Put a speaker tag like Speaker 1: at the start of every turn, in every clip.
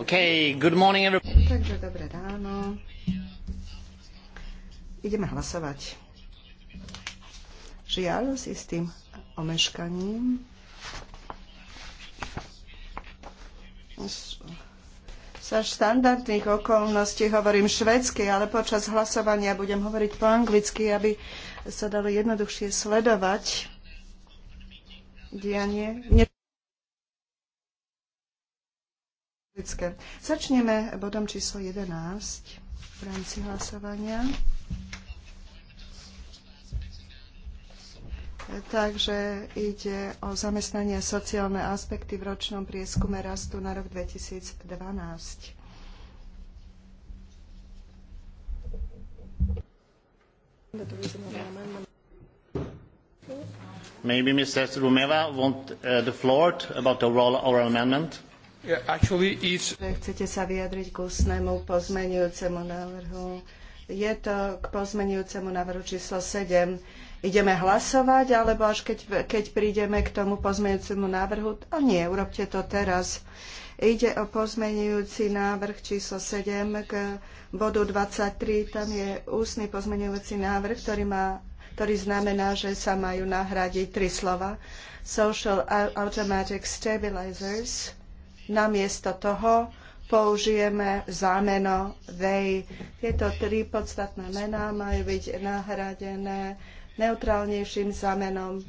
Speaker 1: Okay, good morning, Takže dobré ráno. Ideme hlasovať. Žiaľ, s tým omeškaním. Sa štandardných okolností hovorím švedsky, ale počas hlasovania budem hovoriť po anglicky, aby sa dalo jednoduchšie sledovať dianie. politické. Začneme bodom číslo 11 v rámci hlasovania. Takže ide o zamestnanie sociálne aspekty v ročnom prieskume rastu na rok 2012.
Speaker 2: Maybe Mr. Rumeva want uh, the floor about the role of oral amendment.
Speaker 1: Chcete sa vyjadriť k ústnemu pozmenujúcemu návrhu? Je to k pozmenujúcemu návrhu číslo 7. Ideme hlasovať, alebo až keď, keď prídeme k tomu pozmenujúcemu návrhu? A nie, urobte to teraz. Ide o pozmenujúci návrh číslo 7 k bodu 23. Tam je ústny pozmenujúci návrh, ktorý má ktorý znamená, že sa majú nahradiť tri slova. Social automatic stabilizers Namiesto toho použijeme zámeno they. Tieto tri podstatné mená majú byť nahradené neutrálnejším zámenom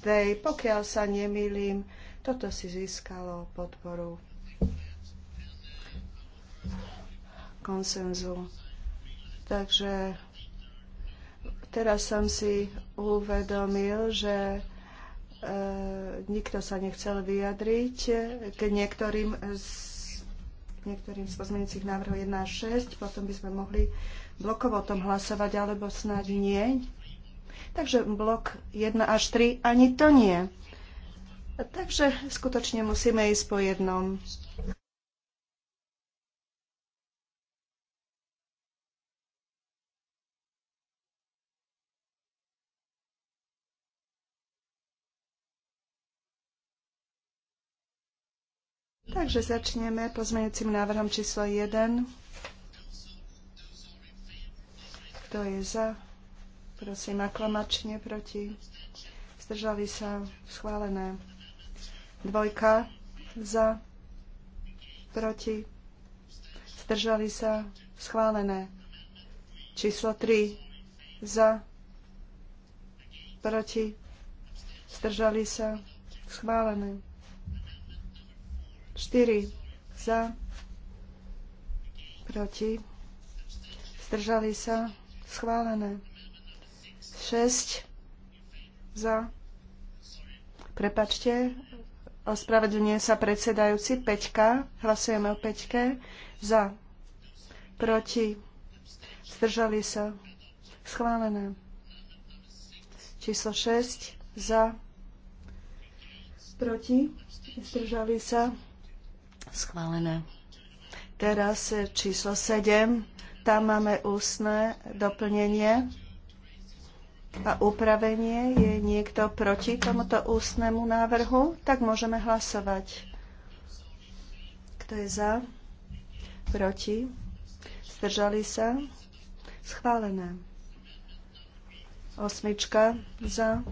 Speaker 1: they. Pokiaľ sa nemýlim, toto si získalo podporu konsenzu. Takže teraz som si uvedomil, že E, nikto sa nechcel vyjadriť k niektorým z, niektorým z pozmeňujúcich návrhov 1 a 6. Potom by sme mohli blokovo o tom hlasovať, alebo snáď nie. Takže blok 1 až 3 ani to nie. Takže skutočne musíme ísť po jednom. Takže začneme pozmeňujúcim návrhom číslo 1. Kto je za? Prosím, aklamačne proti. Zdržali sa schválené. Dvojka za, proti. Zdržali sa schválené. Číslo 3 za, proti. Zdržali sa schválené. 4 za, proti, zdržali sa, schválené. 6 za, prepačte, ospravedlňuje sa predsedajúci, 5, hlasujeme o 5, za, proti, zdržali sa, schválené. Číslo 6 za, proti, zdržali sa, schválené Schválené. Teraz eh, číslo 7. Tam máme ústne doplnenie a upravenie. Je niekto proti tomuto ústnemu návrhu? Tak môžeme hlasovať. Kto je za? Proti? Zdržali sa? Schválené. Osmička za?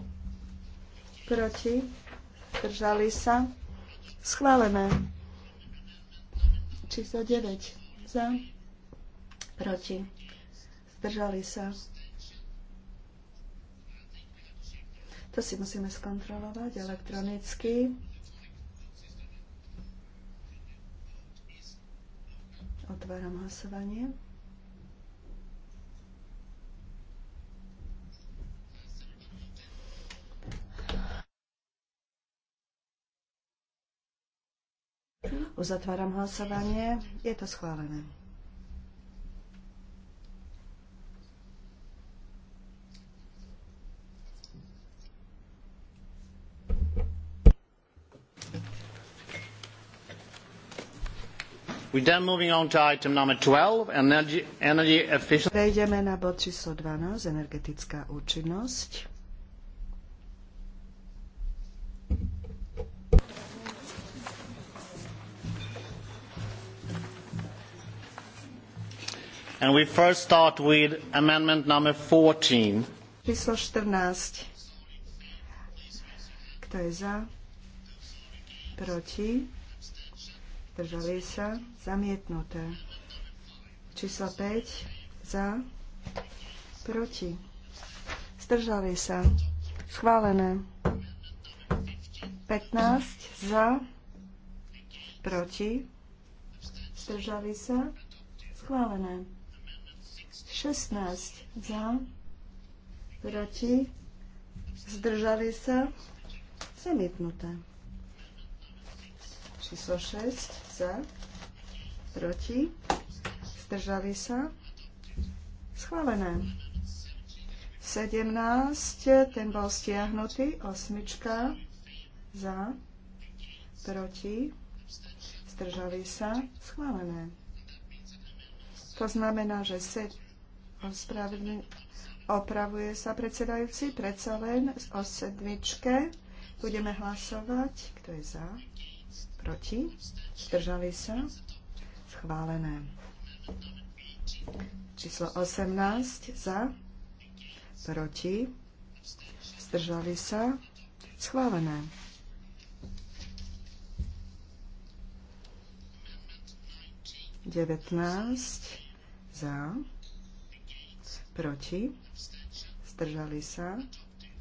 Speaker 1: Proti? Zdržali sa? Schválené. Číslo 9 za, proti, zdržali sa. To si musíme skontrolovať elektronicky. Otváram hlasovanie. Uzatváram hlasovanie. Je to schválené. Prejdeme na bod číslo 12, energetická účinnosť.
Speaker 2: And we first start with amendment number 14.
Speaker 1: Číslo 14. Kto je za? Proti? Držali sa? Zamietnuté. Číslo 5. Za? Proti? Zdržali sa? Schválené. 15. Za? Proti? Zdržali sa? Schválené. 16 za, proti, zdržali sa, zamietnuté. Číslo 6 za, proti, zdržali sa, schválené. 17, ten bol stiahnutý, osmička za, proti, zdržali sa, schválené. To znamená, že 7, Opravuje sa predsedajúci, predsa len o sedmičke. Budeme hlasovať. Kto je za? Proti? Zdržali sa? Schválené. Číslo 18 za? Proti? Zdržali sa? Schválené. Devätnásť za proti, zdržali sa,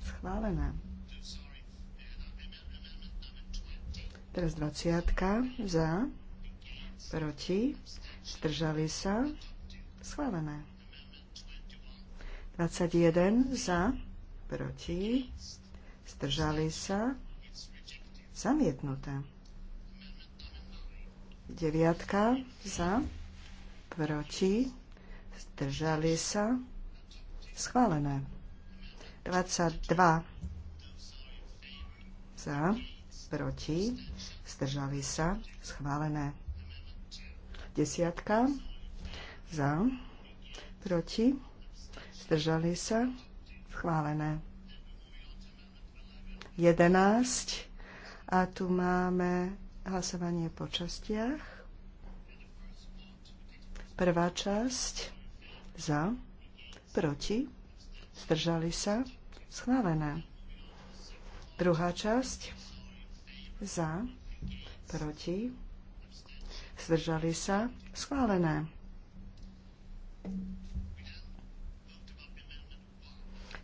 Speaker 1: schválené. Teraz 20 za, proti, zdržali sa, schválené. 21 za, proti, zdržali sa, zamietnuté. 9 za, proti, zdržali sa, Schválené. 22 za, proti, zdržali sa, schválené. Desiatka za, proti, zdržali sa, schválené. 11 a tu máme hlasovanie po častiach. Prvá časť za, proti, zdržali sa, schválené. Druhá časť, za, proti, zdržali sa, schválené.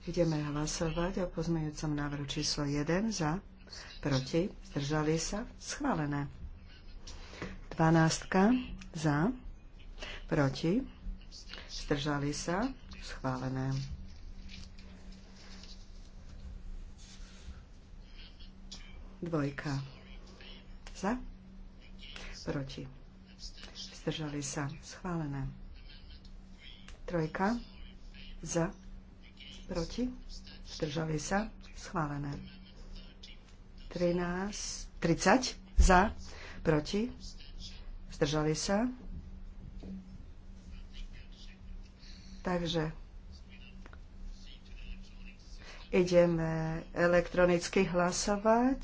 Speaker 1: Ideme hlasovať o pozmejúcom návrhu číslo 1 za, proti, zdržali sa, schválené. 12 za, proti, zdržali sa, schválené. Dvojka. Za? Proti. Zdržali sa. Schválené. Trojka. Za? Proti. Zdržali sa. Schválené. 13. 30. Za? Proti. Zdržali sa. Takže ideme elektronicky hlasovať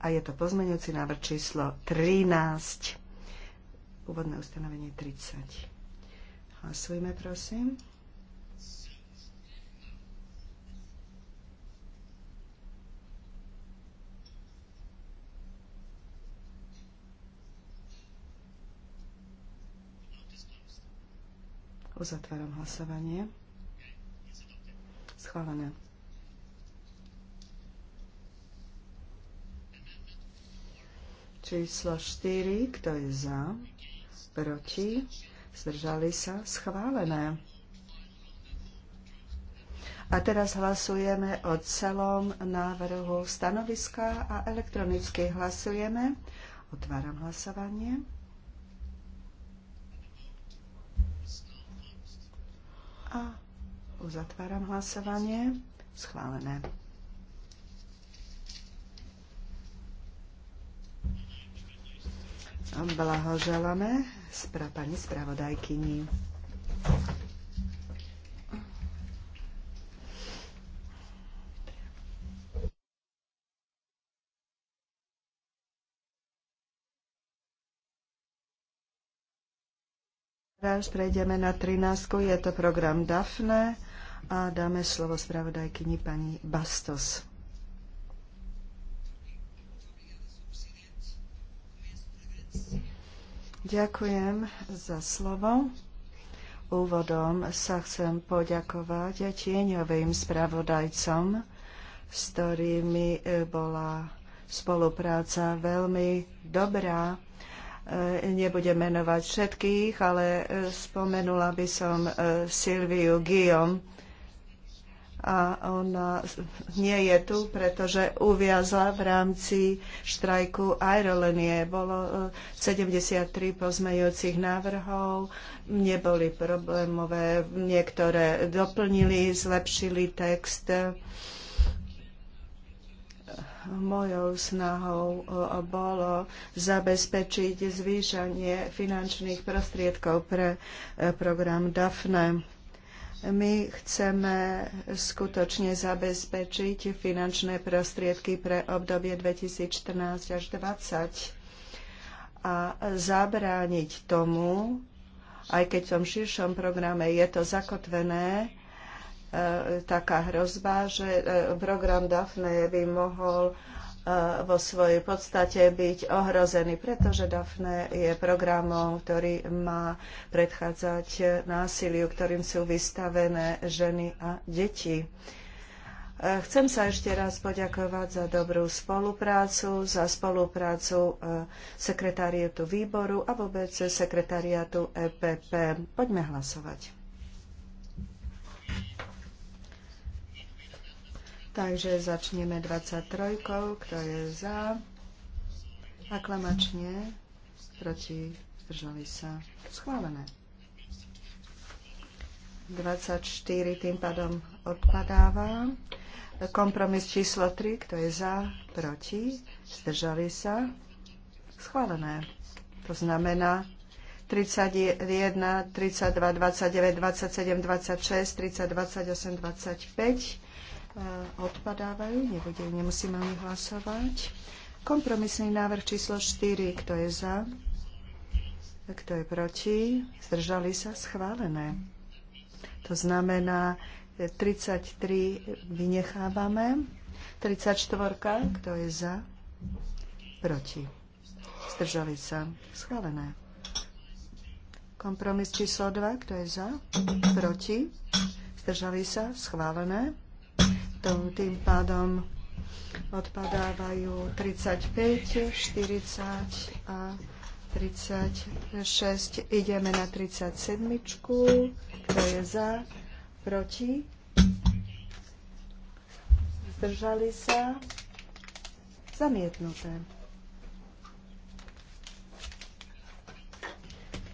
Speaker 1: a je to pozmeňujúci návrh číslo 13. Úvodné ustanovenie 30. Hlasujme, prosím. Uzatváram hlasovanie. Schválené. Číslo 4. Kto je za? Proti? Zdržali sa? Schválené. A teraz hlasujeme o celom návrhu stanoviska a elektronicky hlasujeme. Otváram hlasovanie. A uzatváram hlasovanie. Schválené. Blahoželáme pani spravodajkyni. Teraz prejdeme na 13. Je to program DAFNE a dáme slovo spravodajkyni pani Bastos. Ďakujem za slovo. Úvodom sa chcem poďakovať tieňovým spravodajcom, s ktorými e, bola spolupráca veľmi dobrá E, nebudem menovať všetkých, ale e, spomenula by som e, Silviu Guillaume. A ona nie je tu, pretože uviazla v rámci štrajku aerolínie. Bolo 73 pozmejúcich návrhov, neboli problémové, niektoré doplnili, zlepšili text mojou snahou e, bolo zabezpečiť zvýšanie finančných prostriedkov pre e, program DAFNE. My chceme skutočne zabezpečiť finančné prostriedky pre obdobie 2014 až 2020 a zabrániť tomu, aj keď v tom širšom programe je to zakotvené, E, taká hrozba, že e, program DAFNE by mohol e, vo svojej podstate byť ohrozený, pretože DAFNE je programom, ktorý má predchádzať násiliu, ktorým sú vystavené ženy a deti. Chcem sa ešte raz poďakovať za dobrú spoluprácu, za spoluprácu sekretariatu výboru a vôbec sekretariatu EPP. Poďme hlasovať. Takže začneme 23, kto je za, aklamačne, proti, zdržali sa, schválené. 24 tým pádom odpadáva. Kompromis číslo 3, kto je za, proti, zdržali sa, schválené. To znamená 31, 32, 29, 27, 26, 30, 28, 25, E, odpadávajú, nebude, nemusíme o nich hlasovať. Kompromisný návrh číslo 4, kto je za, kto je proti, zdržali sa, schválené. To znamená, 33 e, vynechávame, 34, kto je za, proti, zdržali sa, schválené. Kompromis číslo 2, kto je za, proti, zdržali sa, schválené štátov. Tým pádom odpadávajú 35, 40 a 36. Ideme na 37. Kto je za? Proti? Zdržali sa? Zamietnuté.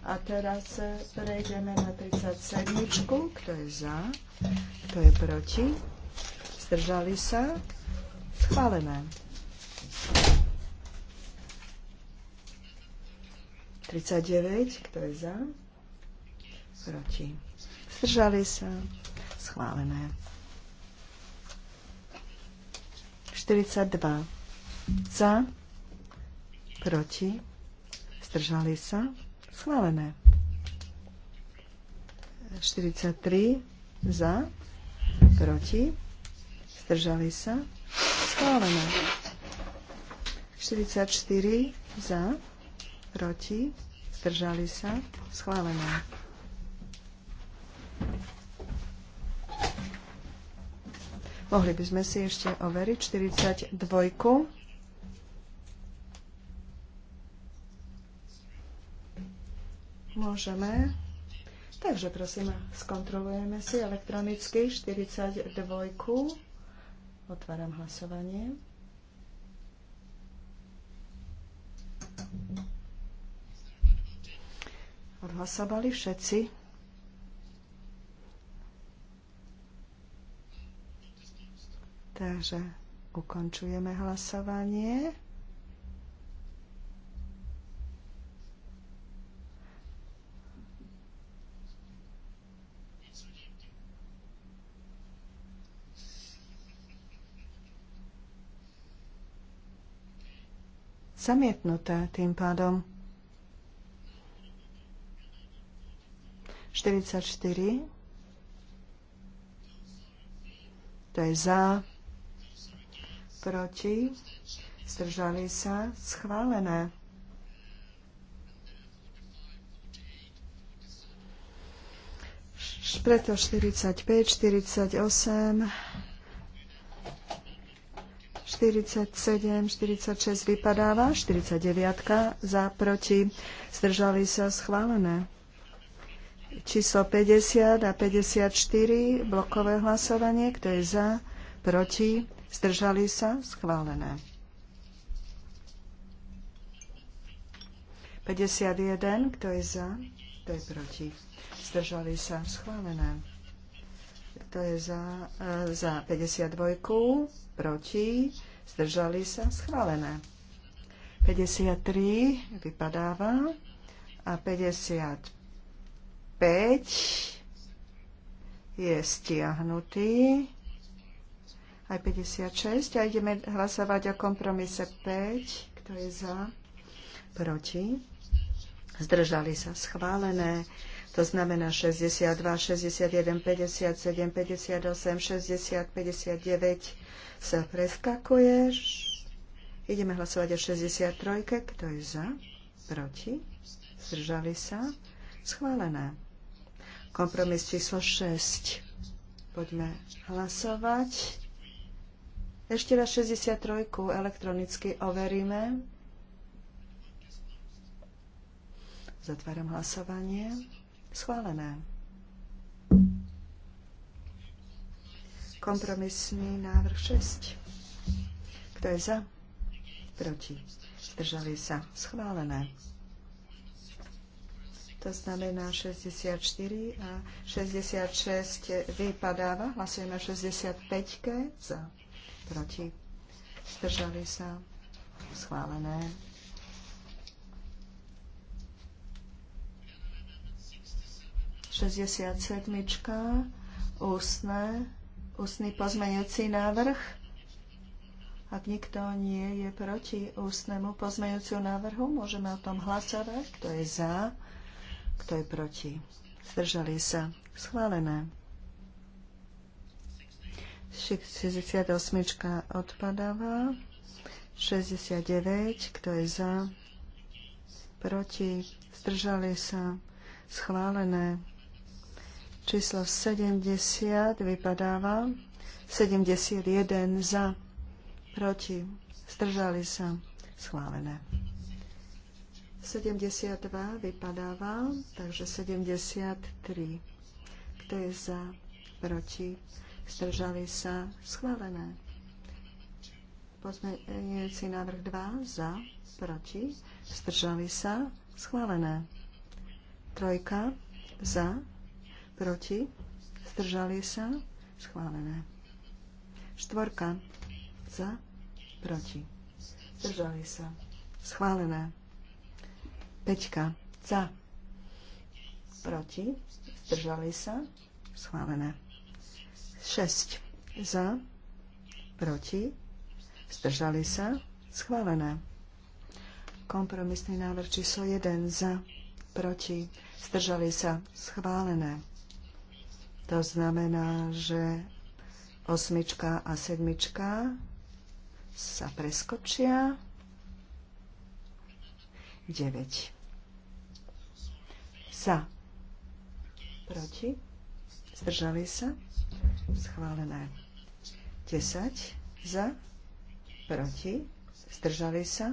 Speaker 1: A teraz prejdeme na 37. Kto je za? Kto je proti? zdržali sa, schválené. 39, kto je za, proti, zdržali sa, schválené. 42, za, proti, zdržali sa, schválené. 43 za, proti, zdržali sa, schválené. 44 za, proti, zdržali sa, schválené. Mohli by sme si ešte overiť 42. Môžeme. Takže prosím, skontrolujeme si elektronicky 42. Otváram hlasovanie. Odhlasovali všetci. Takže ukončujeme hlasovanie. Zamietnuté tým pádom. 44. To je za, proti, zdržali sa, schválené. Preto 45, 48, 47, 46 vypadáva, 49 za, proti, zdržali sa schválené. Číslo 50 a 54, blokové hlasovanie, kto je za, proti, zdržali sa, schválené. 51, kto je za, kto je proti, zdržali sa, schválené. To je za, e, za 52, proti, zdržali sa, schválené. 53 vypadáva a 55 je stiahnutý. Aj 56 a ideme hlasovať o kompromise 5. Kto je za? Proti? Zdržali sa schválené. To znamená 62, 61, 57, 58, 60, 59 sa preskakuje. Ideme hlasovať o 63. Kto je za? Proti? Zdržali sa? Schválené. Kompromis číslo 6. Poďme hlasovať. Ešte raz 63. Elektronicky overíme. Zatváram hlasovanie. Schválené. Kompromisný návrh 6. Kto je za? Proti. Zdržali sa. Schválené. To znamená 64 a 66 vypadáva. Hlasujeme 65 za. Proti. Zdržali sa. Schválené. 67. Ústne, ústny pozmeňujúci návrh. Ak nikto nie je proti ústnemu pozmeňujúcu návrhu, môžeme o tom hlasovať. Kto je za, kto je proti. Zdržali sa. Schválené. 68. odpadáva. 69. Kto je za? Proti? Zdržali sa? Schválené. Číslo 70 vypadáva. 71 za, proti, zdržali sa, schválené. 72 vypadáva, takže 73. Kto je za, proti, zdržali sa, schválené. Pozmeňujúci návrh 2 za, proti, zdržali sa, schválené. Trojka za, proti, zdržali sa, schválené. Štvorka za, proti, zdržali sa, schválené. Peťka za, proti, zdržali sa, schválené. Šesť. za, proti, zdržali sa, schválené. Kompromisný návrh číslo 1 za, proti, zdržali sa, schválené. To znamená, že osmička a sedmička sa preskočia. 9. Sa. Proti. Zdržali sa. Schválené. 10. Za. Proti. Zdržali sa.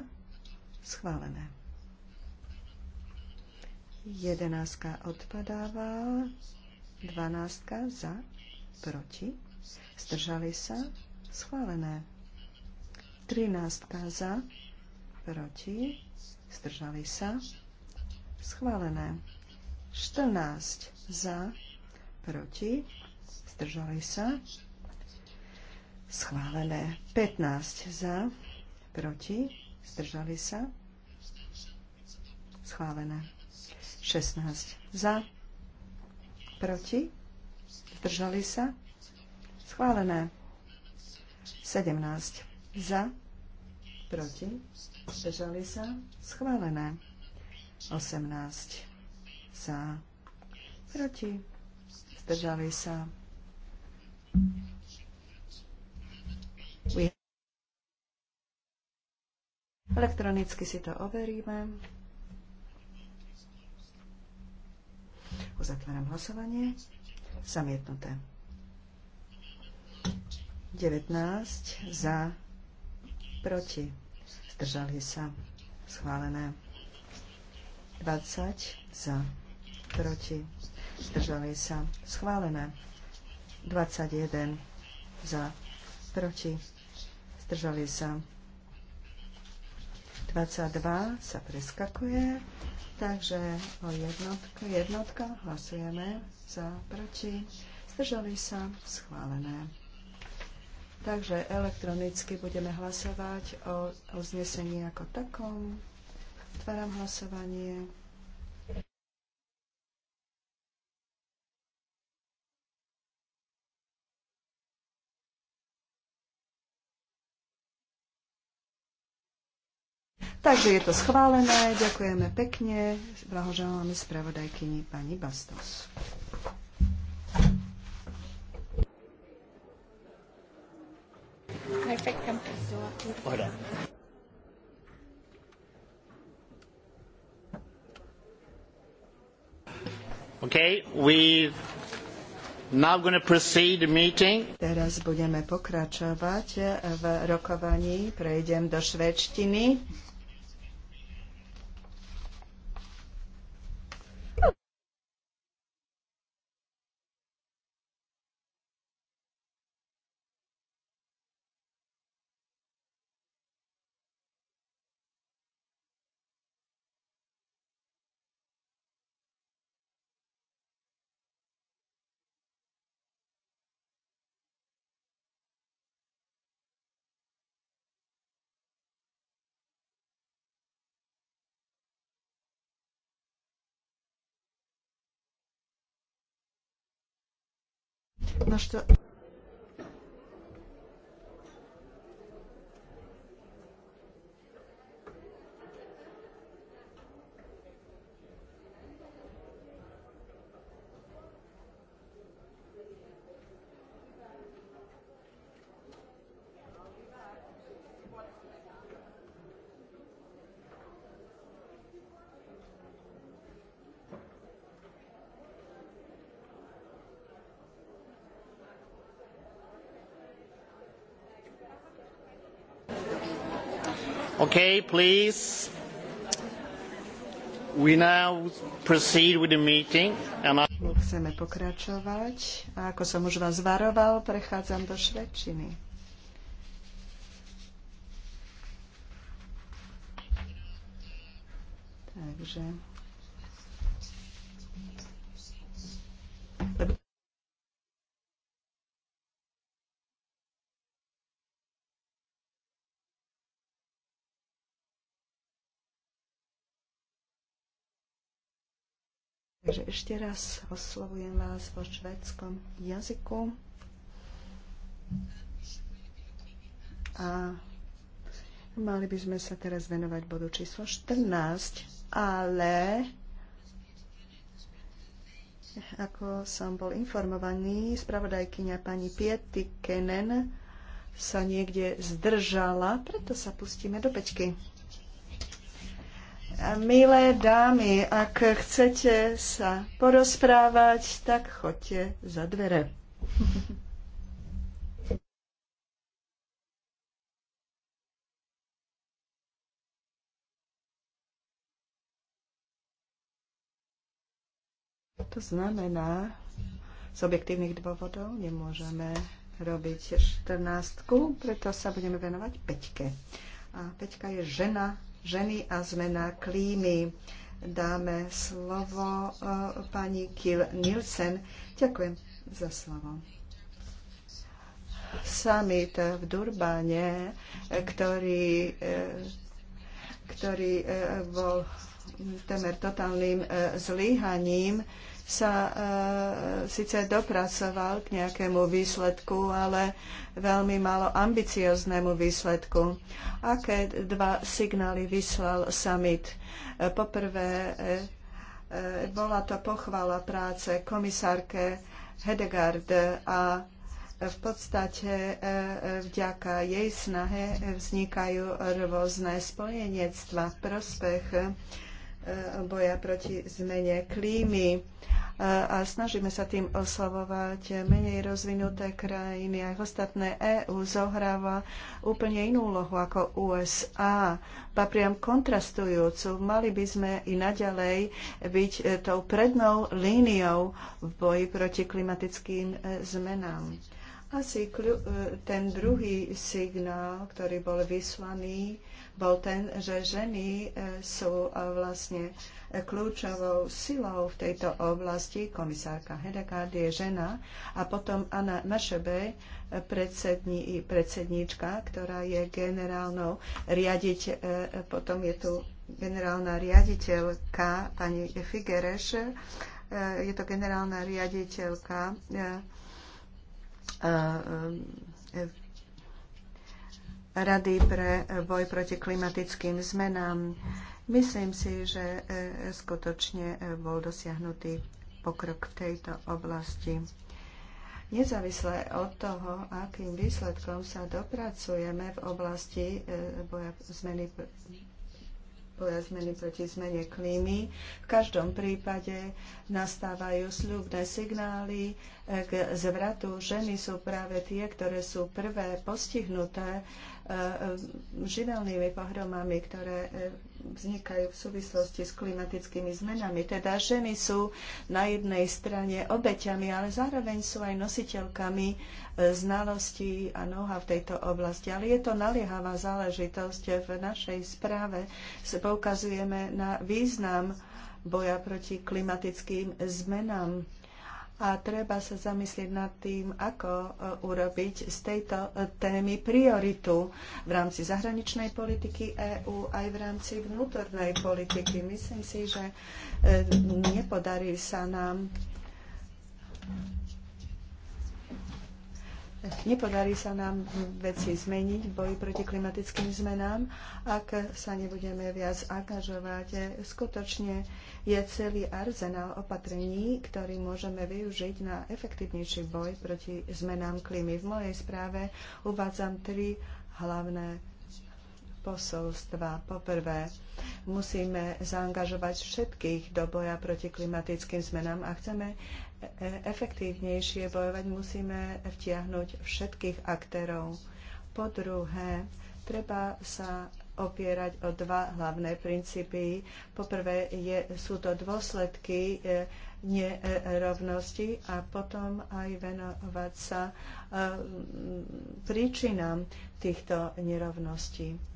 Speaker 1: Schválené. 11. odpadáva. 12 za, proti, zdržali sa, schválené. 13 za, proti, zdržali sa, schválené. 14 za, proti, zdržali sa, schválené. 15 za, proti, zdržali sa, schválené. 16 za, Proti? Zdržali sa? Schválené. 17. Za? Proti? Zdržali sa? Schválené. 18. Za? Proti? Zdržali sa? Elektronicky si to overíme. Uzatváram hlasovanie. Zamietnuté. 19 za, proti. Zdržali sa. Schválené. 20 za, proti. Zdržali sa. Schválené. 21 za, proti. Zdržali sa. 22 sa preskakuje. Takže o jednotka, jednotka hlasujeme za, proti, zdržali sa, schválené. Takže elektronicky budeme hlasovať o uznesení ako takom. Otváram hlasovanie. Takže je to schválené. Ďakujeme pekne. Blahoželáme spravodajkyni pani Bastos.
Speaker 2: Okay, we now going to proceed the meeting.
Speaker 1: Teraz budeme pokračovať v rokovaní. Prejdem do švedštiny. Našto... No,
Speaker 2: Okay, please. We now proceed with the meeting.
Speaker 1: Chceme pokračovať. A ako som už vás varoval, prechádzam do švedčiny. Takže... Takže ešte raz oslovujem vás vo švedskom jazyku. A mali by sme sa teraz venovať bodu číslo 14, ale ako som bol informovaný, spravodajkyňa pani Piety Kenen sa niekde zdržala, preto sa pustíme do pečky. Milé dámy, ak chcete sa porozprávať, tak choďte za dvere. To znamená, z objektívnych dôvodov nemôžeme robiť 14, preto sa budeme venovať Peťke. A Peťka je žena ženy a zmena klímy. Dáme slovo e, pani Kil Nielsen. Ďakujem za slovo summit v Durbane, ktorý, e, ktorý e, bol temer totálnym zlyhaním, sa e, síce dopracoval k nejakému výsledku, ale veľmi málo ambicioznému výsledku. Aké dva signály vyslal summit? E, poprvé, e, e bola to pochvala práce komisárke Hedegard a v podstate e, e, vďaka jej snahe vznikajú rôzne spojenectva v prospech E, boja proti zmene klímy e, a snažíme sa tým oslavovať menej rozvinuté krajiny. Aj ostatné EÚ zohráva úplne inú úlohu ako USA. Pa priam kontrastujúcu. Mali by sme i naďalej byť tou prednou líniou v boji proti klimatickým e, zmenám. Asi ten druhý signál, ktorý bol vyslaný, bol ten, že ženy e, sú e, vlastne e, kľúčovou silou v tejto oblasti. Komisárka Hedegard je žena a potom Anna Mašebe, predsední, predsedníčka, ktorá je generálnou riaditeľ, potom je tu generálna riaditeľka pani Figereš, je to generálna riaditeľka Rady pre boj proti klimatickým zmenám. Myslím si, že e, skutočne e, bol dosiahnutý pokrok v tejto oblasti. Nezávisle od toho, akým výsledkom sa dopracujeme v oblasti e, boja zmeny boja zmeny proti zmene klímy. V každom prípade nastávajú sľubné signály k zvratu. Ženy sú práve tie, ktoré sú prvé postihnuté E, e, živelnými pohromami, ktoré e, vznikajú v súvislosti s klimatickými zmenami. Teda ženy sú na jednej strane obeťami, ale zároveň sú aj nositeľkami znalostí a noha v tejto oblasti. Ale je to naliehavá záležitosť. V našej správe poukazujeme na význam boja proti klimatickým zmenám a treba sa zamyslieť nad tým, ako e, urobiť z tejto e, témy prioritu v rámci zahraničnej politiky EÚ aj v rámci vnútornej politiky. Myslím si, že e, nepodarí sa nám Nepodarí sa nám veci zmeniť v boji proti klimatickým zmenám, ak sa nebudeme viac angažovať. Skutočne je celý arzenál opatrení, ktorý môžeme využiť na efektívnejší boj proti zmenám klímy. V mojej správe uvádzam tri hlavné posolstva. Poprvé, musíme zaangažovať všetkých do boja proti klimatickým zmenám a chceme e, efektívnejšie bojovať, musíme vtiahnuť všetkých aktérov. Po druhé, treba sa opierať o dva hlavné princípy. Poprvé je, sú to dôsledky e, nerovnosti a potom aj venovať sa e, príčinám týchto nerovností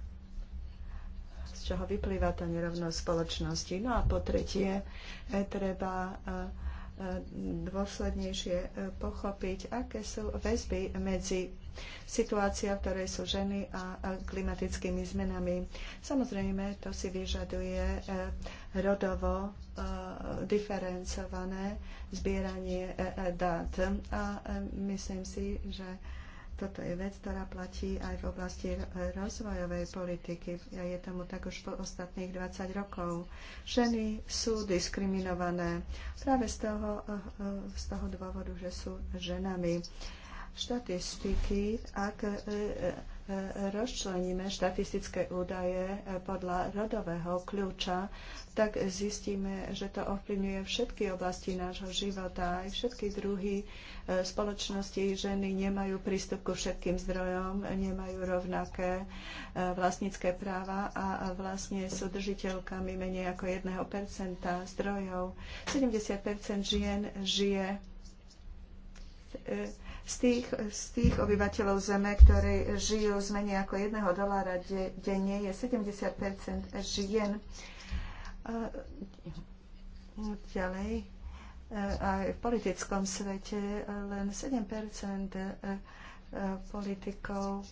Speaker 1: z čoho vyplýva tá nerovnosť spoločnosti. No a po tretie, e, treba dôslednejšie pochopiť, aké sú väzby medzi situácia, v ktorej sú ženy a klimatickými zmenami. Samozrejme, to si vyžaduje e, rodovo e, diferencované zbieranie e, dát. A myslím si, že toto je vec, ktorá platí aj v oblasti rozvojovej politiky. Je tomu tak už po ostatných 20 rokov. Ženy sú diskriminované práve z toho, z toho dôvodu, že sú ženami štatistiky, ak e, e, e, rozčleníme štatistické údaje podľa rodového kľúča, tak zistíme, že to ovplyvňuje všetky oblasti nášho života, aj všetky druhy spoločnosti. Ženy nemajú prístup ku všetkým zdrojom, nemajú rovnaké vlastnícke práva a vlastne sú držiteľkami menej ako 1% zdrojov. 70% žien žije z tých, z tých obyvateľov Zeme, ktorí žijú z menej ako jedného dolára de, denne, je 70 žien. Ďalej, e, aj v politickom svete len 7 e, e, politikov,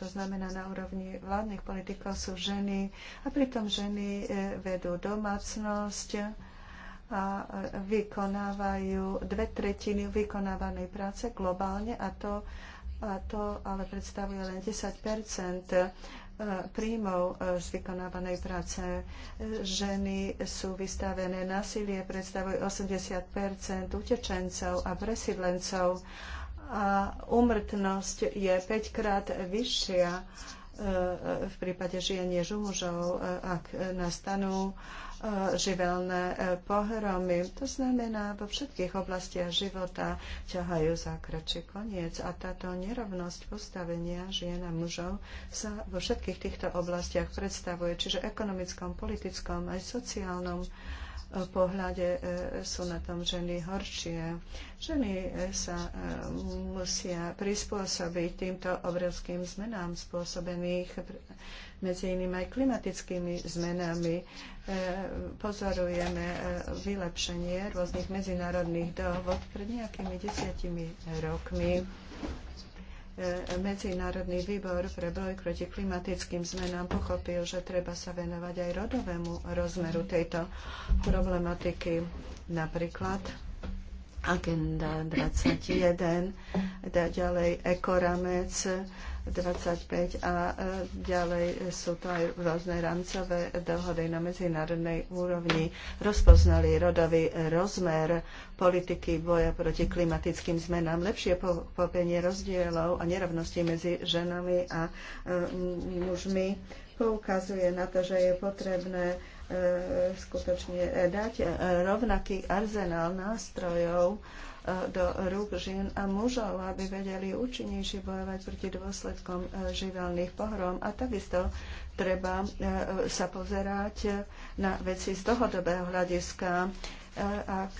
Speaker 1: to znamená na úrovni vládnych politikov sú ženy a pritom ženy vedú domácnosť, a vykonávajú dve tretiny vykonávanej práce globálne a to, a to ale predstavuje len 10 e, príjmov e, z vykonávanej práce. Ženy sú vystavené násilie, predstavujú 80 utečencov a presídlencov a umrtnosť je 5 krát vyššia e, v prípade žien než u mužov, ak nastanú Eh, živelné eh, pohromy. To znamená, vo všetkých oblastiach života ťahajú za kratší koniec a táto nerovnosť postavenia žien a mužov sa vo všetkých týchto oblastiach predstavuje, čiže ekonomickom, politickom aj sociálnom eh, pohľade sú na tom ženy horšie. Ženy sa musia prispôsobiť týmto obrovským zmenám spôsobených medzi iným aj klimatickými zmenami. E, pozorujeme e, vylepšenie rôznych medzinárodných dohod pred nejakými desiatimi rokmi. E, Medzinárodný výbor pre boj proti klimatickým zmenám pochopil, že treba sa venovať aj rodovému rozmeru tejto problematiky. Napríklad Agenda 21, teda ďalej ekoramec, 25 a e, ďalej sú to aj rôzne rámcové dohody na medzinárodnej úrovni. Rozpoznali rodový rozmer politiky boja proti klimatickým zmenám, lepšie popenie rozdielov a nerovnosti medzi ženami a e, mužmi. Poukazuje na to, že je potrebné e, skutočne dať rovnaký arzenál nástrojov, do rúk žien a mužov, aby vedeli účinnejšie bojovať proti dôsledkom e, živelných pohrom. A takisto treba e, sa pozerať na veci z dlhodobého hľadiska. E, ak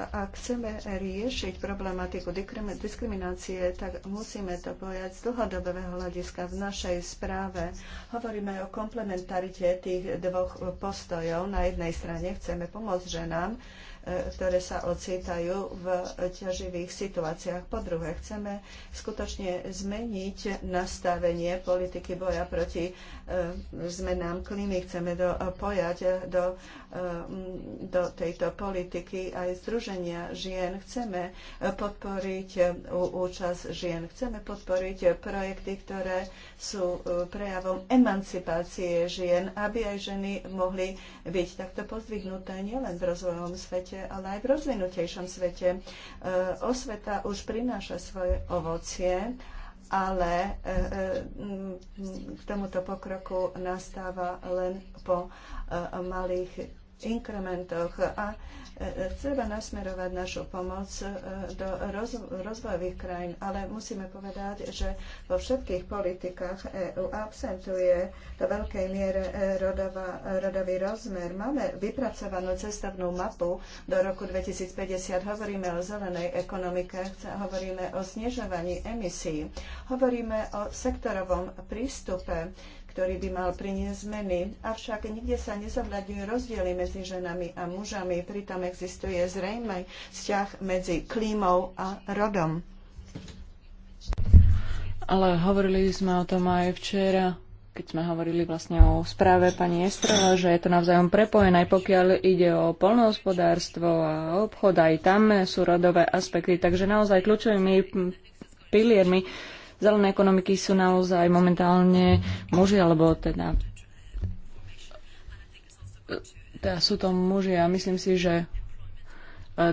Speaker 1: ak chceme riešiť problematiku diskriminácie, tak musíme to pojať z dlhodobého hľadiska v našej správe. Hovoríme o komplementarite tých dvoch postojov. Na jednej strane chceme pomôcť ženám, E, ktoré sa ocitajú v ťaživých situáciách. Po druhé, chceme skutočne zmeniť nastavenie politiky boja proti e, zmenám klímy. Chceme do, pojať do, e, do tejto politiky aj združenia žien. Chceme podporiť účasť žien. Chceme podporiť projekty, ktoré sú prejavom emancipácie žien, aby aj ženy mohli byť takto pozdvihnuté nielen v rozvojovom svete, svete, ale aj v rozvinutejšom svete. E, osveta už prináša svoje ovocie, ale e, e, k tomuto pokroku nastáva len po malých inkrementoch a Treba nasmerovať našu pomoc e, do rozvojových krajín, ale musíme povedať, že vo všetkých politikách EU absentuje do veľkej miere e, rodová, rodový rozmer. Máme vypracovanú cestovnú mapu do roku 2050. Hovoríme o zelenej ekonomike, hovoríme o snižovaní emisí, hovoríme o sektorovom prístupe ktorý by mal priniesť zmeny. Avšak nikde sa nezohľadňujú rozdiely medzi ženami a mužami, pritom existuje zrejmý vzťah medzi klímou a rodom.
Speaker 3: Ale hovorili sme o tom aj včera, keď sme hovorili vlastne o správe pani Estrela, že je to navzájom prepojené, aj pokiaľ ide o polnohospodárstvo a obchod, aj tam sú rodové aspekty. Takže naozaj kľúčovými piliermi zelené ekonomiky sú naozaj momentálne muži, alebo teda, teda sú to muži a myslím si, že e,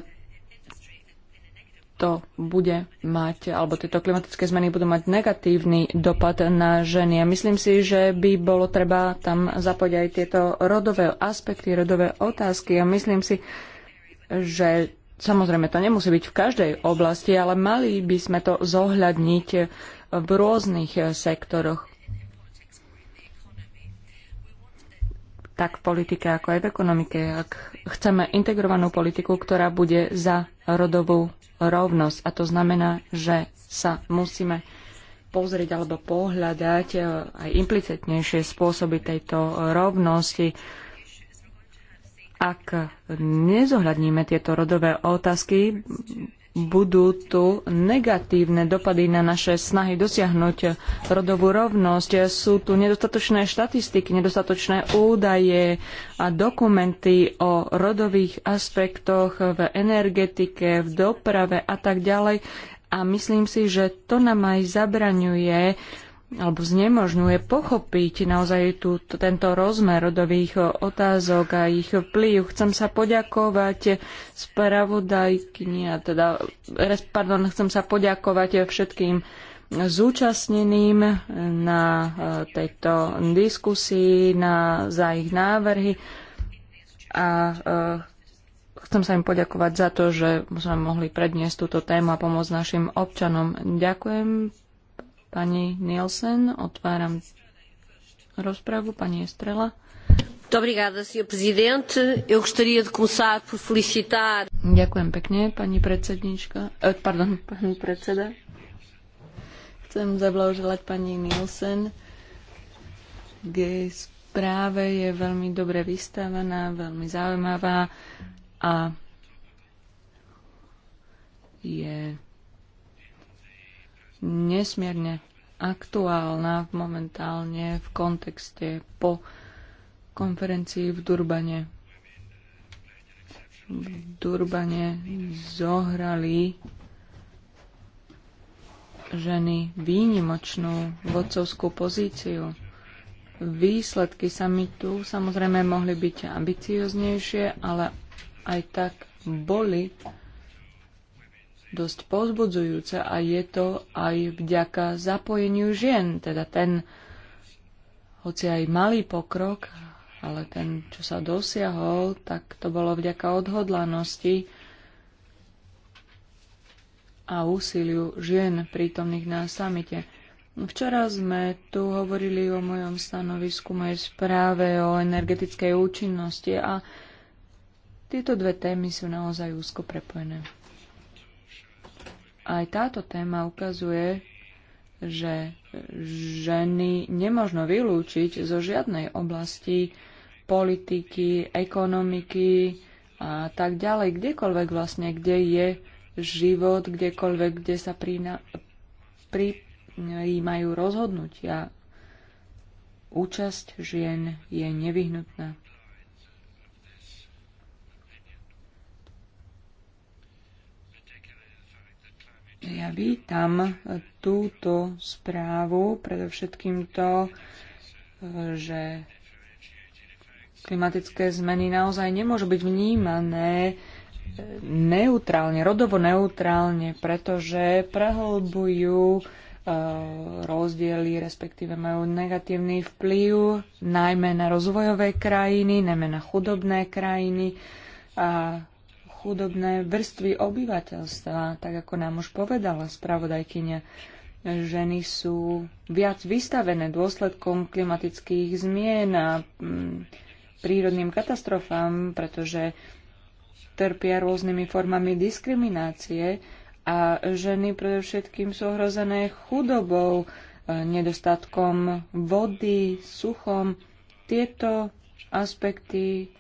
Speaker 3: to bude mať, alebo tieto klimatické zmeny budú mať negatívny dopad na ženy. A myslím si, že by bolo treba tam zapojiť aj tieto rodové aspekty, rodové otázky. A myslím si, že samozrejme to nemusí byť v každej oblasti, ale mali by sme to zohľadniť v rôznych e, sektoroch. tak v politike, ako aj v ekonomike. Ak chceme integrovanú politiku, ktorá bude za rodovú rovnosť. A to znamená, že sa musíme pozrieť alebo pohľadať e, aj implicitnejšie spôsoby tejto rovnosti. Ak nezohľadníme tieto rodové otázky, budú tu negatívne dopady na naše snahy dosiahnuť rodovú rovnosť. Sú tu nedostatočné štatistiky, nedostatočné údaje a dokumenty o rodových aspektoch v energetike, v doprave a tak ďalej. A myslím si, že to nám aj zabraňuje uh, alebo znemožňuje pochopiť naozaj tú, tento rozmer rodových otázok a ich vplyv. Chcem sa poďakovať spravodajkyni, a teda, pardon, chcem sa poďakovať všetkým zúčastneným na eh, tejto diskusii, na, za ich návrhy a eh, chcem sa im poďakovať za to, že sme mohli predniesť túto tému a pomôcť našim občanom. Ďakujem Pani Nielsen, otváram rozpravu. Pani Estrela. Ďakujem pekne, pani predsednička. Eh, pardon, pani predseda. Chcem zablahoželať pani Nielsen. K jej správe je veľmi dobre vystávaná, veľmi zaujímavá a je nesmierne aktuálna momentálne v kontexte po konferencii v Durbane. V Durbane zohrali ženy výnimočnú vodcovskú pozíciu. Výsledky samitu samozrejme mohli byť ambicioznejšie, ale aj tak boli dosť povzbudzujúce a je to aj vďaka zapojeniu žien, teda ten, hoci aj malý pokrok, ale ten, čo sa dosiahol, tak to bolo vďaka odhodlanosti a úsiliu žien prítomných na samite. Včera sme tu hovorili o mojom stanovisku, mojej správe o energetickej účinnosti a tieto dve témy sú naozaj úzko prepojené. Aj táto téma ukazuje, že ženy nemožno vylúčiť zo žiadnej oblasti politiky, ekonomiky a tak ďalej, kdekoľvek vlastne, kde je život, kdekoľvek, kde sa prijímajú rozhodnutia. Účasť žien je nevyhnutná. Ja vítam e, túto správu, predovšetkým to, e, že klimatické zmeny naozaj nemôžu byť vnímané e, neutrálne, rodovo neutrálne, pretože prehlbujú rozdiely, respektíve majú negatívny vplyv najmä na rozvojové krajiny, najmä na chudobné krajiny a chudobné vrstvy obyvateľstva, tak ako nám už povedala spravodajkyňa. Ženy sú viac vystavené dôsledkom klimatických zmien a mm, prírodným katastrofám, pretože trpia rôznymi formami diskriminácie a ženy predovšetkým sú ohrozené chudobou, e, nedostatkom vody, suchom. Tieto aspekty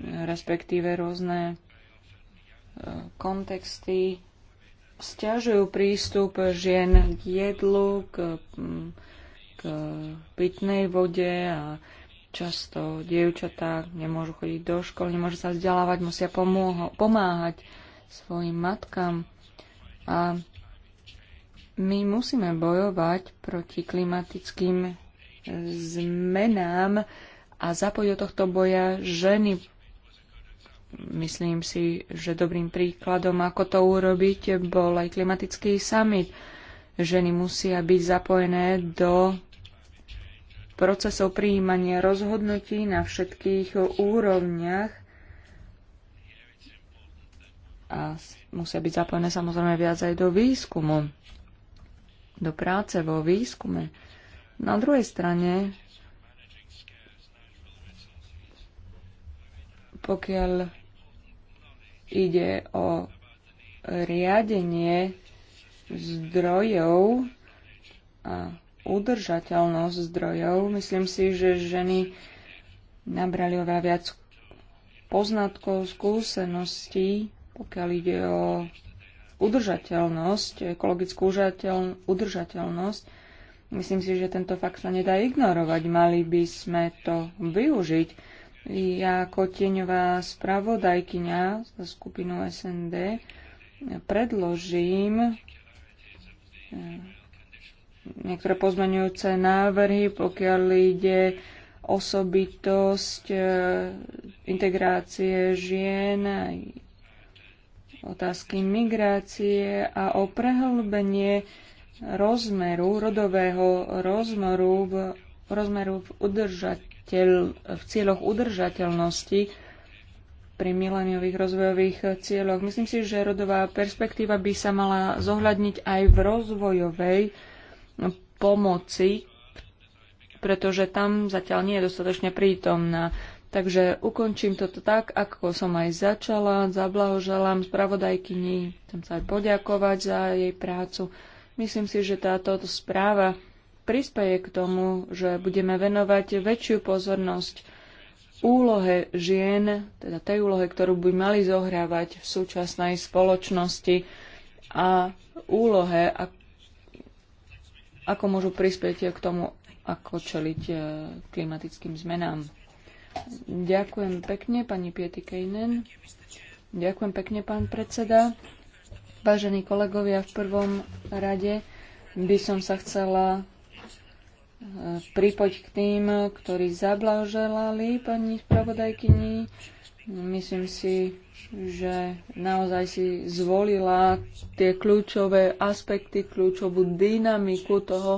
Speaker 3: respektíve rôzne kontexty stiažujú prístup žien k jedlu, k, mm, k pitnej vode a často dievčatá nemôžu chodiť do školy, nemôžu sa vzdelávať, musia pomôho, pomáhať svojim matkám. A my musíme bojovať proti klimatickým zmenám a zapojiť do tohto boja ženy Myslím si, že dobrým príkladom, ako to urobiť, bol aj klimatický summit. Ženy musia byť zapojené do procesov prijímania rozhodnutí na všetkých úrovniach a musia byť zapojené samozrejme viac aj do výskumu, do práce vo výskume. Na druhej strane Pokiaľ ide o riadenie zdrojov a udržateľnosť zdrojov, myslím si, že ženy nabrali oveľa viac poznatkov, skúseností, pokiaľ ide o udržateľnosť, ekologickú udržateľnosť. Myslím si, že tento fakt sa nedá ignorovať. Mali by sme to využiť ja ako tieňová spravodajkyňa za skupinu SND predložím eh, niektoré pozmeňujúce návrhy, pokiaľ ide osobitosť eh, integrácie žien, otázky migrácie a o prehlbenie rozmeru, rodového rozmeru v, rozmeru v udržať, v cieľoch udržateľnosti pri mileniových rozvojových cieľoch. Myslím si, že rodová perspektíva by sa mala zohľadniť aj v rozvojovej pomoci, pretože tam zatiaľ nie je dostatočne prítomná. Takže ukončím toto tak, ako som aj začala. Zablahoželám spravodajkyni, chcem sa aj poďakovať za jej prácu. Myslím si, že táto správa prispieje k tomu, že budeme venovať väčšiu pozornosť úlohe žien, teda tej úlohe, ktorú by mali zohrávať v súčasnej spoločnosti a úlohe, ako môžu prispieť k tomu, ako čeliť e, klimatickým zmenám. Ďakujem pekne, pani Piety Kejnen. Ďakujem pekne, pán predseda. Vážení kolegovia, v prvom rade by som sa chcela pripoť k tým, ktorí zablaželali pani spravodajkyni. Myslím si, že naozaj si zvolila tie kľúčové aspekty, kľúčovú dynamiku toho,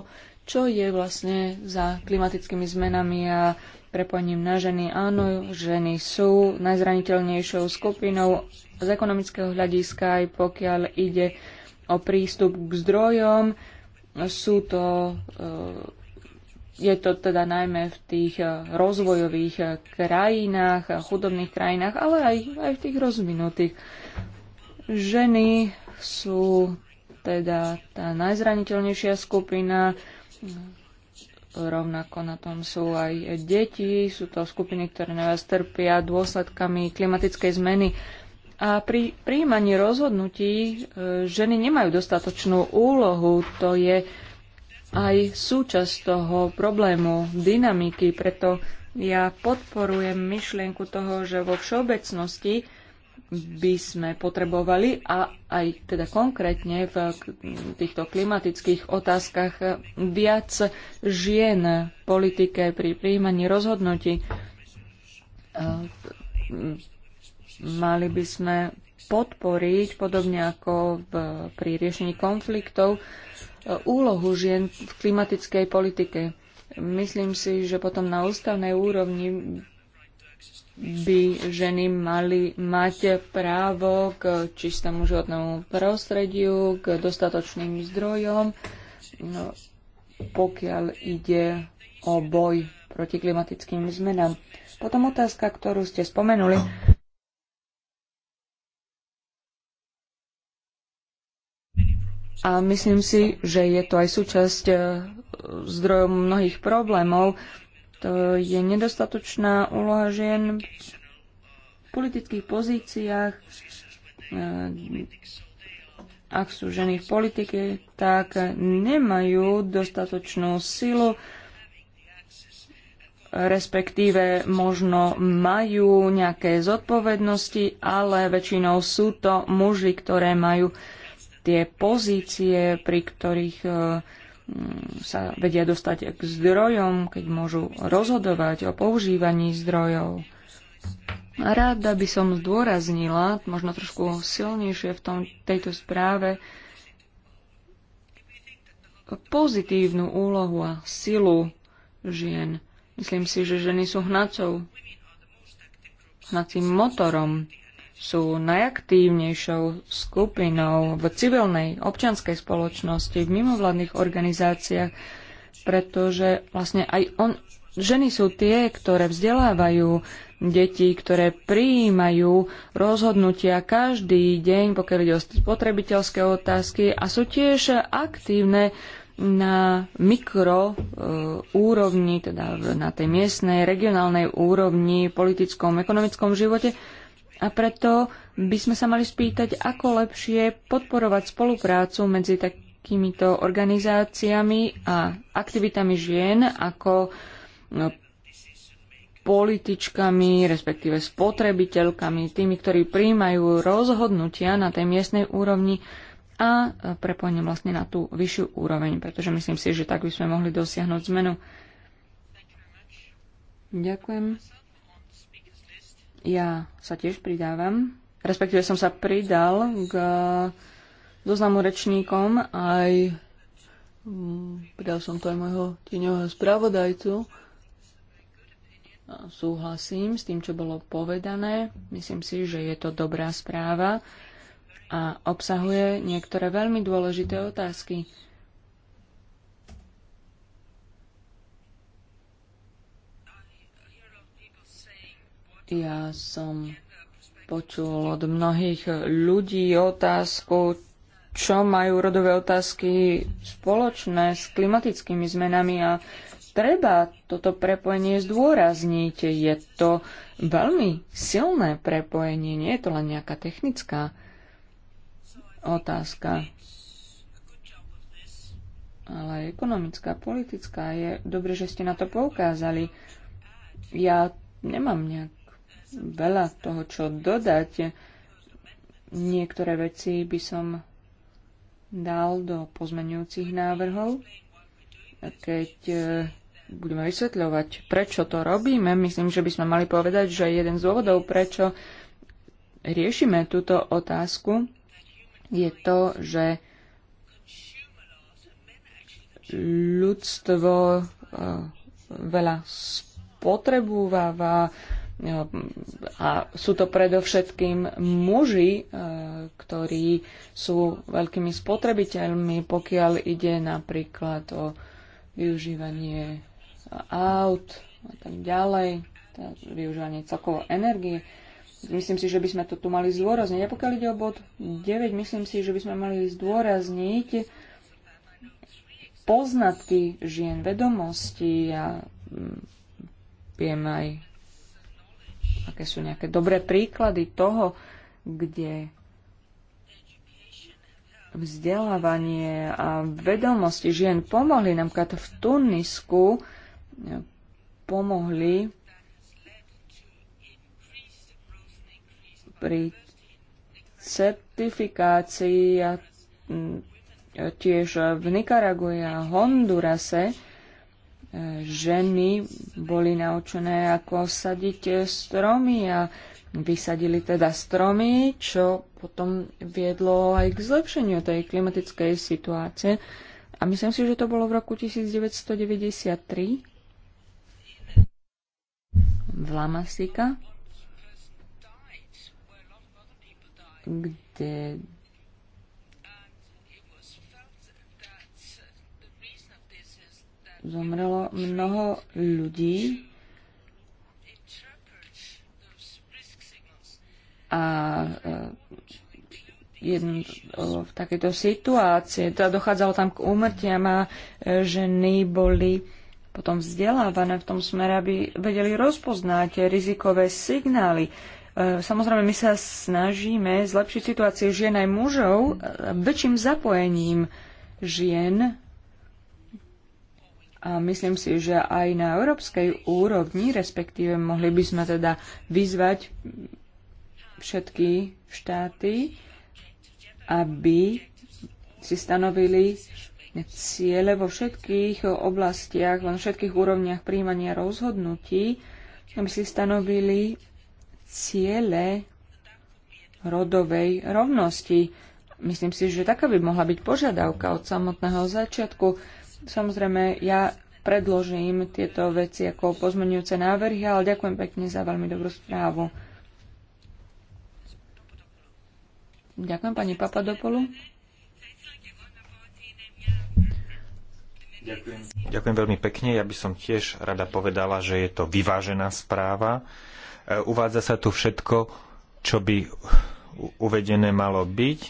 Speaker 3: čo je vlastne za klimatickými zmenami a prepojením na ženy. Áno, ženy sú najzraniteľnejšou skupinou z ekonomického hľadiska, aj pokiaľ ide o prístup k zdrojom. Sú to e, je to teda najmä v tých eh, rozvojových eh, krajinách, eh, chudobných krajinách, ale aj, aj v tých rozvinutých. Ženy sú teda tá najzraniteľnejšia skupina, rovnako na tom sú aj deti, sú to skupiny, ktoré najviac trpia dôsledkami klimatickej zmeny. A pri príjmaní rozhodnutí ženy nemajú dostatočnú úlohu, to je aj súčasť toho problému, dynamiky, preto ja podporujem myšlienku toho, že vo všeobecnosti by sme potrebovali a aj teda konkrétne v týchto klimatických otázkach viac žien v politike pri príjmaní rozhodnutí. Mali by sme podporiť, podobne ako v, pri riešení konfliktov, úlohu žien v klimatickej politike. Myslím si, že potom na ústavnej úrovni by ženy mali mať právo k čistému životnému prostrediu, k dostatočným zdrojom, no, pokiaľ ide o boj proti klimatickým zmenám. Potom otázka, ktorú ste spomenuli no. a myslím si, že je to aj súčasť e, zdrojov mnohých problémov. To je nedostatočná úloha žien v politických pozíciách. E, ak sú ženy v politike, tak nemajú dostatočnú silu, respektíve možno majú nejaké zodpovednosti, ale väčšinou sú to muži, ktoré majú uh, tie pozície, pri ktorých e, mm, sa vedia dostať k zdrojom, keď môžu rozhodovať o používaní zdrojov. Rada by som zdôraznila, možno trošku silnejšie v tom, tejto správe, pozitívnu úlohu a silu žien. Myslím si, že ženy sú hnacou, hnacím motorom sú najaktívnejšou skupinou v civilnej občianskej spoločnosti, v mimovládnych organizáciách, pretože vlastne aj on, ženy sú tie, ktoré vzdelávajú deti, ktoré prijímajú rozhodnutia každý deň, pokiaľ ide o spotrebiteľské otázky a sú tiež aktívne na mikro e, úrovni, teda na tej miestnej, regionálnej úrovni, politickom, ekonomickom živote a preto by sme sa mali spýtať, ako lepšie podporovať spoluprácu medzi takýmito organizáciami a aktivitami žien, ako no, političkami, respektíve spotrebiteľkami, tými, ktorí príjmajú rozhodnutia na tej miestnej úrovni a prepojením vlastne na tú vyššiu úroveň, pretože myslím si, že tak by sme mohli dosiahnuť zmenu. Ďakujem. Ja sa tiež pridávam, respektíve som sa pridal k zoznamu rečníkom aj mm, pridal som to aj môjho tieňového spravodajcu. Súhlasím s tým, čo bolo povedané. Myslím si, že je to dobrá správa a obsahuje niektoré veľmi dôležité otázky. Ja som počul od mnohých ľudí otázku, čo majú rodové otázky spoločné s klimatickými zmenami a treba toto prepojenie zdôrazniť. Je to veľmi silné prepojenie, nie je to len nejaká technická otázka, ale ekonomická, politická. Je dobre, že ste na to poukázali. Ja nemám nejak veľa toho, čo dodať. Niektoré veci by som dal do pozmenujúcich návrhov. Keď e, budeme vysvetľovať, prečo to robíme, myslím, že by sme mali povedať, že jeden z dôvodov, prečo riešime túto otázku, je to, že ľudstvo e, veľa spotrebúva a sú to predovšetkým muži, e, ktorí sú veľkými spotrebiteľmi, pokiaľ ide napríklad o využívanie aut a tak ďalej, využívanie celkovo energie. Myslím si, že by sme to tu mali zdôrazniť. A pokiaľ ide o bod 9, myslím si, že by sme mali zdôrazniť poznatky žien, vedomosti a mm, viem aj aké sú nejaké dobré príklady toho, kde vzdelávanie a vedomosti žien pomohli nám, v Tunisku e, pomohli pri certifikácii a tiež v Nikaraguje a Hondurase ženy boli naučené, ako sadiť eh, stromy a vysadili teda stromy, čo potom viedlo aj k zlepšeniu tej klimatickej situácie. A myslím si, že to bolo v roku 1993 v Lamasika, kde zomrelo mnoho ľudí a e, jedn, v takejto situácii, teda dochádzalo tam k úmrtiam a e, ženy boli potom vzdelávané v tom smere, aby vedeli rozpoznať rizikové signály. E, samozrejme, my sa snažíme zlepšiť situáciu žien aj mužov väčším zapojením žien a myslím si, že aj na európskej úrovni, respektíve mohli by sme teda vyzvať všetky štáty, aby si stanovili ciele vo všetkých oblastiach, vo všetkých úrovniach príjmania rozhodnutí, aby si stanovili ciele rodovej rovnosti. Myslím si, že taká by mohla byť požiadavka od samotného začiatku Samozrejme, ja predložím tieto veci ako pozmenujúce návrhy, ale ďakujem pekne za veľmi dobrú správu. Ďakujem pani Papadopolu.
Speaker 4: Ďakujem. Ďakujem veľmi pekne. Ja by som tiež rada povedala, že je to vyvážená správa. E, uvádza sa tu všetko, čo by uvedené malo byť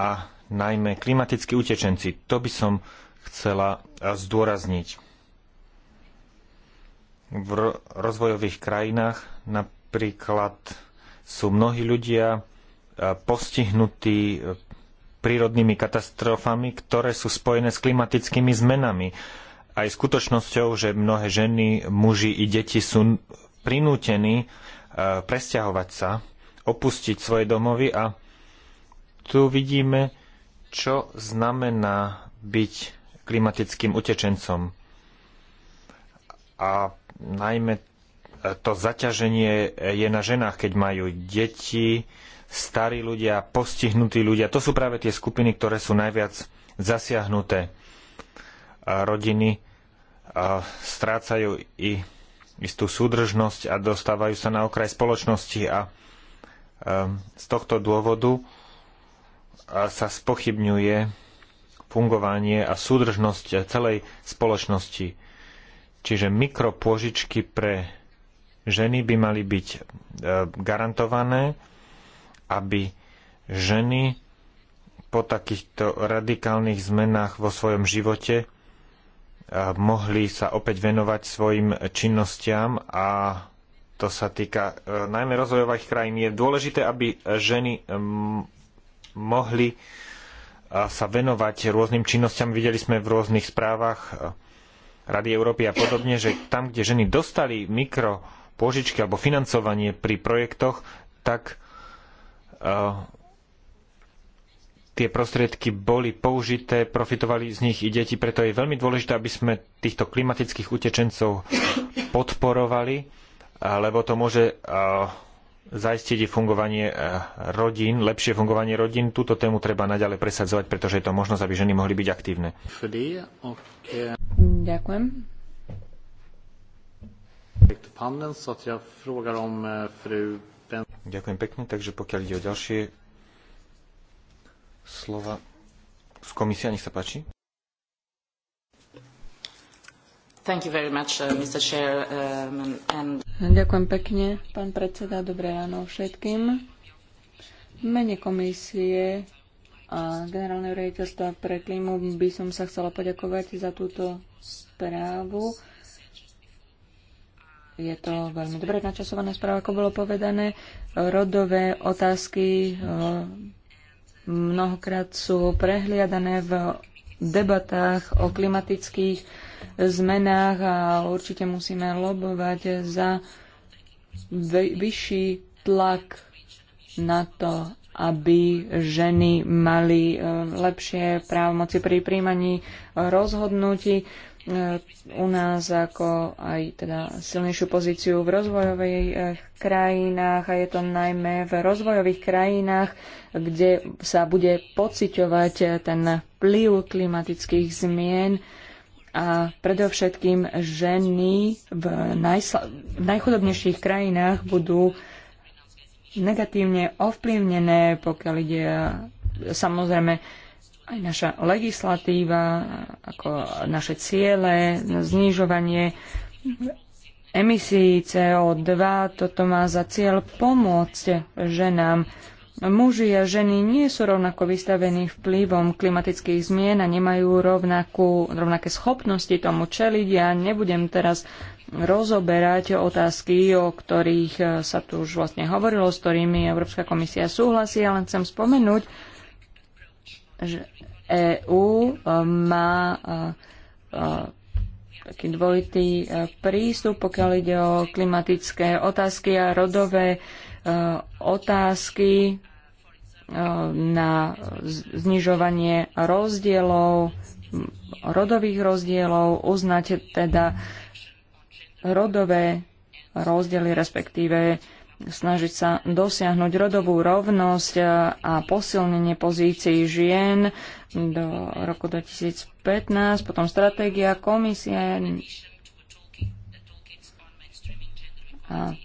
Speaker 4: a najmä klimatickí utečenci. To by som chcela e, zdôrazniť. V rozvojových krajinách napríklad sú mnohí ľudia e, postihnutí e, prírodnými katastrofami, ktoré sú spojené s klimatickými zmenami. Aj skutočnosťou, že mnohé ženy, muži i deti sú prinútení presťahovať sa, opustiť svoje domovy a tu vidíme, čo znamená byť klimatickým utečencom. A najmä to zaťaženie je na ženách, keď majú deti, starí ľudia, postihnutí ľudia. To sú práve tie skupiny, ktoré sú najviac zasiahnuté. Rodiny strácajú i istú súdržnosť a dostávajú sa na okraj spoločnosti a z tohto dôvodu sa spochybňuje fungovanie a súdržnosť celej spoločnosti. Čiže mikropôžičky pre ženy by mali byť e, garantované, aby ženy po takýchto radikálnych zmenách vo svojom živote e, mohli sa opäť venovať svojim činnostiam a to sa týka e, najmä rozvojových krajín. Je dôležité, aby ženy mohli sa venovať rôznym činnostiam. Videli sme v rôznych správach e, Rady Európy a podobne, že tam, kde ženy dostali mikro požičky alebo financovanie pri projektoch, tak uh, tie prostriedky boli použité, profitovali z nich i deti, preto je veľmi dôležité, aby sme týchto klimatických utečencov podporovali, lebo to môže uh, zaistiť fungovanie eh, rodín, lepšie fungovanie rodín. Túto tému treba naďalej presadzovať, pretože je to možnosť, aby ženy mohli byť aktívne. Ďakujem. Ďakujem pekne, takže pokiaľ ide o ďalšie slova z komisia, nech sa páči.
Speaker 2: Uh, um,
Speaker 3: Ďakujem pekne, pán predseda. Dobré ráno všetkým. V mene komisie a generálneho riaditeľstva pre klímu by som sa chcela poďakovať za túto správu. Je to veľmi dobre načasovaná správa, ako bolo povedané. Rodové otázky uh, mnohokrát sú prehliadané v debatách o klimatických zmenách, a určite musíme lobovať za vyšší tlak na to, aby ženy mali e, lepšie právomoci pri príjmaní rozhodnutí e, u nás ako aj teda silnejšiu pozíciu v rozvojových e, krajinách a je to najmä v rozvojových krajinách, kde sa bude pociťovať ten vplyv klimatických zmien a predovšetkým ženy v, najsla- v najchudobnejších krajinách budú negatívne ovplyvnené, pokiaľ ide samozrejme aj naša legislatíva, ako naše ciele, znižovanie emisí CO2. Toto má za cieľ pomôcť ženám Muži a ženy nie sú rovnako vystavení vplyvom klimatických zmien a nemajú rovnakú, rovnaké schopnosti tomu čeliť. Ja nebudem teraz rozoberať otázky, o ktorých eh, sa tu už vlastne hovorilo, s ktorými Európska komisia súhlasí. Ja chcem spomenúť, že EÚ eh, má eh, taký dvojitý prístup, pokiaľ ide o klimatické otázky a rodové otázky na znižovanie rozdielov, rodových rozdielov, uznať teda rodové rozdiely, respektíve snažiť sa dosiahnuť rodovú rovnosť a posilnenie pozícií žien do roku 2015, potom stratégia komisie a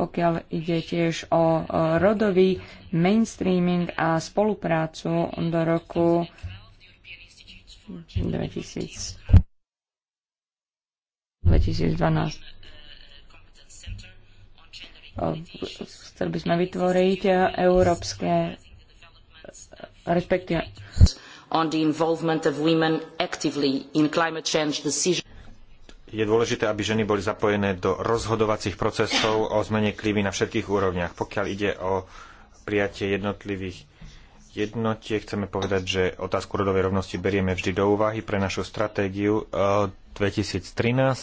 Speaker 3: pokiaľ ide tiež o rodový mainstreaming a spoluprácu do roku 2012. Chceli by sme vytvoriť európske respektíve on the involvement of women actively
Speaker 2: in climate change decisions
Speaker 4: je dôležité, aby ženy boli zapojené do rozhodovacích procesov o zmene klímy na všetkých úrovniach. Pokiaľ ide o prijatie jednotlivých jednotie, chceme povedať, že otázku rodovej rovnosti berieme vždy do úvahy pre našu stratégiu 2013,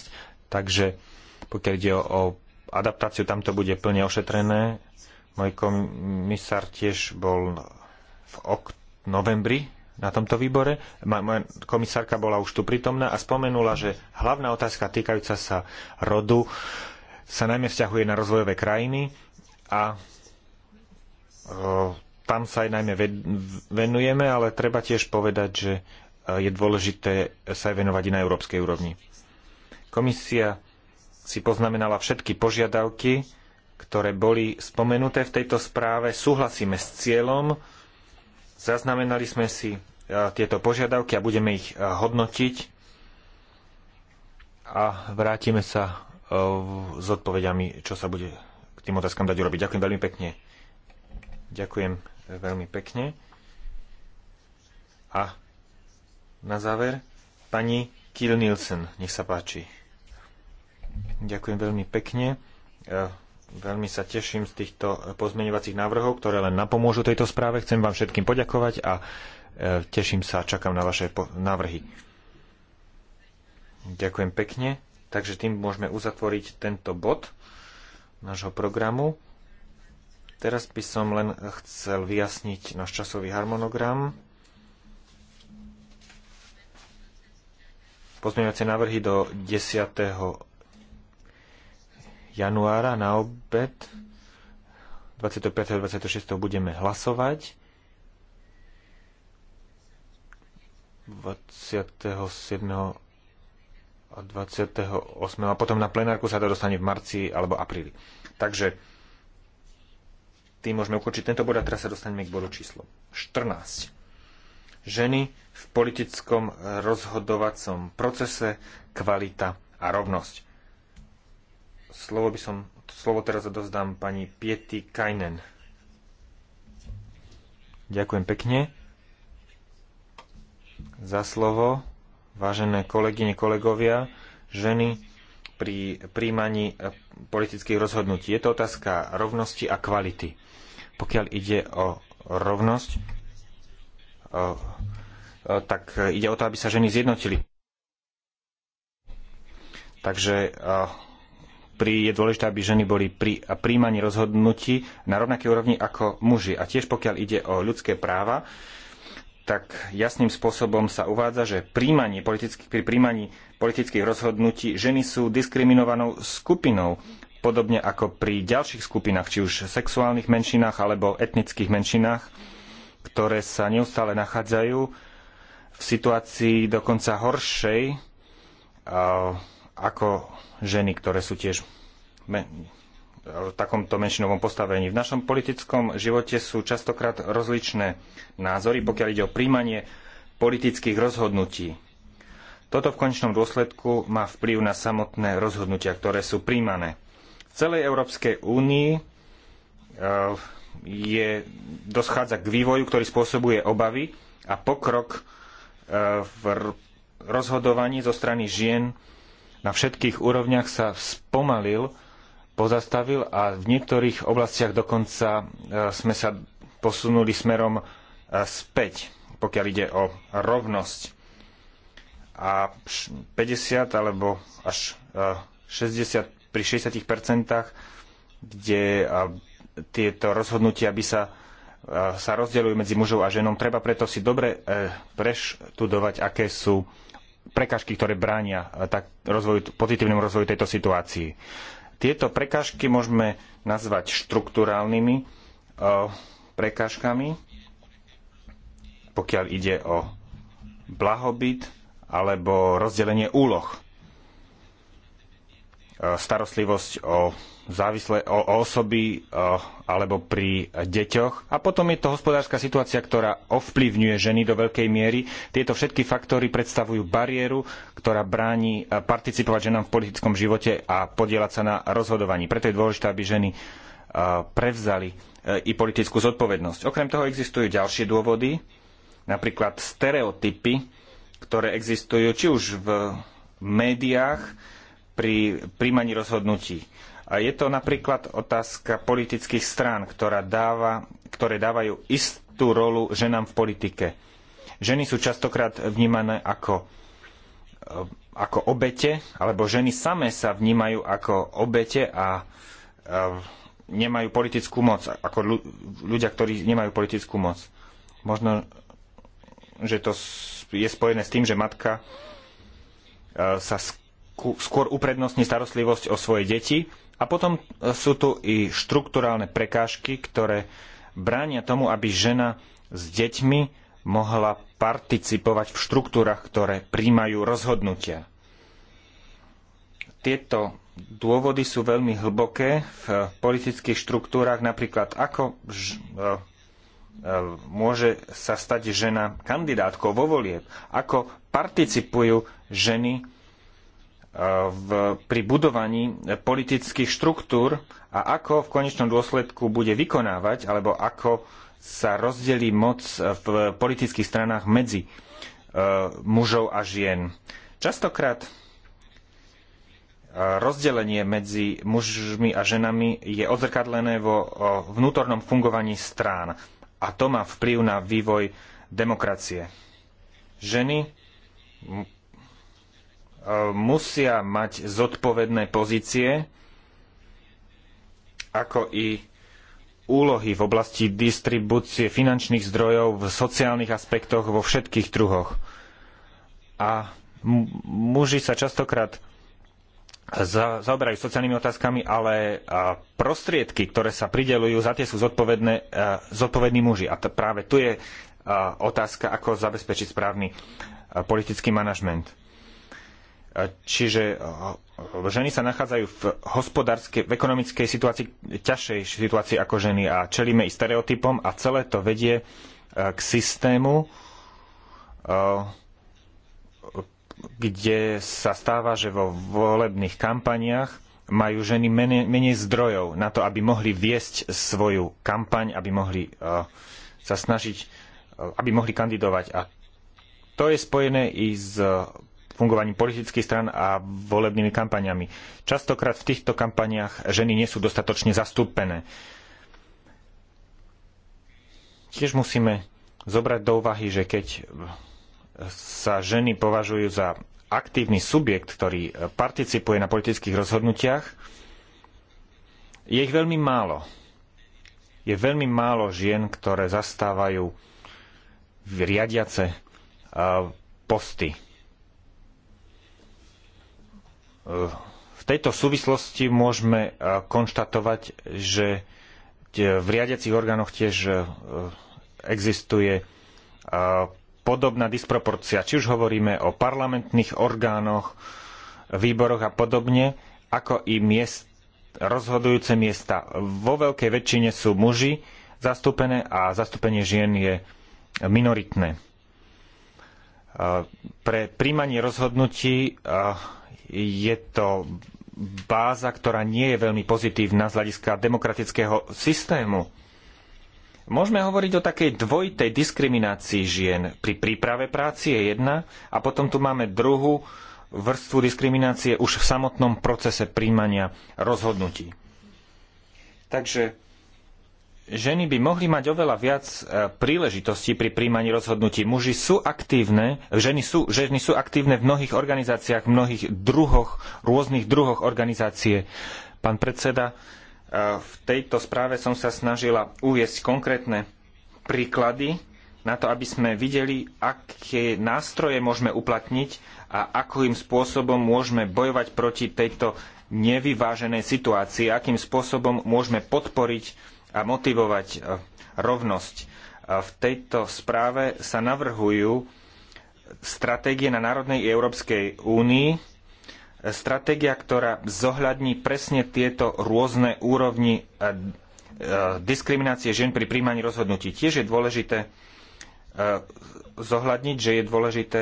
Speaker 4: eh, takže pokiaľ ide o adaptáciu, tam to bude plne ošetrené. Môj komisár tiež bol v ok- novembri na tomto výbore. Moja komisárka bola už tu prítomná a spomenula, že hlavná otázka týkajúca sa rodu sa najmä vzťahuje na rozvojové krajiny a e, tam sa aj najmä venujeme, ale treba tiež povedať, že e, je dôležité sa aj venovať i na európskej úrovni. Komisia si poznamenala všetky požiadavky, ktoré boli spomenuté v tejto správe. Súhlasíme s cieľom, Zaznamenali sme si e, tieto požiadavky a budeme ich e, hodnotiť a vrátime sa e, s odpovediami, čo sa bude k tým otázkam dať urobiť. Ďakujem veľmi pekne. Ďakujem veľmi pekne. A na záver pani Kiel Nielsen, nech sa páči. Ďakujem veľmi pekne. Veľmi sa teším z týchto pozmeňovacích návrhov, ktoré len napomôžu tejto správe. Chcem vám všetkým poďakovať a e, teším sa, a čakám na vaše návrhy. Ďakujem pekne. Takže tým môžeme uzatvoriť tento bod nášho programu. Teraz by som len chcel vyjasniť náš časový harmonogram. Pozmeňovacie návrhy do 10 januára na obed. 25. a 26. budeme hlasovať. 27. a 28. a potom na plenárku sa to dostane v marci alebo apríli. Takže tým môžeme ukončiť tento bod a teraz sa dostaneme k bodu číslo 14 ženy v politickom rozhodovacom procese, kvalita a rovnosť slovo, by som, slovo teraz odovzdám pani Piety Kajnen. Ďakujem pekne za slovo, vážené kolegyne, kolegovia, ženy pri príjmaní eh, politických rozhodnutí. Je to otázka rovnosti a kvality. Pokiaľ ide o rovnosť, eh, eh, tak ide o to, aby sa ženy zjednotili. Takže pri, je dôležité, aby ženy boli pri príjmaní rozhodnutí na rovnakej úrovni ako muži. A tiež pokiaľ ide o ľudské práva, tak jasným spôsobom sa uvádza, že príjmanie pri príjmaní politických rozhodnutí ženy sú diskriminovanou skupinou, podobne ako pri ďalších skupinách, či už sexuálnych menšinách alebo etnických menšinách, ktoré sa neustále nachádzajú v situácii dokonca horšej, ako ženy, ktoré sú tiež v takomto menšinovom postavení. V našom politickom živote sú častokrát rozličné názory, pokiaľ ide o príjmanie politických rozhodnutí. Toto v konečnom dôsledku má vplyv na samotné rozhodnutia, ktoré sú príjmané. V celej Európskej únii e, je, doschádza k vývoju, ktorý spôsobuje obavy a pokrok e, v rozhodovaní zo strany žien na všetkých úrovniach sa spomalil, pozastavil a v niektorých oblastiach dokonca e, sme sa posunuli smerom e, späť, pokiaľ ide o rovnosť. A 50 alebo až 60, e, pri 60 kde tieto rozhodnutia by sa, sa rozdeľujú medzi mužov a ženom. Treba preto si dobre preštudovať, aké sú prekážky, ktoré bránia eh, tak rozvoju, pozitívnemu rozvoju tejto situácii. Tieto prekažky môžeme nazvať štruktúrálnymi eh, prekažkami, pokiaľ ide o blahobyt alebo rozdelenie úloh, eh, starostlivosť o závislé o osoby alebo pri deťoch. A potom je to hospodárska situácia, ktorá ovplyvňuje ženy do veľkej miery. Tieto všetky faktory predstavujú bariéru, ktorá bráni e, participovať ženám v politickom živote a podielať sa na rozhodovaní. Preto je dôležité, aby ženy e, prevzali e, i politickú zodpovednosť. Okrem toho existujú ďalšie dôvody, napríklad stereotypy, ktoré existujú či už v médiách pri príjmaní rozhodnutí je to napríklad otázka politických strán, dáva, ktoré dávajú istú rolu ženám v politike. Ženy sú častokrát vnímané ako, eh, ako obete, alebo ženy samé sa vnímajú ako obete a, a eh, nemajú politickú moc, ako ľudia, ktorí nemajú politickú moc. Možno, že to je spojené s tým, že matka eh, sa skôr uprednostní starostlivosť o svoje deti a potom e, sú tu i štrukturálne prekážky, ktoré bránia tomu, aby žena s deťmi mohla participovať v štruktúrach, ktoré príjmajú rozhodnutia. Tieto dôvody sú veľmi hlboké v politických štruktúrach, napríklad ako e, e, môže sa stať žena kandidátkou vo volieb, ako participujú ženy v, pri budovaní politických štruktúr a ako v konečnom dôsledku bude vykonávať, alebo ako sa rozdelí moc v politických stranách medzi e, mužov a žien. Častokrát e, rozdelenie medzi mužmi a ženami je odzrkadlené vo e, vnútornom fungovaní strán a to má vplyv na vývoj demokracie. Ženy musia mať zodpovedné pozície, ako i úlohy v oblasti distribúcie finančných zdrojov v sociálnych aspektoch vo všetkých druhoch. A muži sa častokrát za, zaoberajú sociálnymi otázkami, ale prostriedky, ktoré sa prideľujú, za tie sú zodpovední muži. A práve tu je otázka, ako zabezpečiť správny politický manažment. Čiže e, e, ženy sa nachádzajú v hospodárskej, v ekonomickej situácii, ťažšej situácii ako ženy a čelíme i stereotypom a celé to vedie e, k systému, kde sa stáva, že vo volebných kampaniach majú ženy menej, menej zdrojov na to, aby mohli viesť svoju kampaň, aby mohli uh, sa snažiť, uh, aby mohli kandidovať. A to je spojené i s fungovaním politických stran a volebnými kampaniami. Častokrát v týchto kampaniach ženy nie sú dostatočne zastúpené. Tiež musíme zobrať do úvahy, že keď sa ženy považujú za aktívny subjekt, ktorý participuje na politických rozhodnutiach, je ich veľmi málo. Je veľmi málo žien, ktoré zastávajú riadiace eh, posty. V tejto súvislosti môžeme e, konštatovať, že v riadiacich orgánoch tiež e, existuje e, podobná disproporcia. Či už hovoríme o parlamentných orgánoch, výboroch a podobne, ako i miest, rozhodujúce miesta. Vo veľkej väčšine sú muži zastúpené a zastúpenie žien je minoritné. Pre príjmanie rozhodnutí je to báza, ktorá nie je veľmi pozitívna z hľadiska demokratického systému. Môžeme hovoriť o takej dvojitej diskriminácii žien. Pri príprave práci je jedna a potom tu máme druhú vrstvu diskriminácie už v samotnom procese príjmania rozhodnutí. Takže ženy by mohli mať oveľa viac e, príležitostí pri príjmaní rozhodnutí. Muži sú aktívne, ženy sú, ženy sú aktívne v mnohých organizáciách, v mnohých druhoch, rôznych druhoch organizácie. Pán predseda, e, v tejto správe som sa snažila uviesť konkrétne príklady na to, aby sme videli, aké nástroje môžeme uplatniť a akým spôsobom môžeme bojovať proti tejto nevyváženej situácii, akým spôsobom môžeme podporiť a motivovať e, rovnosť. E, v tejto správe sa navrhujú stratégie na národnej Európskej únii, stratégia, ktorá zohľadní presne tieto rôzne úrovni e, diskriminácie žien pri príjmaní rozhodnutí. Tiež je dôležité zohľadniť, že je dôležité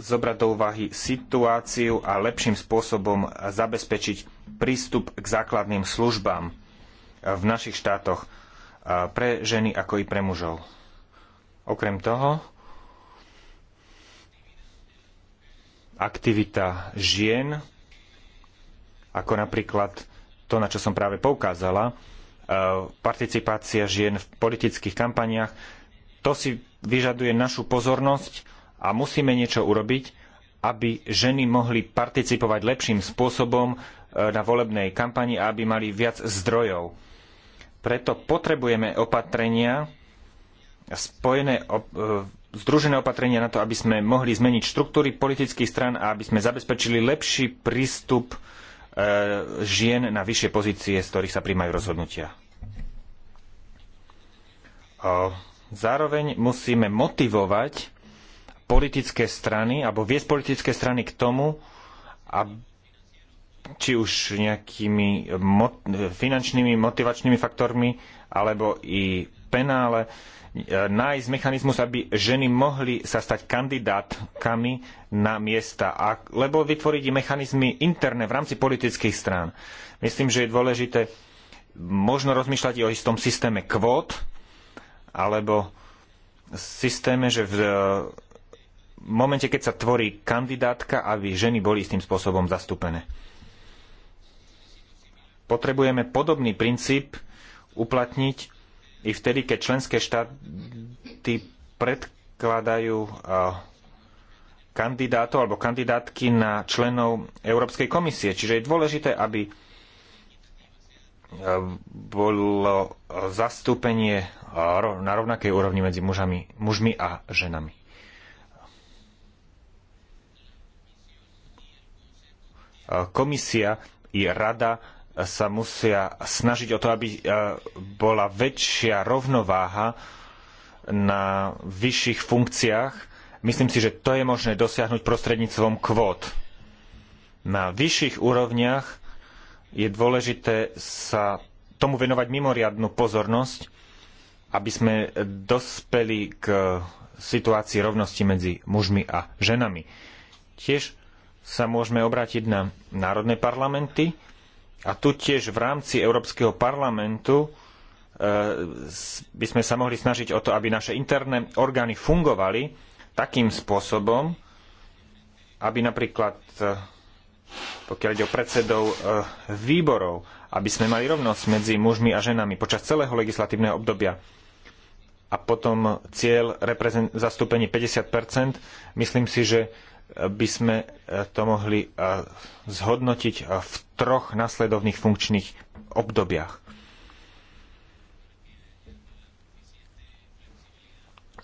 Speaker 4: zobrať do úvahy situáciu a lepším spôsobom zabezpečiť prístup k základným službám v našich štátoch pre ženy ako i pre mužov. Okrem toho, aktivita žien, ako napríklad to, na čo som práve poukázala, e, participácia žien v politických kampaniách, to si vyžaduje našu pozornosť a musíme niečo urobiť, aby ženy mohli participovať lepším spôsobom e, na volebnej kampani a aby mali viac zdrojov preto potrebujeme opatrenia, spojené e, združené opatrenia na to, aby sme mohli zmeniť štruktúry politických stran a aby sme zabezpečili lepší prístup e, žien na vyššie pozície, z ktorých sa príjmajú rozhodnutia. Zároveň musíme motivovať politické strany alebo viesť politické strany k tomu, aby či už nejakými mot- finančnými motivačnými faktormi alebo i penále, e, nájsť mechanizmus, aby ženy mohli sa stať kandidátkami na miesta, alebo vytvoriť mechanizmy interné v rámci politických strán. Myslím, že je dôležité možno rozmýšľať i o istom systéme kvót, alebo systéme, že v e, momente, keď sa tvorí kandidátka, aby ženy boli istým spôsobom zastúpené. Potrebujeme podobný princíp uplatniť i vtedy, keď členské štáty predkladajú kandidátov alebo kandidátky na členov Európskej komisie. Čiže je dôležité, aby e, bolo zastúpenie e, na rovnakej úrovni medzi mužami, mužmi a ženami. E, komisia i rada sa musia snažiť o to, aby e, bola väčšia rovnováha na vyšších funkciách. Myslím si, že to je možné dosiahnuť prostredníctvom kvót. Na vyšších úrovniach je dôležité sa tomu venovať mimoriadnu pozornosť, aby sme dospeli k situácii rovnosti medzi mužmi a ženami. Tiež sa môžeme obrátiť na národné parlamenty a tu tiež v rámci Európskeho parlamentu e, by sme sa mohli snažiť o to, aby naše interné orgány fungovali takým spôsobom, aby napríklad, e, pokiaľ ide o predsedov e, výborov, aby sme mali rovnosť medzi mužmi a ženami počas celého legislatívneho obdobia a potom cieľ zastúpenie 50 myslím si, že by sme e, to mohli e, zhodnotiť e, v troch nasledovných funkčných obdobiach.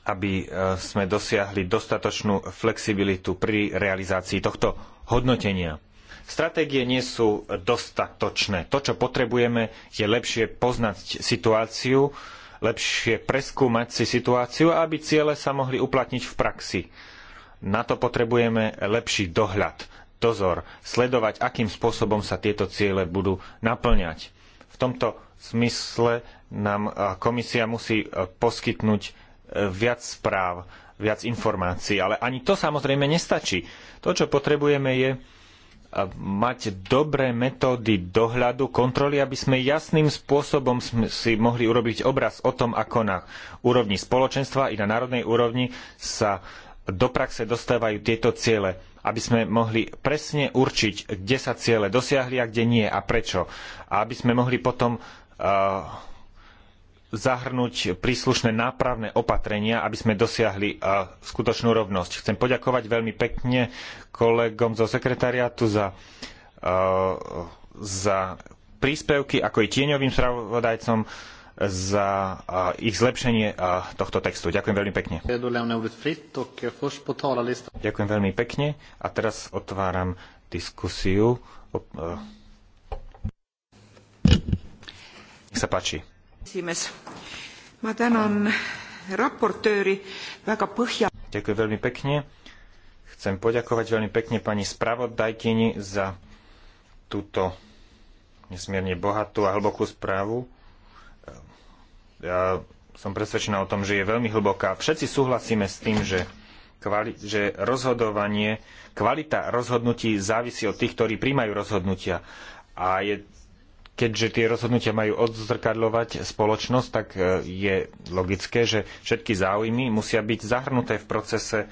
Speaker 4: aby sme dosiahli dostatočnú flexibilitu pri realizácii tohto hodnotenia. Stratégie nie sú dostatočné. To, čo potrebujeme, je lepšie poznať situáciu, lepšie preskúmať si situáciu, aby ciele sa mohli uplatniť v praxi na to potrebujeme lepší dohľad, dozor, sledovať, akým spôsobom sa tieto ciele budú naplňať. V tomto zmysle nám e, komisia musí e, poskytnúť e, viac správ, viac informácií, ale ani to samozrejme nestačí. To, čo potrebujeme, je mať dobré metódy dohľadu, kontroly, aby sme jasným spôsobom si mohli urobiť obraz o tom, ako na úrovni spoločenstva i na národnej úrovni sa do praxe dostávajú tieto ciele, aby sme mohli presne určiť, kde sa ciele dosiahli a kde nie a prečo. A aby sme mohli potom uh, zahrnúť príslušné nápravné opatrenia, aby sme dosiahli uh, skutočnú rovnosť. Chcem poďakovať veľmi pekne kolegom zo sekretariátu za, uh, za príspevky, ako i tieňovým spravodajcom za ich zlepšenie tohto textu. Ďakujem veľmi pekne. Ďakujem veľmi pekne a teraz otváram diskusiu. E, nech sa páči. Ďakujem veľmi pekne. Chcem poďakovať veľmi pekne pani spravodajkyni za túto nesmierne bohatú a hlbokú správu ja som presvedčená o tom, že je veľmi hlboká. Všetci súhlasíme s tým, že, kvali- že rozhodovanie, kvalita rozhodnutí závisí od tých, ktorí príjmajú rozhodnutia. A je, keďže tie rozhodnutia majú odzrkadľovať spoločnosť, tak e, je logické, že všetky záujmy musia byť zahrnuté v procese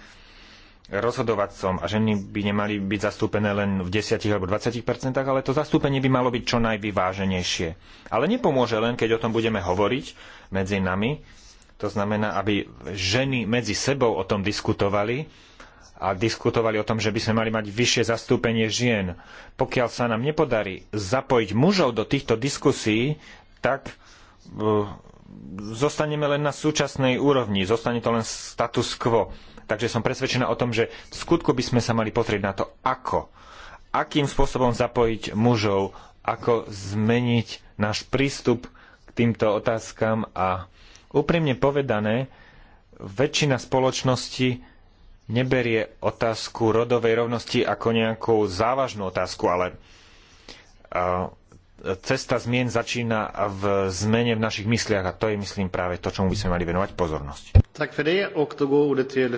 Speaker 4: rozhodovacom a ženy by nemali byť zastúpené len v 10 alebo 20 percentách, ale to zastúpenie by malo byť čo najvyváženejšie. Ale nepomôže len, keď o tom budeme hovoriť medzi nami. To znamená, aby ženy medzi sebou o tom diskutovali a diskutovali o tom, že by sme mali mať vyššie zastúpenie žien. Pokiaľ sa nám nepodarí zapojiť mužov do týchto diskusí, tak e, zostaneme len na súčasnej úrovni, zostane to len status quo Takže som presvedčená o tom, že v skutku by sme sa mali pozrieť na to, ako, akým spôsobom zapojiť mužov, ako zmeniť náš prístup k týmto otázkam a úprimne povedané, väčšina spoločnosti neberie otázku rodovej rovnosti ako nejakú závažnú otázku, ale cesta zmien začína v zmene v našich mysliach a to je, myslím, práve to, čomu by sme mali venovať pozornosť.
Speaker 2: Ďakujem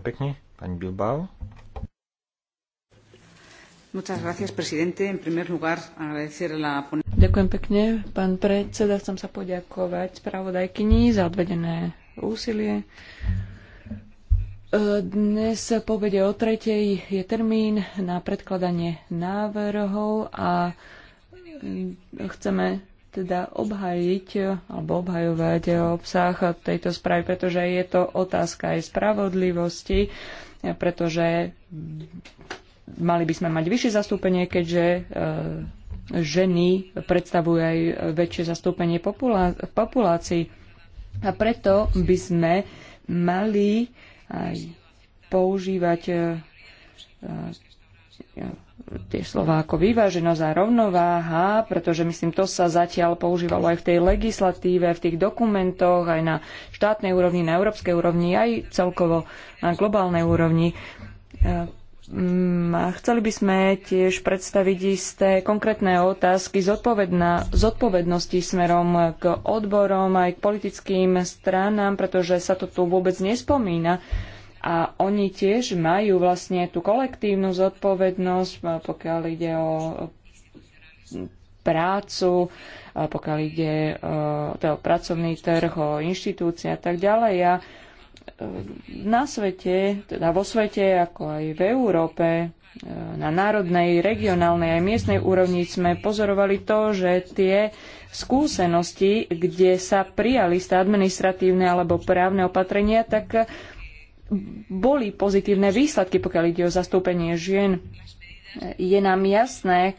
Speaker 4: pekne. Pani Bilbao.
Speaker 3: Ďakujem pekne, pán predseda. Chcem sa poďakovať spravodajkyni za odvedené úsilie. E, dnes po obede o tretej je termín na predkladanie návrhov a mm, chceme teda obhajiť e, alebo obhajovať e, obsah tejto správy, pretože je to otázka aj spravodlivosti, e, pretože mali by sme mať vyššie zastúpenie, keďže ženy predstavujú aj väčšie zastúpenie v populácii. A preto by sme mali aj používať tie slova ako vyváženosť a rovnováha, pretože myslím, to sa zatiaľ používalo aj v tej legislatíve, v tých dokumentoch, aj na štátnej úrovni, na európskej úrovni, aj celkovo na globálnej úrovni. Ehm, a chceli by sme tiež predstaviť isté konkrétne otázky zodpovednosti smerom k odborom aj k politickým stranám, pretože sa to tu vôbec nespomína a oni tiež majú vlastne tú kolektívnu zodpovednosť, e, pokiaľ ide o e, prácu, pokiaľ ide e, teda o pracovný trh, o inštitúcie a tak ďalej. A na svete, teda vo svete, ako aj v Európe, na národnej, regionálnej aj miestnej úrovni sme pozorovali to, že tie skúsenosti, kde sa prijali ste administratívne alebo právne opatrenia, tak boli pozitívne výsledky, pokiaľ ide o zastúpenie žien. Je nám jasné,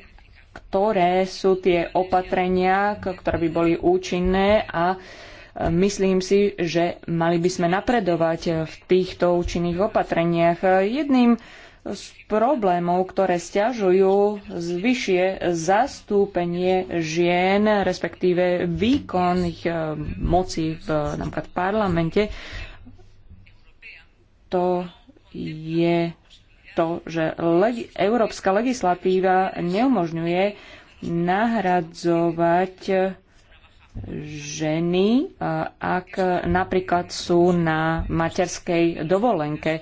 Speaker 3: ktoré sú tie opatrenia, ktoré by boli účinné a e, myslím si, že mali by sme napredovať v týchto účinných opatreniach. Jedným z problémov, ktoré stiažujú zvyšie zastúpenie žien, respektíve výkon ich e, moci v, napríklad v parlamente, to je to, že leg- európska legislatíva neumožňuje nahradzovať ženy, ak napríklad sú na materskej dovolenke e,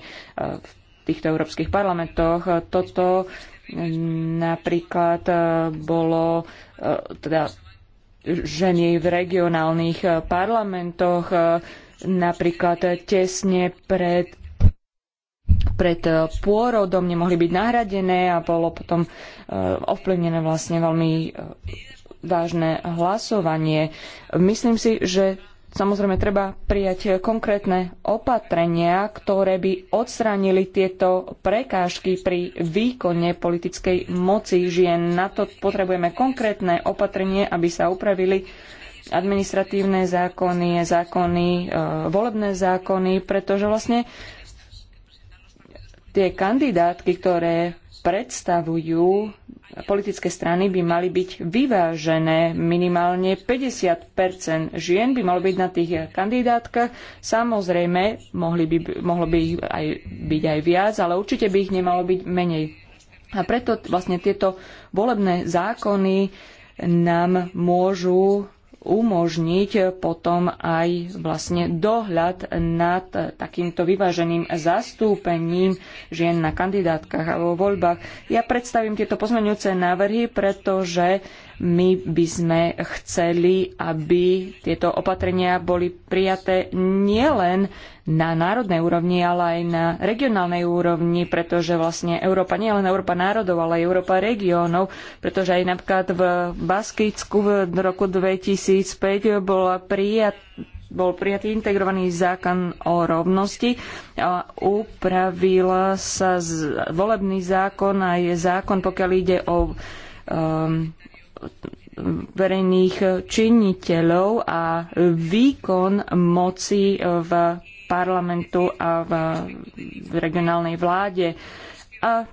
Speaker 3: v týchto európskych parlamentoch. Toto mm, napríklad e, bolo e, teda ženy v regionálnych parlamentoch napríklad tesne pred pred eh, pôrodom nemohli byť nahradené a bolo potom eh, ovplyvnené vlastne veľmi eh, vážne hlasovanie. Myslím si, že samozrejme treba prijať konkrétne opatrenia, ktoré by odstránili tieto prekážky pri výkone politickej moci žien. Na to potrebujeme konkrétne opatrenie, aby sa upravili administratívne zákony, zákony, volebné zákony, pretože vlastne tie kandidátky, ktoré predstavujú politické strany, by mali byť vyvážené. Minimálne 50 žien by malo byť na tých kandidátkach. Samozrejme, mohli by, mohlo by ich aj, byť aj viac, ale určite by ich nemalo byť menej. A preto vlastne tieto volebné zákony nám môžu umožniť potom aj vlastne dohľad nad takýmto vyváženým zastúpením žien na kandidátkach a vo voľbách. Ja predstavím tieto pozmeňujúce návrhy, pretože my by sme chceli, aby tieto opatrenia boli prijaté nielen na národnej úrovni, ale aj na regionálnej úrovni, pretože vlastne Európa nie je len Európa národov, ale aj Európa regiónov, pretože aj napríklad v Baskicku v roku 2005 bola prijatá bol prijatý integrovaný zákon o rovnosti. A upravil sa volebný zákon a je zákon, pokiaľ ide o um, verejných činiteľov a výkon moci v parlamentu a v, regionálnej vláde. A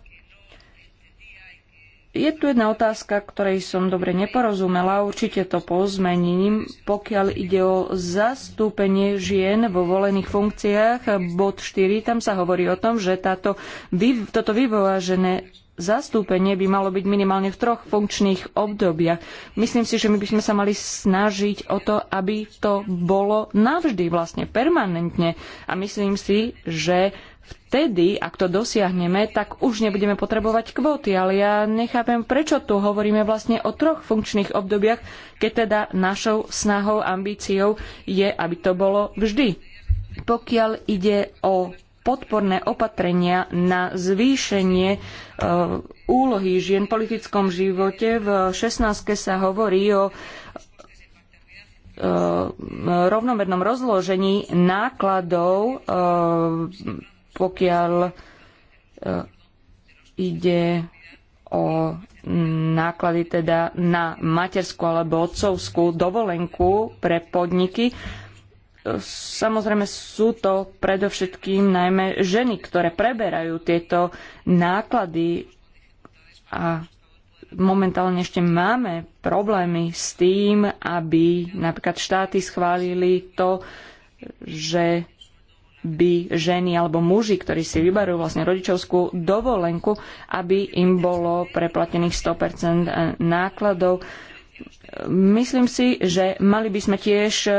Speaker 3: je tu jedna otázka, ktorej som dobre neporozumela, určite to pozmením. Pokiaľ ide o zastúpenie žien vo volených funkciách, bod 4, tam sa hovorí o tom, že táto, toto vyvážené zastúpenie by malo byť minimálne v troch funkčných obdobiach. Myslím si, že my by sme sa mali snažiť o to, aby to bolo navždy, vlastne permanentne. A myslím si, že vtedy, ak to dosiahneme, tak už nebudeme potrebovať kvóty. Ale ja nechápem, prečo tu hovoríme vlastne o troch funkčných obdobiach, keď teda našou snahou, ambíciou je, aby to bolo vždy. Pokiaľ ide o podporné opatrenia na zvýšenie e, úlohy žien v politickom živote. V 16. sa hovorí o e, rovnomernom rozložení nákladov, e, pokiaľ ide o náklady teda na materskú alebo otcovskú dovolenku pre podniky Samozrejme sú to predovšetkým najmä ženy, ktoré preberajú tieto náklady a momentálne ešte máme problémy s tým, aby napríklad štáty schválili to, že by ženy alebo muži, ktorí si vyberú vlastne rodičovskú dovolenku, aby im bolo preplatených 100% nákladov. Myslím si, že mali by sme tiež e,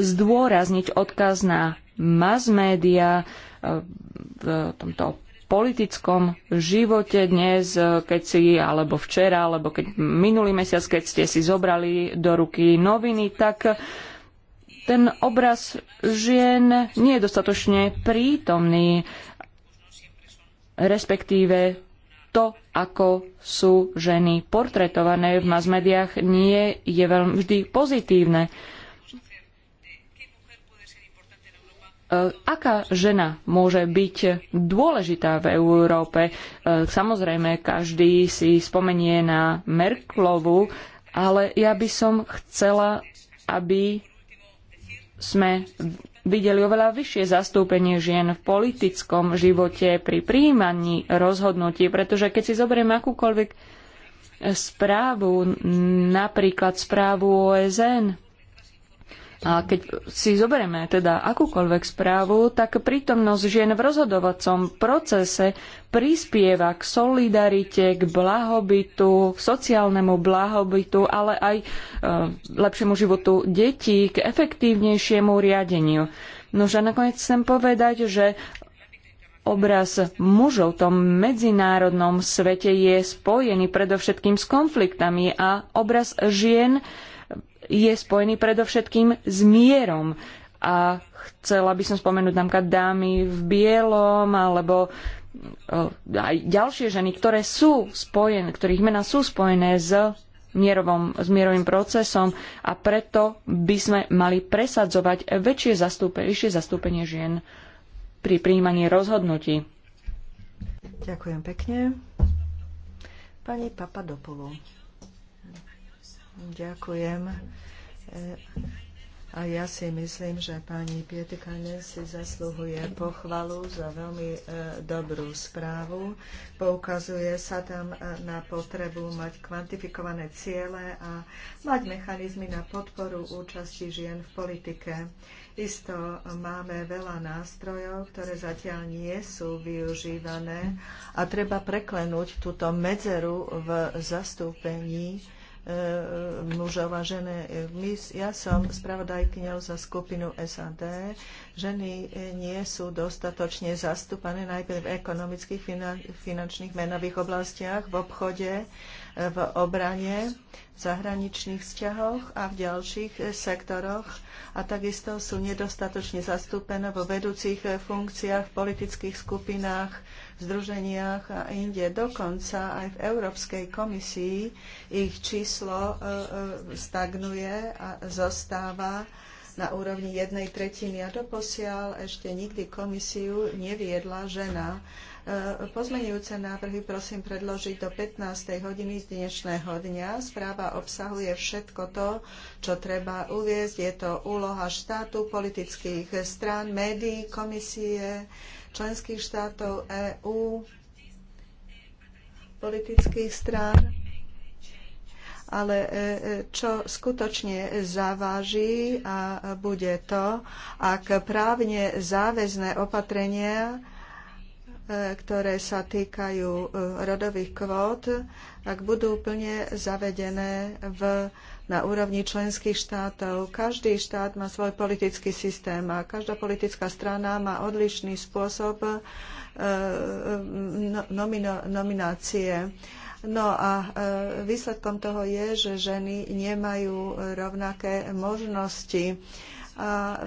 Speaker 3: zdôrazniť odkaz na mass media e, v tomto politickom živote dnes, e, keď si, alebo včera, alebo keď minulý mesiac, keď ste si zobrali do ruky noviny, tak ten obraz žien nie je dostatočne prítomný, respektíve to, ako sú ženy portretované v masmediách, nie je veľmi vždy pozitívne. E, aká žena môže byť dôležitá v Európe? E, samozrejme, každý si spomenie na Merklovu, ale ja by som chcela, aby sme videli oveľa vyššie zastúpenie žien v politickom živote pri príjmaní rozhodnutí, pretože keď si zoberiem akúkoľvek správu, napríklad správu OSN, a keď si zoberieme teda akúkoľvek správu, tak prítomnosť žien v rozhodovacom procese prispieva k solidarite, k blahobytu, k sociálnemu blahobytu, ale aj e, lepšiemu životu detí, k efektívnejšiemu riadeniu. Nože nakoniec chcem povedať, že obraz mužov v tom medzinárodnom svete je spojený predovšetkým s konfliktami a obraz žien je spojený predovšetkým s mierom. A chcela by som spomenúť napríklad dámy v bielom alebo aj ďalšie ženy, ktoré sú spojené, ktorých mená sú spojené s mierovom, s mierovým procesom a preto by sme mali presadzovať väčšie zastúpe, vyššie zastúpenie žien pri príjmaní rozhodnutí.
Speaker 1: Ďakujem pekne. Pani Papadopoulou. Ďakujem. E, a ja si myslím, že pani pietikane si zasluhuje pochvalu za veľmi e, dobrú správu. Poukazuje sa tam e, na potrebu mať kvantifikované ciele a mať mechanizmy na podporu účasti žien v politike. Isto máme veľa nástrojov, ktoré zatiaľ nie sú využívané a treba preklenúť túto medzeru v zastúpení E, mužov a ženy. My, ja som spravodajkyňou za skupinu SAD. Ženy e, nie sú dostatočne zastúpané najmä v ekonomických, finančných, menových oblastiach, v obchode, e, v obrane, v zahraničných vzťahoch a v ďalších sektoroch a takisto sú nedostatočne zastúpené vo vedúcich funkciách, v politických skupinách, združeniach a inde. Dokonca aj v Európskej komisii ich číslo e, e, stagnuje a zostáva na úrovni jednej tretiny a doposiaľ ešte nikdy komisiu neviedla žena. E, pozmenujúce návrhy prosím predložiť do 15. hodiny z dnešného dňa. Správa obsahuje všetko to, čo treba uviezť. Je to úloha štátu, politických strán, médií, komisie, členských štátov EÚ, politických strán ale e, e, čo skutočne zaváži a bude to, ak právne záväzné opatrenia, e, ktoré sa týkajú rodových kvót, ak budú plne zavedené v na úrovni členských štátov. Každý štát má svoj politický systém a každá politická strana má odlišný spôsob eh, no, nominácie. No a eh, výsledkom toho je, že ženy nemajú rovnaké možnosti a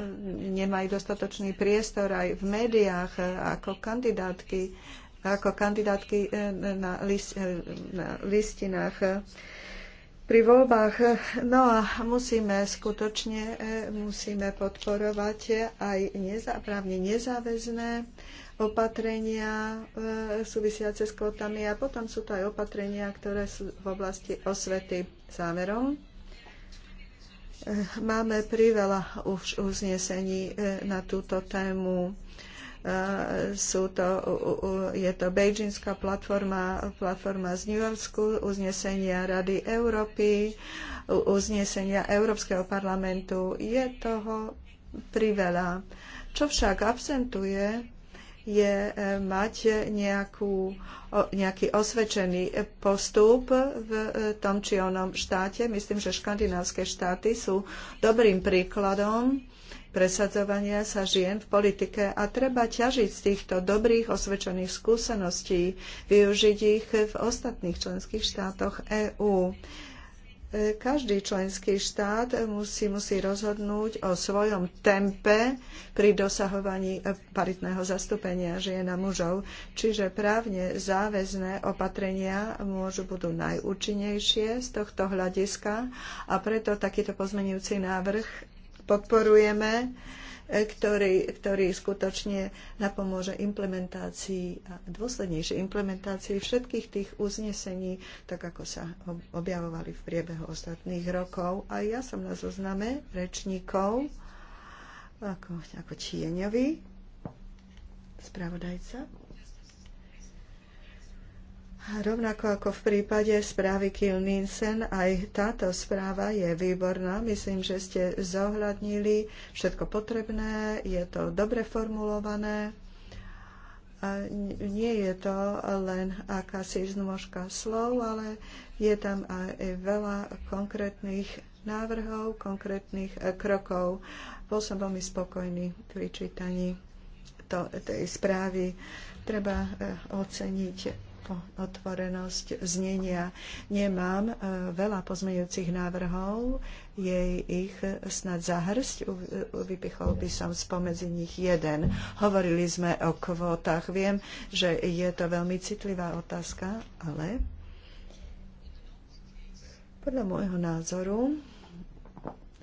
Speaker 1: nemajú dostatočný priestor aj v médiách ako kandidátky, ako kandidátky eh, na, list, na listinách pri voľbách. No a musíme skutočne e, musíme podporovať aj neza, právne nezáväzné opatrenia e, súvisiace s kvotami a potom sú to aj opatrenia, ktoré sú v oblasti osvety záverom. E, máme priveľa už uznesení e, na túto tému. E, Eh, sú to, je to Beijingská platforma, platforma z New Yorku, uznesenia Rady Európy, uznesenia Európskeho parlamentu. Je toho priveľa. Čo však absentuje, je eh, mať nejakú, nejaký osvedčený postup v eh, tom či onom štáte. Myslím, že škandinávské štáty sú dobrým príkladom presadzovania sa žien v politike a treba ťažiť z týchto dobrých osvedčených skúseností, využiť ich v ostatných členských štátoch EÚ. E, každý členský štát musí, musí rozhodnúť o svojom tempe pri dosahovaní paritného zastúpenia žien a mužov. Čiže právne záväzné opatrenia môžu budú najúčinnejšie z tohto hľadiska a preto takýto pozmenujúci návrh podporujeme, e, ktorý, ktorý skutočne napomôže implementácii a dôslednejšej implementácii všetkých tých uznesení, tak ako sa objavovali v priebehu ostatných rokov. A ja som na zozname rečníkov ako, ako tieňový spravodajca. Rovnako ako v prípade správy Kiel Nielsen, aj táto správa je výborná. Myslím, že ste zohľadnili všetko potrebné, je to dobre formulované. A nie je to len akási znožka slov, ale je tam aj veľa konkrétnych návrhov, konkrétnych e, krokov. Bol som veľmi spokojný pri čítaní to, tej správy. Treba e, oceniť otvorenosť znenia. Nemám e, veľa pozmeňujúcich návrhov, je ich snad zahrsť, vypichol by som spomedzi nich jeden. Hovorili sme o kvótach. Viem, že je to veľmi citlivá otázka, ale podľa môjho názoru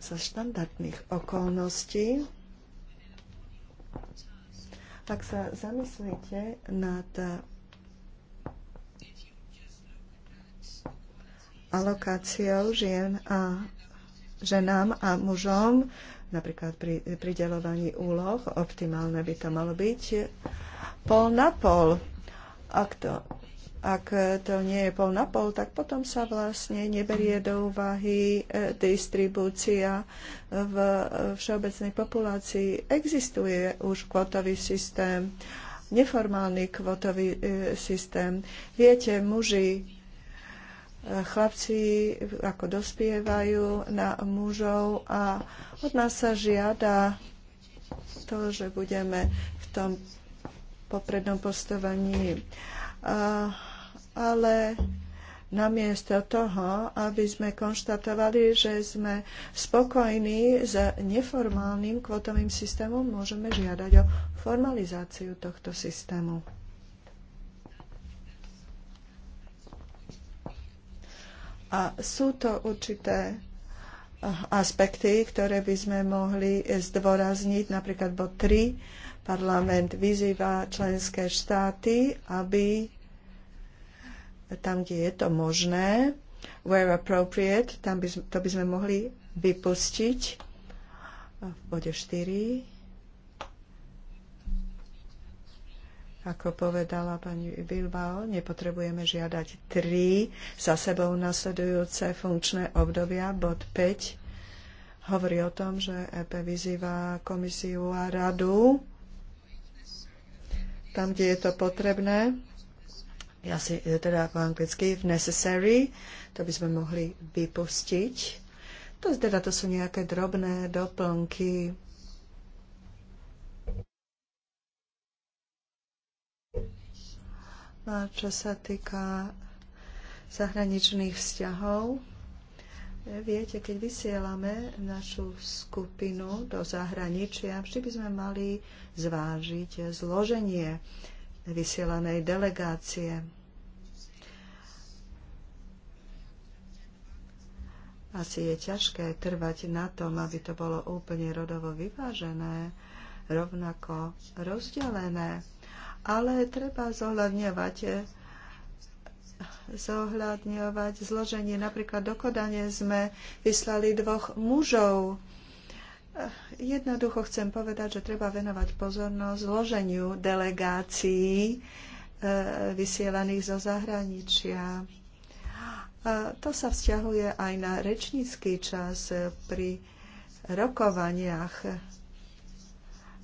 Speaker 1: za štandardných okolností ak sa zamyslíte nad alokáciou žien a ženám a mužom, napríklad pri pridelovaní úloh, optimálne by to malo byť pol na pol. Ak to, ak to nie je pol na pol, tak potom sa vlastne neberie do úvahy e, distribúcia v všeobecnej populácii. Existuje už kvotový systém, neformálny kvotový e, systém. Viete, muži chlapci ako dospievajú na mužov a od nás sa žiada to, že budeme v tom poprednom postovaní. A, ale namiesto toho, aby sme konštatovali, že sme spokojní s neformálnym kvotovým systémom, môžeme žiadať o formalizáciu tohto systému. A sú to určité eh, aspekty, ktoré by sme mohli zdôrazniť, napríklad bod 3. Parlament vyzýva členské štáty, aby tam, kde je to možné, where appropriate, tam by, to by sme mohli vypustiť v bode 4 Ako povedala pani Bilbao, nepotrebujeme žiadať tri za sebou nasledujúce funkčné obdobia. Bod 5 hovorí o tom, že EP vyzýva komisiu a radu tam, kde je to potrebné, ja si e, teda po anglicky v necessary, to by sme mohli vypustiť. To, teda to sú nejaké drobné doplnky, A čo sa týka zahraničných vzťahov, viete, keď vysielame našu skupinu do zahraničia, vždy by sme mali zvážiť zloženie vysielanej delegácie. Asi je ťažké trvať na tom, aby to bolo úplne rodovo vyvážené, rovnako rozdelené ale treba zohľadňovať zohľadňovať zloženie. Napríklad do Kodane sme vyslali dvoch mužov. Jednoducho chcem povedať, že treba venovať pozornosť zloženiu delegácií e, vysielaných zo zahraničia. A to sa vzťahuje aj na rečnícky čas pri rokovaniach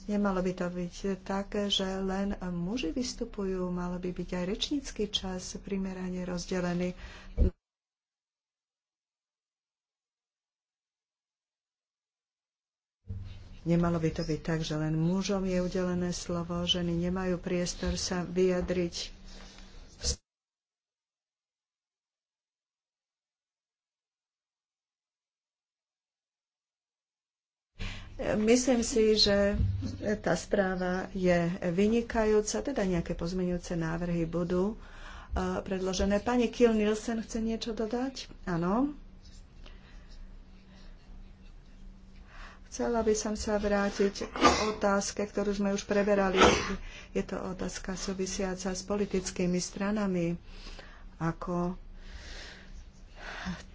Speaker 1: Nemalo by to byť tak, že len muži vystupujú, malo by byť aj rečnícky čas primerane rozdelený. Nemalo by to byť tak, že len mužom je udelené slovo, ženy nemajú priestor sa vyjadriť. Myslím si, že tá správa je vynikajúca, teda nejaké pozmeňujúce návrhy budú uh, predložené. Pani Kiel Nielsen chce niečo dodať? Áno. Chcela by som sa vrátiť k otázke, ktorú sme už preberali. Je to otázka súvisiaca s politickými stranami, ako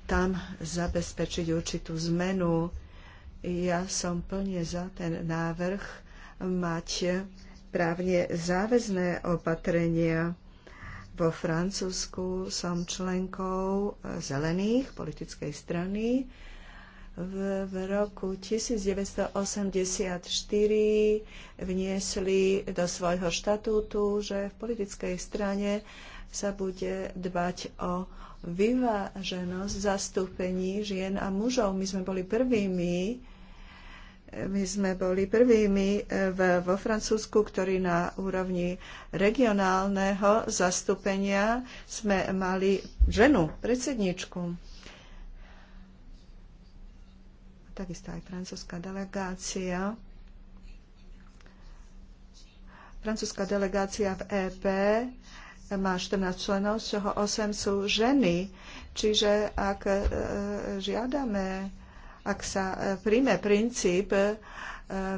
Speaker 1: tam zabezpečiť určitú zmenu ja som plne za ten návrh mať právne záväzné opatrenia. Vo Francúzsku som členkou zelených politickej strany. V, v roku 1984 vniesli do svojho štatútu, že v politickej strane sa bude dbať o vyváženosť zastúpení žien a mužov. My sme boli prvými my sme boli prvými eh, vo Francúzsku, ktorí na úrovni regionálneho zastúpenia sme mali ženu, predsedničku. Takisto aj francúzska delegácia. Francúzska delegácia v EP má 14 členov, z čoho 8 sú ženy. Čiže ak eh, žiadame ak sa e, príjme princíp e,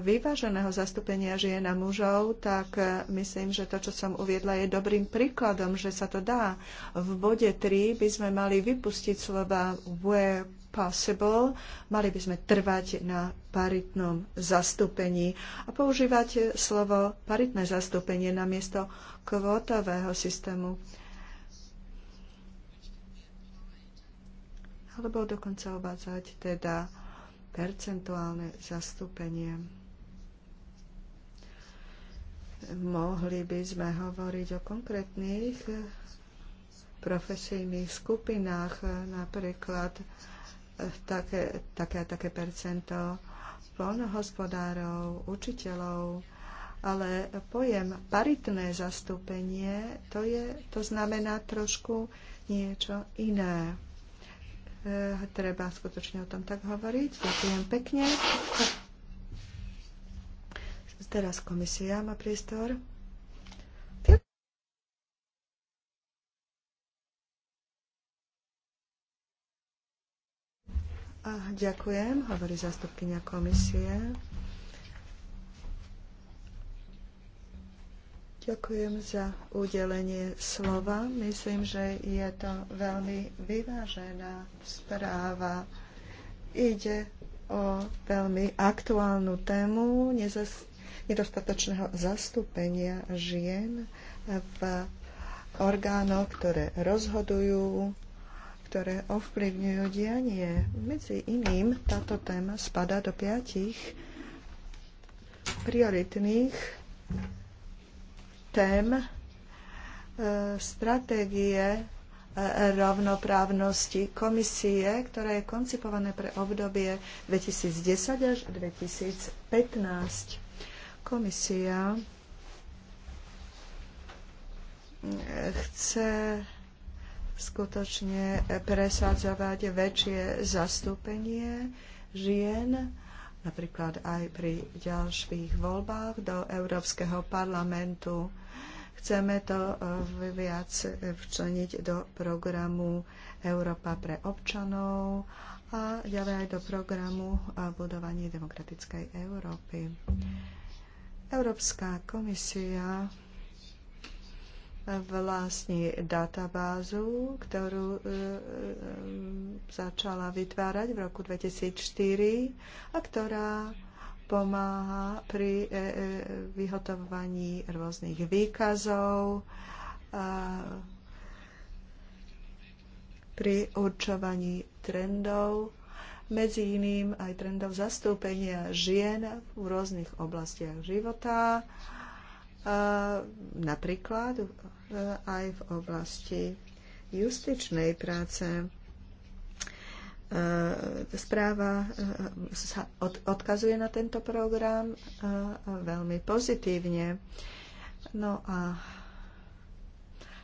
Speaker 1: vyváženého zastúpenia žien a mužov, tak e, myslím, že to, čo som uviedla, je dobrým príkladom, že sa to dá. V bode 3 by sme mali vypustiť slova where possible, mali by sme trvať na paritnom zastúpení a používať slovo paritné zastúpenie namiesto kvótového systému alebo dokonca uvádzať teda percentuálne zastúpenie. Mohli by sme hovoriť o konkrétnych profesijných skupinách, napríklad také, také a také percento polnohospodárov, učiteľov, ale pojem paritné zastúpenie, to, je, to znamená trošku niečo iné. Eh, treba skutočne o tom tak hovoriť. Ďakujem pekne. Teraz komisia má priestor. A ďakujem, hovorí zastupkynia komisie. Ďakujem za udelenie slova. Myslím, že je to veľmi vyvážená správa. Ide o veľmi aktuálnu tému nedostatočného zastúpenia žien v orgánoch, ktoré rozhodujú, ktoré ovplyvňujú dianie. Medzi iným táto téma spada do piatich prioritných tém e, stratégie e, rovnoprávnosti komisie, ktoré je koncipované pre obdobie 2010 až 2015. Komisia e, chce skutočne presadzovať väčšie zastúpenie žien, napríklad aj pri ďalších voľbách do Európskeho parlamentu Chceme to e, viac e, včleniť do programu Európa pre občanov a ďalej aj do programu e, budovanie demokratickej Európy. Európska komisia vlastní databázu, ktorú začala vytvárať v roku 2004 a ktorá pomáha pri e, e, vyhotovovaní rôznych výkazov, pri určovaní trendov, medzi iným aj trendov zastúpenia žien v rôznych oblastiach života, napríklad e, aj v oblasti justičnej práce. E, správa e, sa odkazuje na tento program e, veľmi pozitívne. No a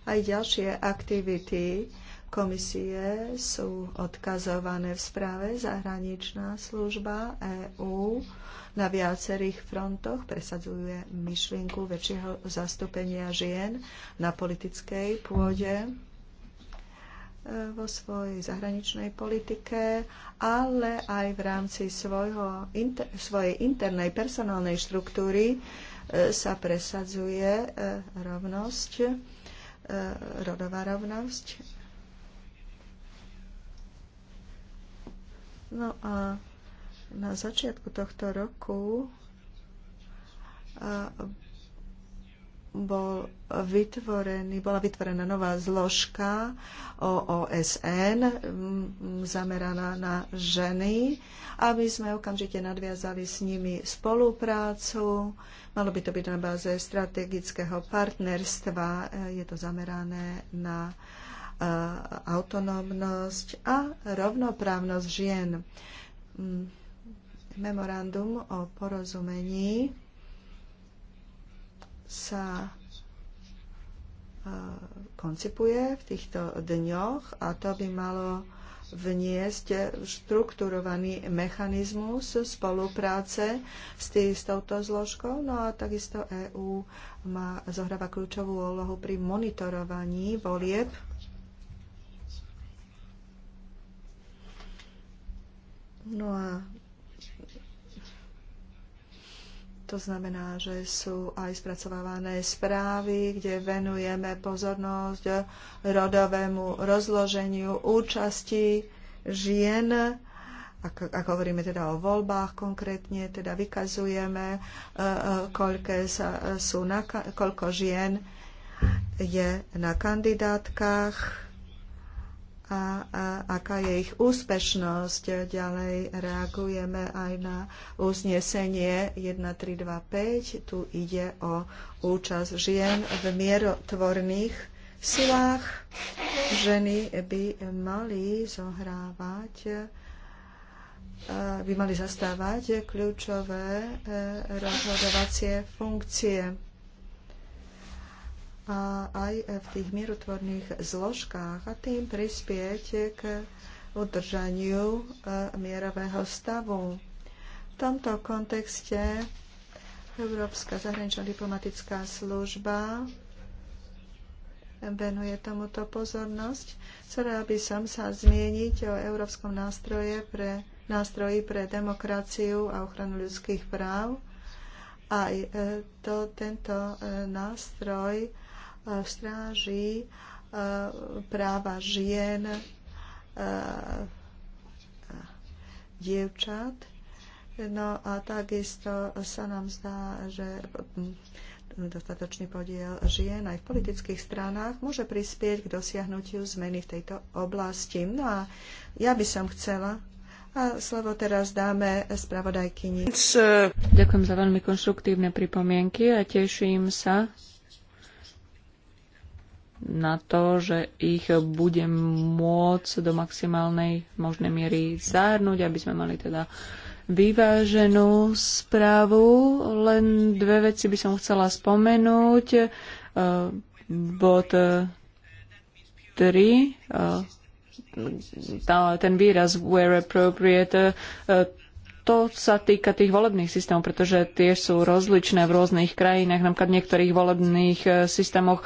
Speaker 1: aj ďalšie aktivity komisie sú odkazované v správe Zahraničná služba EÚ na viacerých frontoch presadzuje myšlienku väčšieho zastúpenia žien na politickej pôde vo svojej zahraničnej politike, ale aj v rámci svojho, inter, svojej internej personálnej štruktúry e, sa presadzuje e, rovnosť, e, rodová rovnosť. No a na začiatku tohto roku bol vytvorený, bola vytvorená nová zložka OSN mm, zameraná na ženy, aby sme okamžite nadviazali s nimi spoluprácu. Malo by to byť na báze strategického partnerstva. Je to zamerané na e, autonómnosť a rovnoprávnosť žien. Mm, memorandum o porozumení sa e, koncipuje v týchto dňoch a to by malo vniesť štrukturovaný mechanizmus spolupráce s, tý, s touto zložkou. No a takisto EÚ má, zohráva kľúčovú úlohu pri monitorovaní volieb. No a To znamená, že sú aj spracovávané správy, kde venujeme pozornosť rodovému rozloženiu účasti žien ak, ak hovoríme teda o voľbách konkrétne, teda vykazujeme, e, e, koľko, sa, sú na, koľko žien je na kandidátkach a, a aká je ich úspešnosť. Ďalej reagujeme aj na uznesenie 1325. Tu ide o účasť žien v mierotvorných silách. Ženy by mali zohrávať e, by mali zastávať kľúčové e, rozhodovacie funkcie a aj v tých mierotvorných zložkách a tým prispieť k udržaniu e, mierového stavu. V tomto kontexte Európska zahraničná diplomatická služba venuje tomuto pozornosť. Chcela by som sa zmieniť o Európskom nástroje pre, nástroji pre demokraciu a ochranu ľudských práv. Aj e, to, tento e, nástroj E, stráži e, práva žien, e, dievčat. No a takisto sa nám zdá, že dostatočný podiel žien aj v politických stranách môže prispieť k dosiahnutiu zmeny v tejto oblasti. No a ja by som chcela a slovo teraz dáme spravodajkyni.
Speaker 3: Ďakujem za veľmi konštruktívne pripomienky a teším sa na to, že ich budem môcť do maximálnej možnej miery zahrnúť, aby sme mali teda vyváženú správu. Len dve veci by som chcela spomenúť. E, bod 3, e, ten výraz where appropriate, e, to sa týka tých volebných systémov, pretože tie sú rozličné v rôznych krajinách. Napríklad v niektorých volebných e, systémoch e,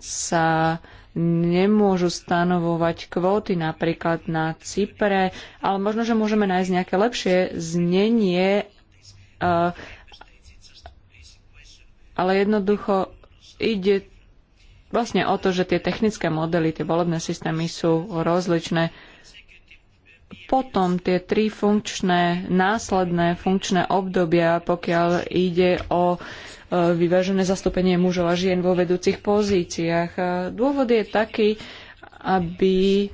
Speaker 3: sa nemôžu stanovovať kvóty napríklad na Cypre, ale možno, že môžeme nájsť nejaké lepšie znenie, e, ale jednoducho ide vlastne o to, že tie technické modely, tie volebné systémy sú rozličné potom tie tri funkčné, následné funkčné obdobia, pokiaľ ide o e, vyvážené zastúpenie mužov a žien vo vedúcich pozíciách. E, dôvod je taký, aby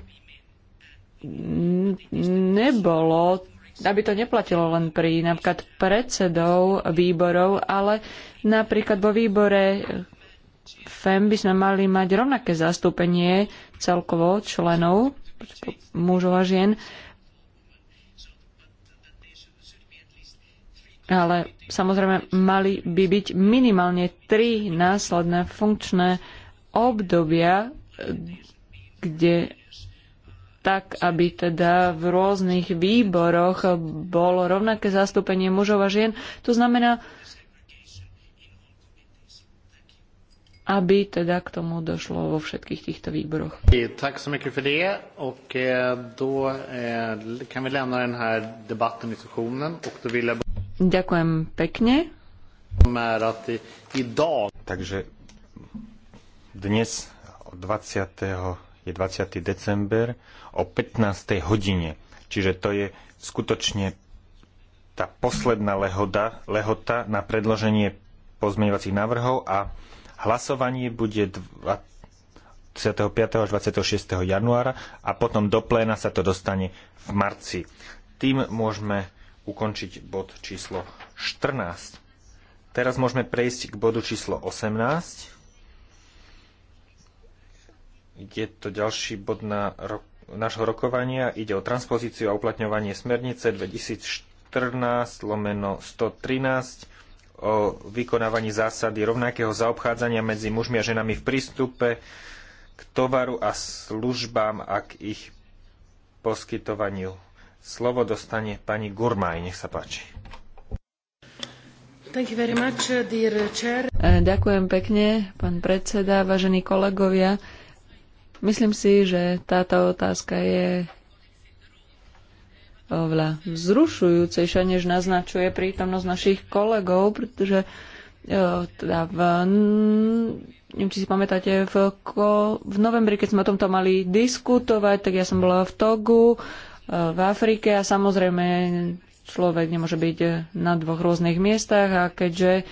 Speaker 3: nebolo, aby to neplatilo len pri napríklad predsedov výborov, ale napríklad vo výbore FEM by sme mali mať rovnaké zastúpenie celkovo členov mužov a žien ale samozrejme mali by byť minimálne tri následné funkčné obdobia, kde tak, aby teda v rôznych výboroch bolo rovnaké zastúpenie mužov a žien. To znamená, aby teda k tomu došlo vo všetkých týchto výboroch.
Speaker 2: Tack så mycket för det och eh, då eh, kan vi lämna den här debatten, diskussionen och då vill jag
Speaker 3: Ďakujem pekne.
Speaker 2: Takže
Speaker 4: dnes 20. je 20. december o 15. hodine. Čiže to je skutočne tá posledná lehoda, lehota na predloženie pozmeňovacích návrhov a hlasovanie bude 25. až 26. januára a potom do pléna sa to dostane v marci. Tým môžeme ukončiť bod číslo 14. Teraz môžeme prejsť k bodu číslo 18. Je to ďalší bod na ro- nášho rokovania. Ide o transpozíciu a uplatňovanie smernice 2014 lomeno 113 o vykonávaní zásady rovnakého zaobchádzania medzi mužmi a ženami v prístupe k tovaru a službám a k ich poskytovaniu Slovo dostane pani Gurmaj, nech sa páči.
Speaker 3: Much, e, Ďakujem pekne, pán predseda, vážení kolegovia. Myslím si, že táto otázka je oveľa vzrušujúcejšia, než naznačuje prítomnosť našich kolegov, pretože e, teda v, neviem, či si pamätáte, v, v novembri, keď sme o tomto mali diskutovať, tak ja som bola v Togu, v Afrike a samozrejme človek nemôže byť na dvoch rôznych miestach a keďže e,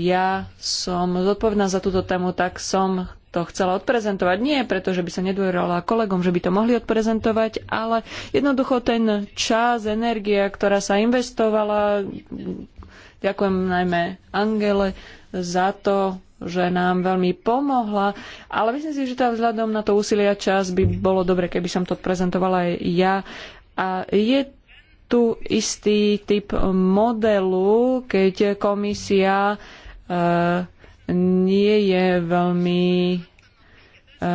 Speaker 3: ja som zodpovedná za túto tému, tak som to chcela odprezentovať. Nie preto, že by sa nedôverala kolegom, že by to mohli odprezentovať, ale jednoducho ten čas, energia, ktorá sa investovala, ďakujem najmä Angele za to, že nám veľmi pomohla, ale myslím si, že to vzhľadom na to úsilia a čas by bolo dobre, keby som to prezentovala aj ja. A je tu istý typ modelu, keď komisia e, nie je veľmi e,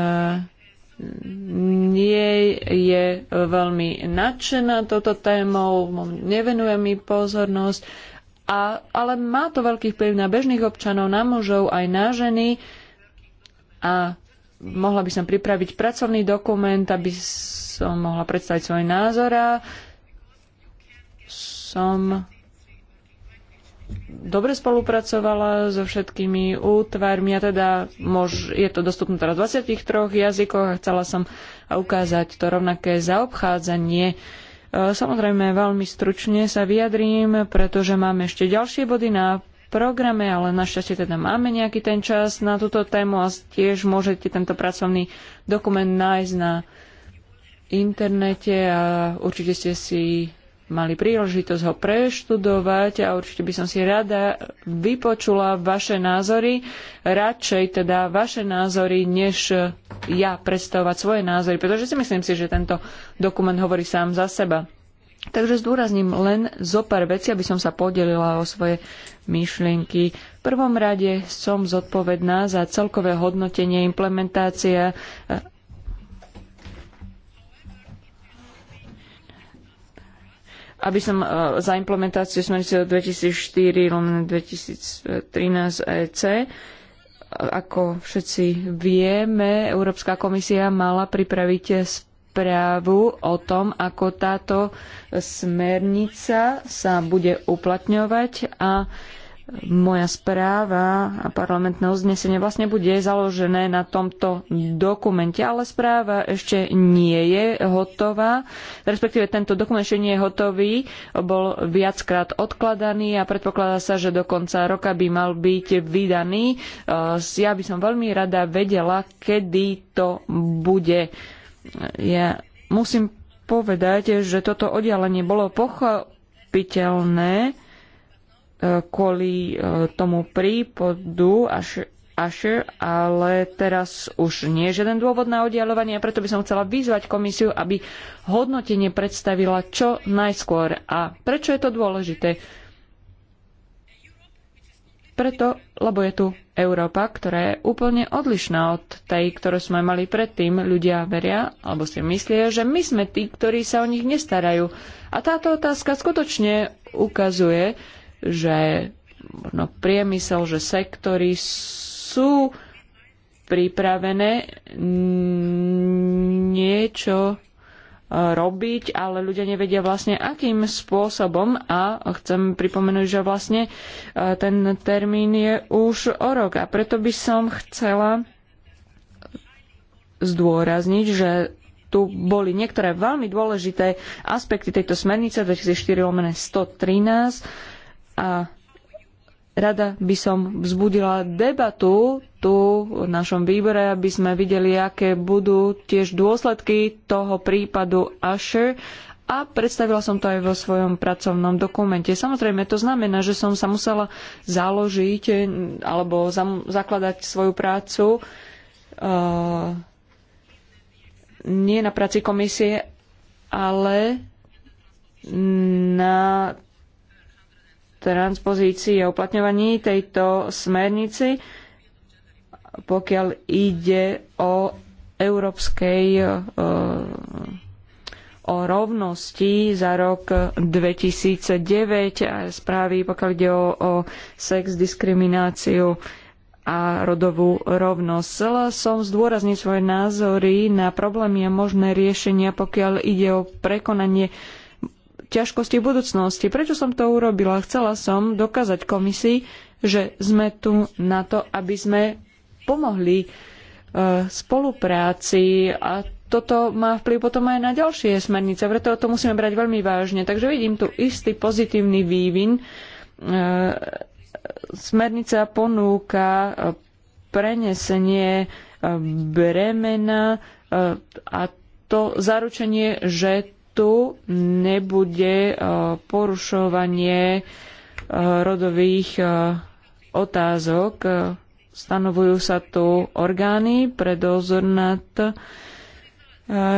Speaker 3: nie je veľmi nadšená toto témou, nevenuje mi pozornosť a, ale má to veľký vplyv na bežných občanov, na mužov, aj na ženy. A mohla by som pripraviť pracovný dokument, aby som mohla predstaviť svoje názory. Som dobre spolupracovala so všetkými útvarmi a teda mož, je to dostupné teraz v 23 jazykoch a chcela som ukázať to rovnaké zaobchádzanie Samozrejme, veľmi stručne sa vyjadrím, pretože máme ešte ďalšie body na programe, ale našťastie teda máme nejaký ten čas na túto tému a tiež môžete tento pracovný dokument nájsť na internete a určite ste si mali príležitosť ho preštudovať a určite by som si rada vypočula vaše názory, radšej teda vaše názory, než ja predstavovať svoje názory, pretože si myslím si, že tento dokument hovorí sám za seba. Takže zdôrazním len zo pár vecí, aby som sa podelila o svoje myšlienky. V prvom rade som zodpovedná za celkové hodnotenie implementácie aby som e, za implementáciu smernice 2004-2013 EC e, ako všetci vieme, Európska komisia mala pripraviť správu o tom, ako táto smernica sa bude uplatňovať a moja správa a parlamentné uznesenie vlastne bude založené na tomto dokumente, ale správa ešte nie je hotová, respektíve tento dokument ešte nie je hotový, bol viackrát odkladaný a predpokladá sa, že do konca roka by mal byť vydaný. E, ja by som veľmi rada vedela, kedy to bude. Ja musím povedať, že toto oddialenie bolo pochopiteľné, kvôli e, tomu prípodu až Asher, ale teraz už nie je žiaden dôvod na oddialovanie a preto by som chcela vyzvať komisiu, aby hodnotenie predstavila čo najskôr. A prečo je to dôležité? Preto, lebo je tu Európa, ktorá je úplne odlišná od tej, ktorú sme mali predtým. Ľudia veria, alebo si myslia, že my sme tí, ktorí sa o nich nestarajú. A táto otázka skutočne ukazuje, že no, priemysel, že sektory sú pripravené niečo e, robiť, ale ľudia nevedia vlastne akým spôsobom a chcem pripomenúť, že vlastne e, ten termín je už o rok a preto by som chcela zdôrazniť, že tu boli niektoré veľmi dôležité aspekty tejto smernice 2004 113 a rada by som vzbudila debatu tu v našom výbore, aby sme videli, aké budú tiež dôsledky toho prípadu Asher a predstavila som to aj vo svojom pracovnom dokumente. Samozrejme, to znamená, že som sa musela založiť alebo zam, zakladať svoju prácu uh, nie na práci komisie, ale na transpozícii a uplatňovaní tejto smernici, pokiaľ ide o európskej e, o rovnosti za rok 2009 a správy, pokiaľ ide o, o sex, diskrimináciu a rodovú rovnosť. Chcela som zdôrazniť svoje názory na problémy a možné riešenia, pokiaľ ide o prekonanie ťažkosti budúcnosti. Prečo som to urobila? Chcela som dokázať komisii, že sme tu na to, aby sme pomohli e, spolupráci a toto má vplyv potom aj na ďalšie smernice, preto to musíme brať veľmi vážne. Takže vidím tu istý pozitívny vývin. E, smernica ponúka e, prenesenie bremena a to zaručenie, že tu nebude e, porušovanie e, rodových e, otázok. Stanovujú sa tu orgány pre dozor nad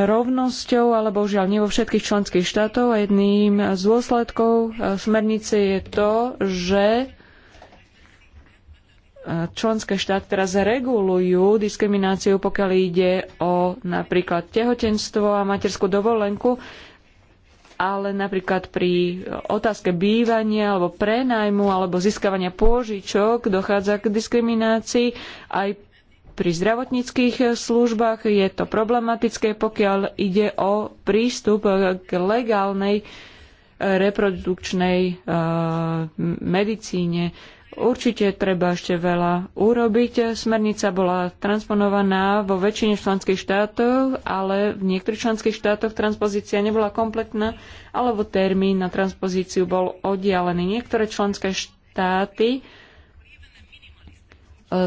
Speaker 3: rovnosťou, ale bohužiaľ nie vo všetkých členských štátov. A jedným z dôsledkov smernice je to, že členské štáty teraz regulujú diskrimináciu, pokiaľ ide o napríklad tehotenstvo a materskú dovolenku, ale napríklad pri otázke bývania alebo prenajmu alebo získavania pôžičok dochádza k diskriminácii. Aj pri zdravotníckých službách je to problematické, pokiaľ ide o prístup k legálnej reprodukčnej eh, medicíne Určite treba ešte veľa urobiť. Smernica bola transponovaná vo väčšine členských štátov, ale v niektorých členských štátoch transpozícia nebola kompletná, alebo termín na transpozíciu bol oddialený. Niektoré členské štáty e,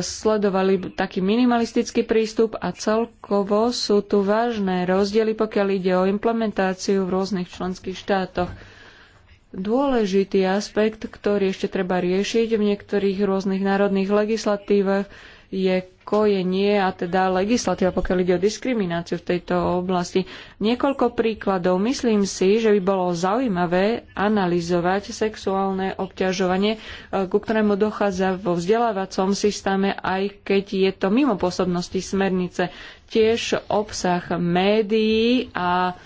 Speaker 3: sledovali taký minimalistický prístup a celkovo sú tu vážne rozdiely, pokiaľ ide o implementáciu v rôznych členských štátoch dôležitý aspekt, ktorý ešte treba riešiť v niektorých rôznych národných legislatívach, je kojenie a teda legislatíva, pokiaľ ide o diskrimináciu v tejto oblasti. Niekoľko príkladov. Myslím si, že by bolo zaujímavé analyzovať sexuálne obťažovanie, eh, ku ktorému dochádza vo vzdelávacom systéme, aj keď je to mimo pôsobnosti smernice. Tiež obsah médií a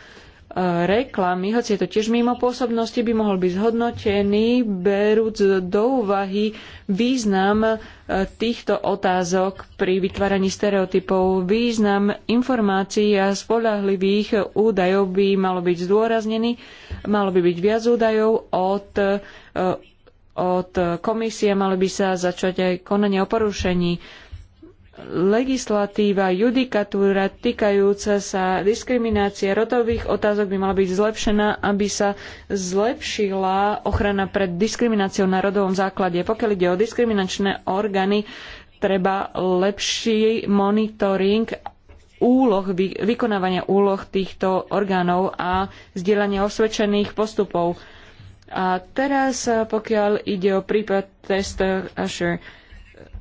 Speaker 3: reklamy, hoci je to tiež mimo pôsobnosti, by mohol byť zhodnotený, berúc do úvahy význam e, týchto otázok pri vytváraní stereotypov. Význam informácií a spolahlivých údajov by malo byť zdôraznený, malo by byť viac údajov od, e, od komisie, malo by sa začať aj konanie o porušení legislatíva, judikatúra týkajúca sa diskriminácie rodových otázok by mala byť zlepšená, aby sa zlepšila ochrana pred diskrimináciou na rodovom základe. Pokiaľ ide o diskriminačné orgány, treba lepší monitoring úloh, vykonávania úloh týchto orgánov a zdieľanie osvedčených postupov. A teraz, pokiaľ ide o prípad test Asher,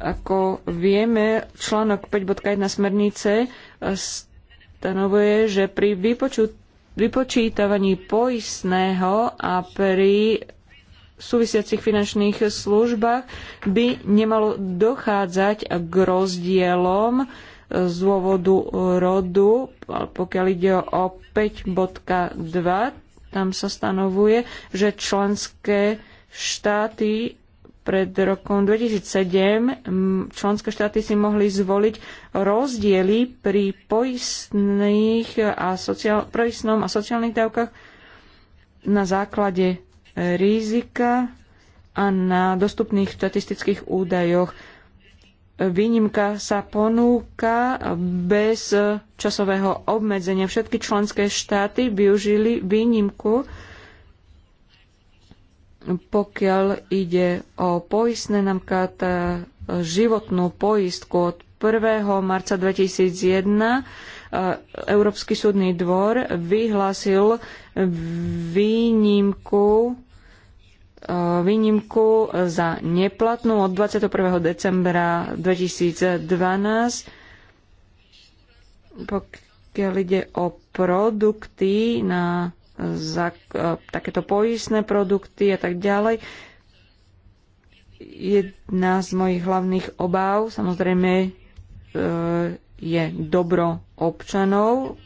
Speaker 3: ako vieme, článok 5.1 smernice e, stanovuje, že pri vypoču- vypočítavaní poistného a pri súvisiacich finančných službách by nemalo dochádzať k rozdielom e, z dôvodu rodu, pokiaľ ide o 5.2, tam sa stanovuje, že členské štáty pred rokom 2007 členské štáty si mohli zvoliť rozdiely pri poistných a sociál, poistnom a sociálnych dávkach na základe rizika a na dostupných štatistických údajoch. Výnimka sa ponúka bez časového obmedzenia. Všetky členské štáty využili výnimku pokiaľ ide o poistné, napríklad e, životnú poistku od 1. marca 2001 e, Európsky súdny dvor vyhlásil výnimku e, výnimku za neplatnú od 21. decembra 2012, pokiaľ ide o produkty na za e, takéto poistné produkty a tak ďalej. Jedna z mojich hlavných obáv samozrejme e, je dobro občanov.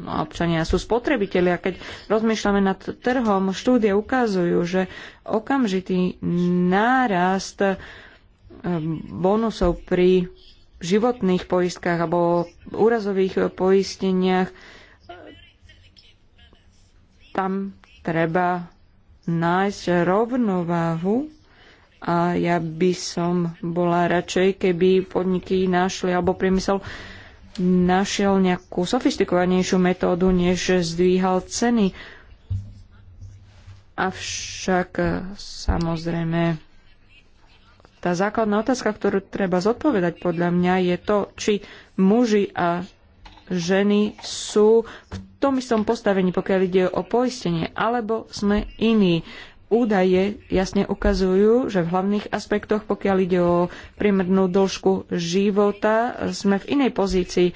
Speaker 3: No, občania sú spotrebitelia. Keď rozmýšľame nad trhom, štúdie ukazujú, že okamžitý nárast e, bonusov pri životných poistkách alebo úrazových poisteniach tam treba nájsť rovnováhu a ja by som bola radšej, keby podniky našli alebo priemysel našiel nejakú sofistikovanejšiu metódu, než zdvíhal ceny. Avšak e, samozrejme tá základná otázka, ktorú treba zodpovedať podľa mňa, je to, či muži a ženy sú v tom istom postavení, pokiaľ ide o poistenie, alebo sme iní. Údaje jasne ukazujú, že v hlavných aspektoch, pokiaľ ide o priemernú dĺžku života, sme v inej pozícii.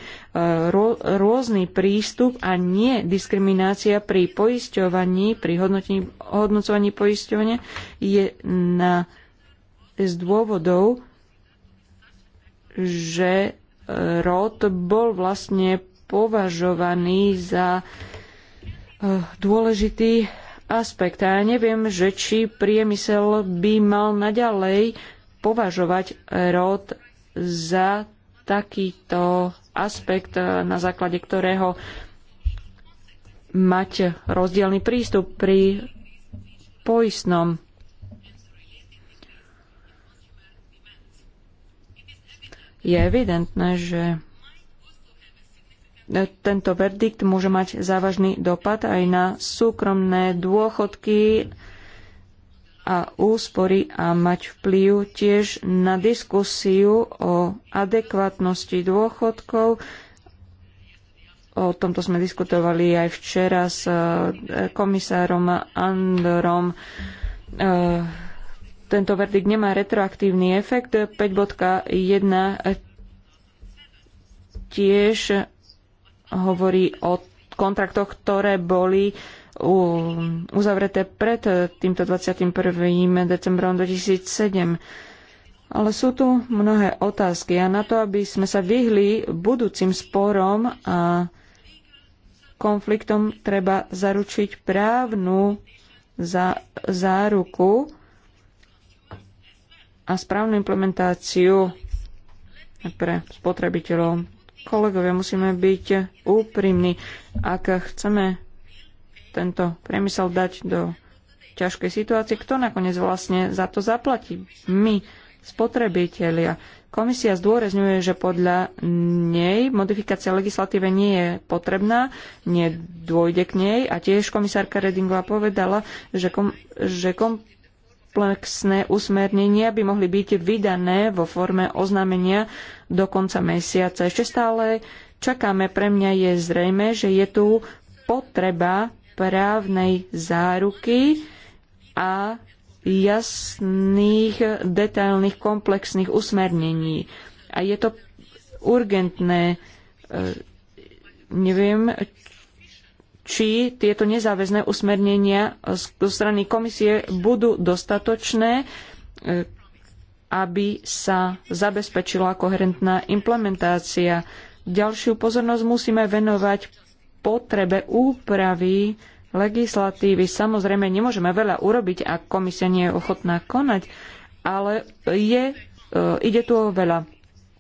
Speaker 3: Rôzny prístup a nie diskriminácia pri poisťovaní, pri hodnocovaní poisťovania je na, z dôvodov, že rod bol vlastne považovaný za eh, dôležitý aspekt. A ja neviem, že či priemysel by mal naďalej považovať rod za takýto aspekt, na základe ktorého mať rozdielny prístup pri poistnom Je evidentné, že tento verdikt môže mať závažný dopad aj na súkromné dôchodky a úspory a mať vplyv tiež na diskusiu o adekvátnosti dôchodkov. O tomto sme diskutovali aj včera s eh, komisárom Androm. Eh, tento verdikt nemá retroaktívny efekt. 5.1 tiež hovorí o kontraktoch, ktoré boli uzavreté pred týmto 21. decembrom 2007. Ale sú tu mnohé otázky a na to, aby sme sa vyhli budúcim sporom a konfliktom, treba zaručiť právnu za, záruku a správnu implementáciu pre spotrebiteľov. Kolegovia, musíme byť úprimní. Ak chceme tento priemysel dať do ťažkej situácie, kto nakoniec vlastne za to zaplatí? My, spotrebitelia. Komisia zdôrazňuje, že podľa nej modifikácia legislatíve nie je potrebná, nedôjde k nej a tiež komisárka Redingová povedala, že, kom, že kom, komplexné usmernenia by mohli byť vydané vo forme oznámenia do konca mesiaca. Ešte stále čakáme. Pre mňa je zrejme, že je tu potreba právnej záruky a jasných, detailných, komplexných usmernení. A je to urgentné. E, neviem, či tieto nezáväzné usmernenia zo strany komisie budú dostatočné, e, aby sa zabezpečila koherentná implementácia. Ďalšiu pozornosť musíme venovať potrebe úpravy legislatívy. Samozrejme, nemôžeme veľa urobiť, ak komisia nie je ochotná konať, ale je, e, ide tu o veľa.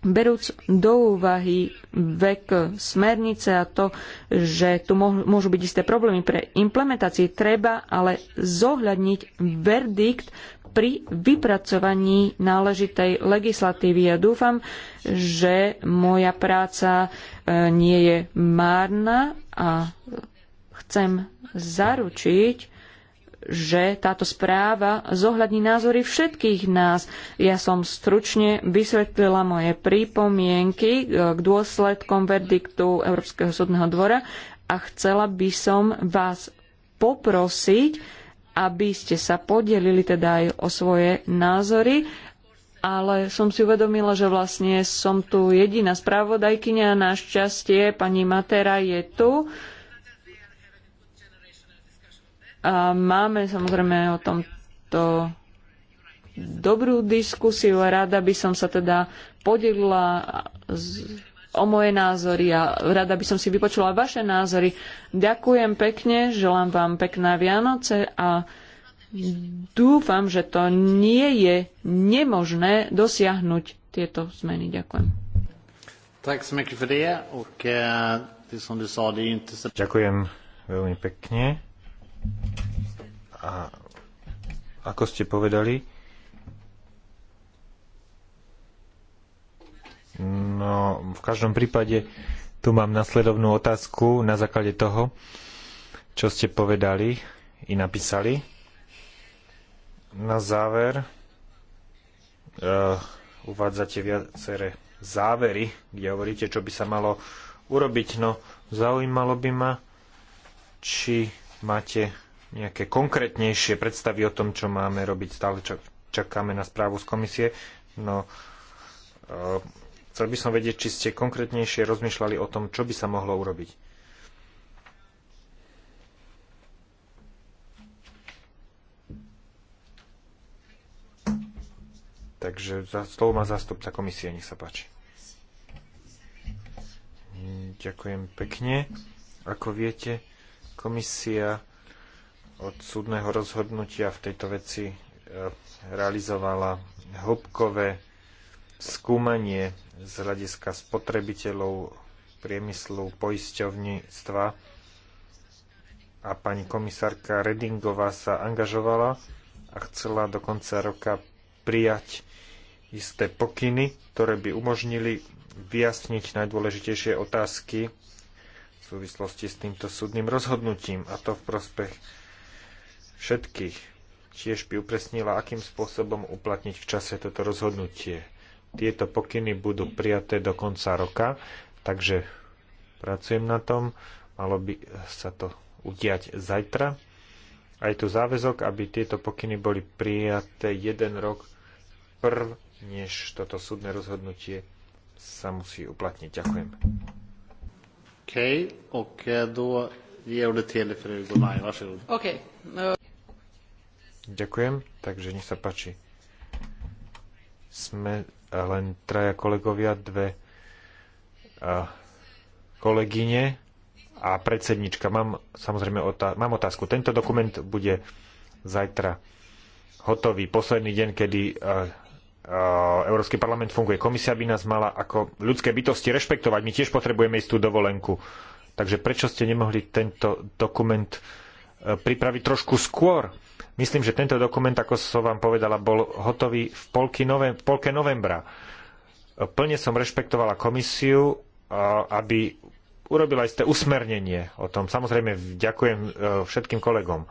Speaker 3: Berúc do úvahy vek smernice a to, že tu môžu byť isté problémy pre implementácii, treba ale zohľadniť verdikt pri vypracovaní náležitej legislatívy. Ja dúfam, že moja práca e, nie je márna a chcem zaručiť, že táto správa zohľadní názory všetkých nás. Ja som stručne vysvetlila moje prípomienky e, k dôsledkom verdiktu Európskeho súdneho dvora a chcela by som vás poprosiť, aby ste sa podelili teda aj o svoje názory, ale som si uvedomila, že vlastne som tu jediná spravodajkynia. Našťastie pani Matera je tu. Uh, a máme samozrejme o tomto dobrú diskusiu a rada by som sa teda podelila z, o moje názory a rada by som si vypočula vaše názory. Ďakujem pekne, želám vám pekná Vianoce a dúfam, že to nie je nemožné dosiahnuť tieto zmeny. Ďakujem.
Speaker 2: Eh, Ďakujem veľmi pekne. A ako ste povedali,
Speaker 4: no v každom prípade tu mám nasledovnú otázku na základe toho, čo ste povedali i napísali. Na záver uh, uvádzate viaceré závery, kde hovoríte, čo by sa malo urobiť. No, zaujímalo by ma, či máte nejaké konkrétnejšie predstavy o tom, čo máme robiť. Stále čakáme na správu z komisie. No, e, chcel by som vedieť, či ste konkrétnejšie rozmýšľali o tom, čo by sa mohlo urobiť. Takže slovo má zástupca komisie, nech sa páči. Hm, ďakujem pekne. Ako viete, Komisia od súdneho rozhodnutia v tejto veci e, realizovala hĺbkové skúmanie z hľadiska spotrebiteľov priemyslu poisťovníctva a pani komisárka Redingová sa angažovala a chcela do konca roka prijať isté pokyny, ktoré by umožnili vyjasniť najdôležitejšie otázky súvislosti s týmto súdnym rozhodnutím a to v prospech všetkých. Tiež by upresnila, akým spôsobom uplatniť v čase toto rozhodnutie. Tieto pokyny budú prijaté do konca roka, takže pracujem na tom. Malo by sa to udiať zajtra. A je tu záväzok, aby tieto pokyny boli prijaté jeden rok prv, než toto súdne rozhodnutie sa musí
Speaker 2: uplatniť. Ďakujem. Okej, okay. och eh, då ger ordet till fru Gomaj. Varsågod. Okej. Okay. Ďakujem, takže nech sa
Speaker 4: páči. Sme len traja kolegovia, dve uh, kolegyne a predsednička. Mám samozrejme otá- mám otázku. Tento dokument bude zajtra hotový. Posledný deň, kedy uh, Eh, Európsky parlament funguje. Komisia by nás mala ako ľudské bytosti rešpektovať. My tiež potrebujeme istú dovolenku. Takže prečo ste nemohli tento dokument eh, pripraviť trošku skôr? Myslím, že tento dokument, ako som vám povedala, bol hotový v, novem polke novembra. Eh, plne som rešpektovala komisiu, aby urobila isté usmernenie o tom. Samozrejme, ďakujem všetkým kolegom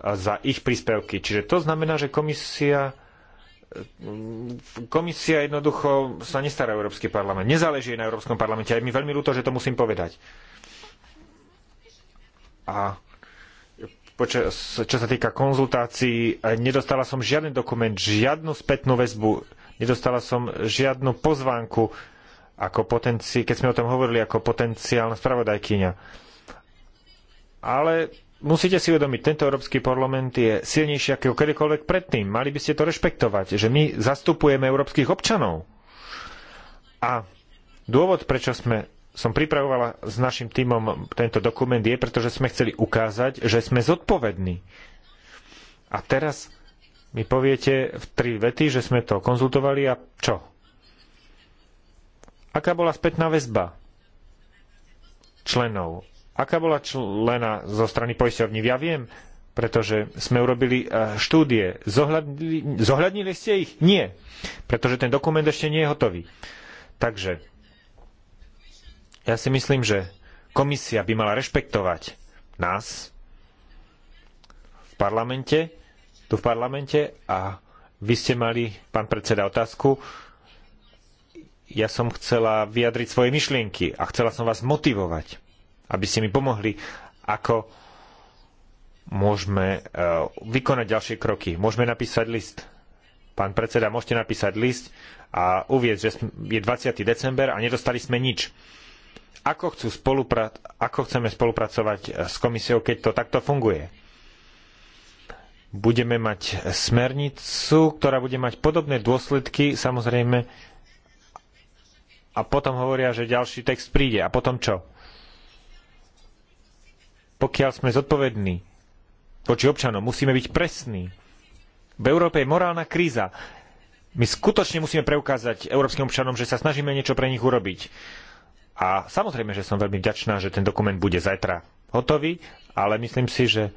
Speaker 4: za ich príspevky. Čiže to znamená, že komisia Mm, komisia jednoducho sa nestará o Európsky parlament. Nezáleží na Európskom parlamente. A je mi veľmi ľúto, že to musím povedať. A počas, čo sa týka konzultácií, nedostala som žiaden dokument, žiadnu spätnú väzbu, nedostala som žiadnu pozvánku, ako potenci- keď sme o tom hovorili, ako potenciálna spravodajkyňa. Ale musíte si uvedomiť, tento Európsky parlament je silnejší ako kedykoľvek predtým. Mali by ste to rešpektovať, že my zastupujeme európskych občanov. A dôvod, prečo sme som pripravovala s našim tímom tento dokument je, pretože sme chceli ukázať, že sme zodpovední. A teraz mi poviete v tri vety, že sme to konzultovali a čo? Aká bola spätná väzba členov Aká bola člena zo strany poisťovní? Ja viem, pretože sme urobili e, štúdie. Zohľadnili, zohľadnili ste ich? Nie, pretože ten dokument ešte nie je hotový. Takže ja si myslím, že komisia by mala rešpektovať nás v parlamente, tu v parlamente a vy ste mali, pán predseda, otázku. Ja som chcela vyjadriť svoje myšlienky a chcela som vás motivovať aby ste mi pomohli, ako môžeme eh, vykonať ďalšie kroky. Môžeme napísať list. Pán predseda, môžete napísať list a uvieť, že je 20. december a nedostali sme nič. Ako, chcú ako chceme spolupracovať eh, s komisiou, keď to takto funguje? Budeme mať smernicu, ktorá bude mať podobné dôsledky, samozrejme, a potom hovoria, že ďalší text príde. A potom čo? pokiaľ sme zodpovední voči občanom, musíme byť presní. V Európe je morálna kríza. My skutočne musíme preukázať európskym občanom, že sa snažíme niečo pre nich urobiť. A samozrejme, že som veľmi vďačná, že ten dokument bude zajtra hotový, ale myslím si, že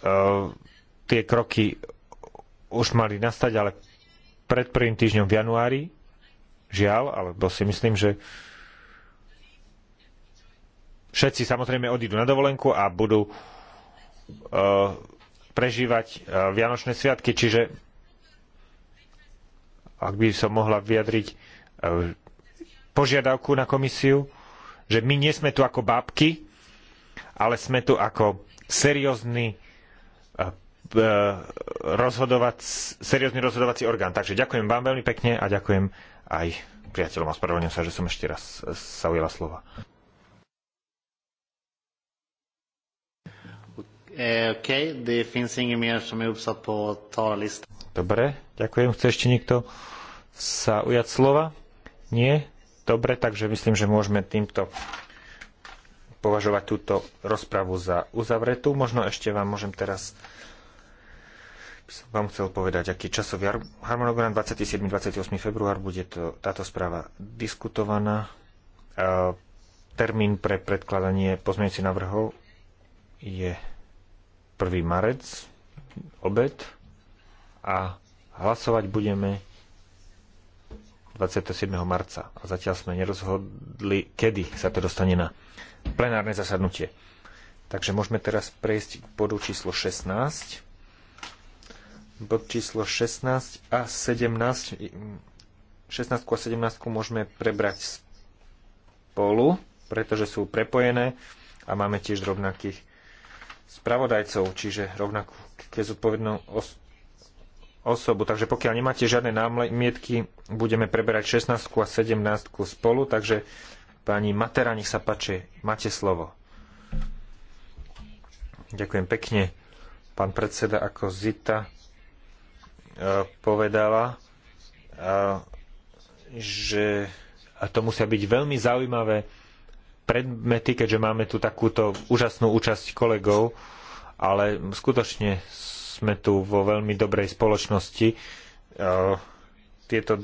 Speaker 4: uh, tie kroky už mali nastať, ale pred prvým týždňom v januári, žiaľ, alebo si myslím, že uh, všetci samozrejme odídu na dovolenku a budú e, prežívať e, Vianočné sviatky, čiže ak by som mohla vyjadriť e, požiadavku na komisiu, že my nie sme tu ako bábky, ale sme tu ako seriózny rozhodovac, seriózny rozhodovací orgán. Takže ďakujem vám veľmi pekne a ďakujem aj priateľom a spravodlňujem sa, že som ešte raz sa ujela slova.
Speaker 2: Eh, okay, det finns ingen mer som är uppsatt på talarlistan.
Speaker 4: Dobre, ďakujem. Chce ešte niekto sa ujať slova? Nie? Dobre, takže myslím, že môžeme týmto považovať túto rozpravu za uzavretú. Možno ešte vám môžem teraz by som vám chcel povedať, aký časový harmonogram 27. 28. február bude to, táto správa diskutovaná. E, termín pre predkladanie pozmeňujúcich návrhov je 1. marec, obed a hlasovať budeme 27. marca. A zatiaľ sme nerozhodli, kedy sa to dostane na plenárne zasadnutie. Takže môžeme teraz prejsť k bodu číslo 16. Bod číslo 16 a 17. 16 a 17 môžeme prebrať spolu, pretože sú prepojené a máme tiež rovnakých spravodajcov, čiže rovnaké zodpovednú os- osobu. Takže pokiaľ nemáte žiadne námietky, budeme preberať 16 a 17 spolu, takže pani Matera, nech sa páči, máte slovo. Ďakujem pekne. Pán predseda, ako Zita e, povedala, e, že a to musia byť veľmi zaujímavé predmety, keďže máme tu takúto úžasnú účasť kolegov, ale skutočne sme tu vo veľmi dobrej spoločnosti. E, tieto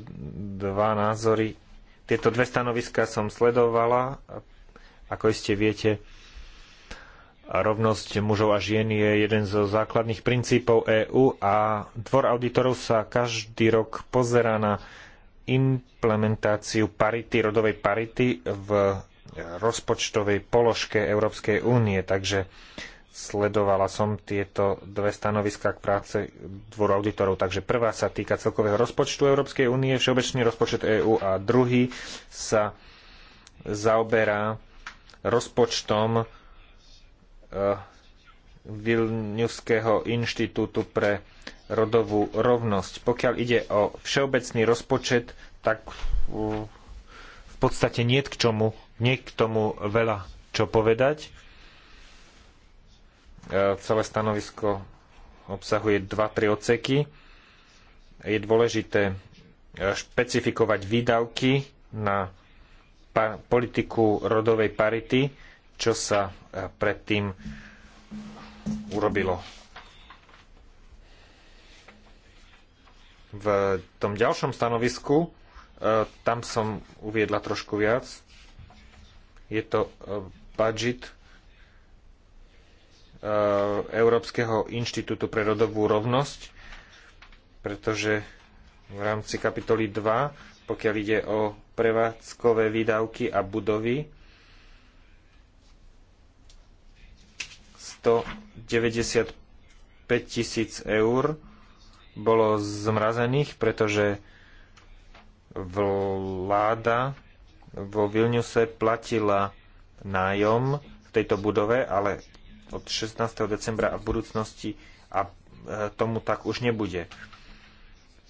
Speaker 4: dva názory, tieto dve stanoviská som sledovala. Ako iste viete, rovnosť mužov a žien je jeden zo základných princípov EÚ a dvor auditorov sa každý rok pozerá na implementáciu parity, rodovej parity v rozpočtovej položke Európskej únie, takže sledovala som tieto dve stanoviská k práce dvoch auditorov. Takže prvá sa týka celkového rozpočtu Európskej únie, všeobecný rozpočet EÚ a druhý sa zaoberá rozpočtom eh, Vilniuského inštitútu pre rodovú rovnosť. Pokiaľ ide o všeobecný rozpočet, tak eh, v podstate niet k čomu nie k tomu veľa čo povedať. E, celé stanovisko obsahuje 2-3 odseky. Je dôležité e, špecifikovať výdavky na politiku rodovej parity, čo sa e, predtým urobilo. V tom ďalšom stanovisku tam som uviedla trošku viac, je to e, budget e, Európskeho inštitútu pre rodovú rovnosť, pretože v rámci kapitoly 2, pokiaľ ide o prevádzkové výdavky a budovy, 195 tisíc eur bolo zmrazených, pretože vláda vo Vilniuse platila nájom v tejto budove, ale od 16. decembra a v budúcnosti a e, tomu tak už nebude.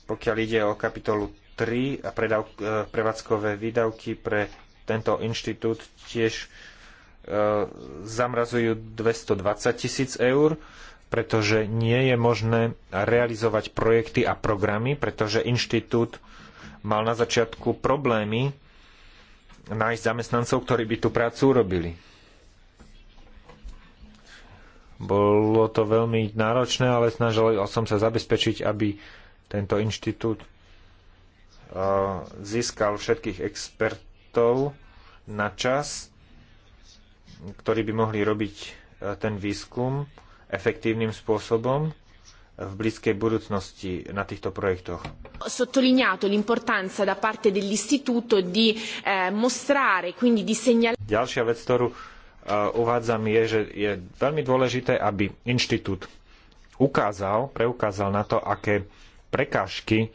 Speaker 4: Pokiaľ ide o kapitolu 3 a predav, e, prevádzkové výdavky pre tento inštitút tiež e, zamrazujú 220 tisíc eur, pretože nie je možné realizovať projekty a programy, pretože inštitút mal na začiatku problémy nájsť zamestnancov, ktorí by tú prácu urobili. Bolo to veľmi náročné, ale snažil som sa zabezpečiť, aby tento inštitút získal všetkých expertov na čas, ktorí by mohli robiť ten výskum efektívnym spôsobom v blízkej budúcnosti na týchto projektoch.
Speaker 2: Sottolineato l'importanza da parte dell'istituto di eh, mostrare, quindi di segnalare.
Speaker 4: Ďalšia vec, ktorú eh, uvádzam, je, že je veľmi dôležité, aby inštitút ukázal, preukázal na to, aké prekážky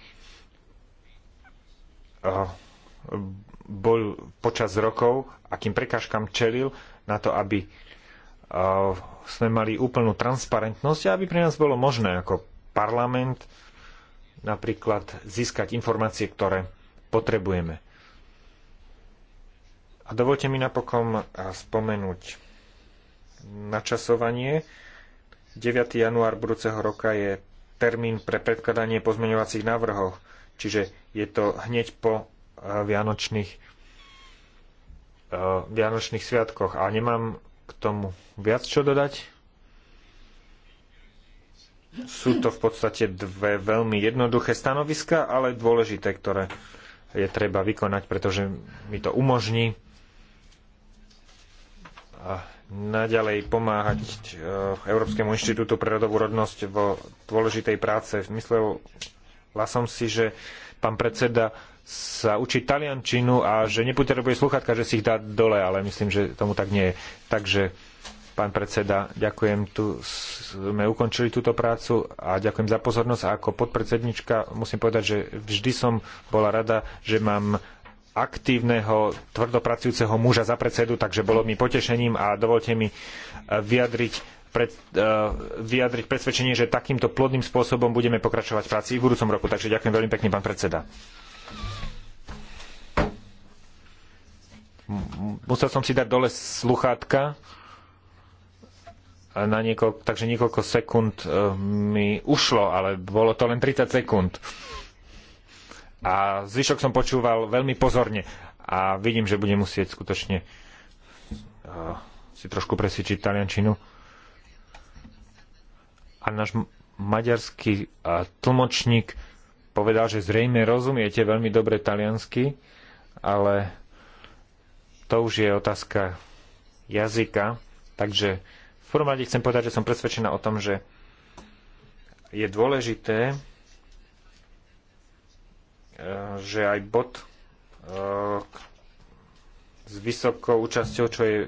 Speaker 4: eh, bol počas rokov, akým prekážkam čelil na to, aby sme mali úplnú transparentnosť a aby pre nás bolo možné ako parlament napríklad získať informácie, ktoré potrebujeme. A dovolte mi napokon spomenúť načasovanie. 9. január budúceho roka je termín pre predkladanie pozmeňovacích návrhov, čiže je to hneď po e, vianočných, e, vianočných sviatkoch. A nemám k tomu viac čo dodať. Sú to v podstate dve veľmi jednoduché stanoviska, ale dôležité, ktoré je treba vykonať, pretože mi to umožní a naďalej pomáhať eh, Európskemu inštitútu pre rodovú rodnosť vo dôležitej práce. Myslel som si, že pán predseda sa učiť taliančinu a že nepotrebuje sluchatka, že si ich dá dole, ale myslím, že tomu tak nie je. Takže, pán predseda, ďakujem, tu sme ukončili túto prácu a ďakujem za pozornosť. A ako podpredsednička musím povedať, že vždy som bola rada, že mám aktívneho, tvrdopracujúceho muža za predsedu, takže bolo mi potešením a dovolte mi eh, vyjadriť, pred, eh, vyjadriť presvedčenie, že takýmto plodným spôsobom budeme pokračovať v práci i v budúcom roku. Takže ďakujem veľmi pekne, pán predseda. musel som si dať dole sluchátka, na niekoľko, takže niekoľko sekúnd e, mi ušlo, ale bolo to len 30 sekúnd. A zvyšok som počúval veľmi pozorne a vidím, že budem musieť skutočne e, si trošku presvičiť taliančinu. A náš maďarský tlmočník povedal, že zrejme rozumiete veľmi dobre taliansky, ale to už je otázka jazyka. Takže v prvom rade chcem povedať, že som presvedčená o tom, že je dôležité, e, že aj bod e, s vysokou účasťou, čo je e,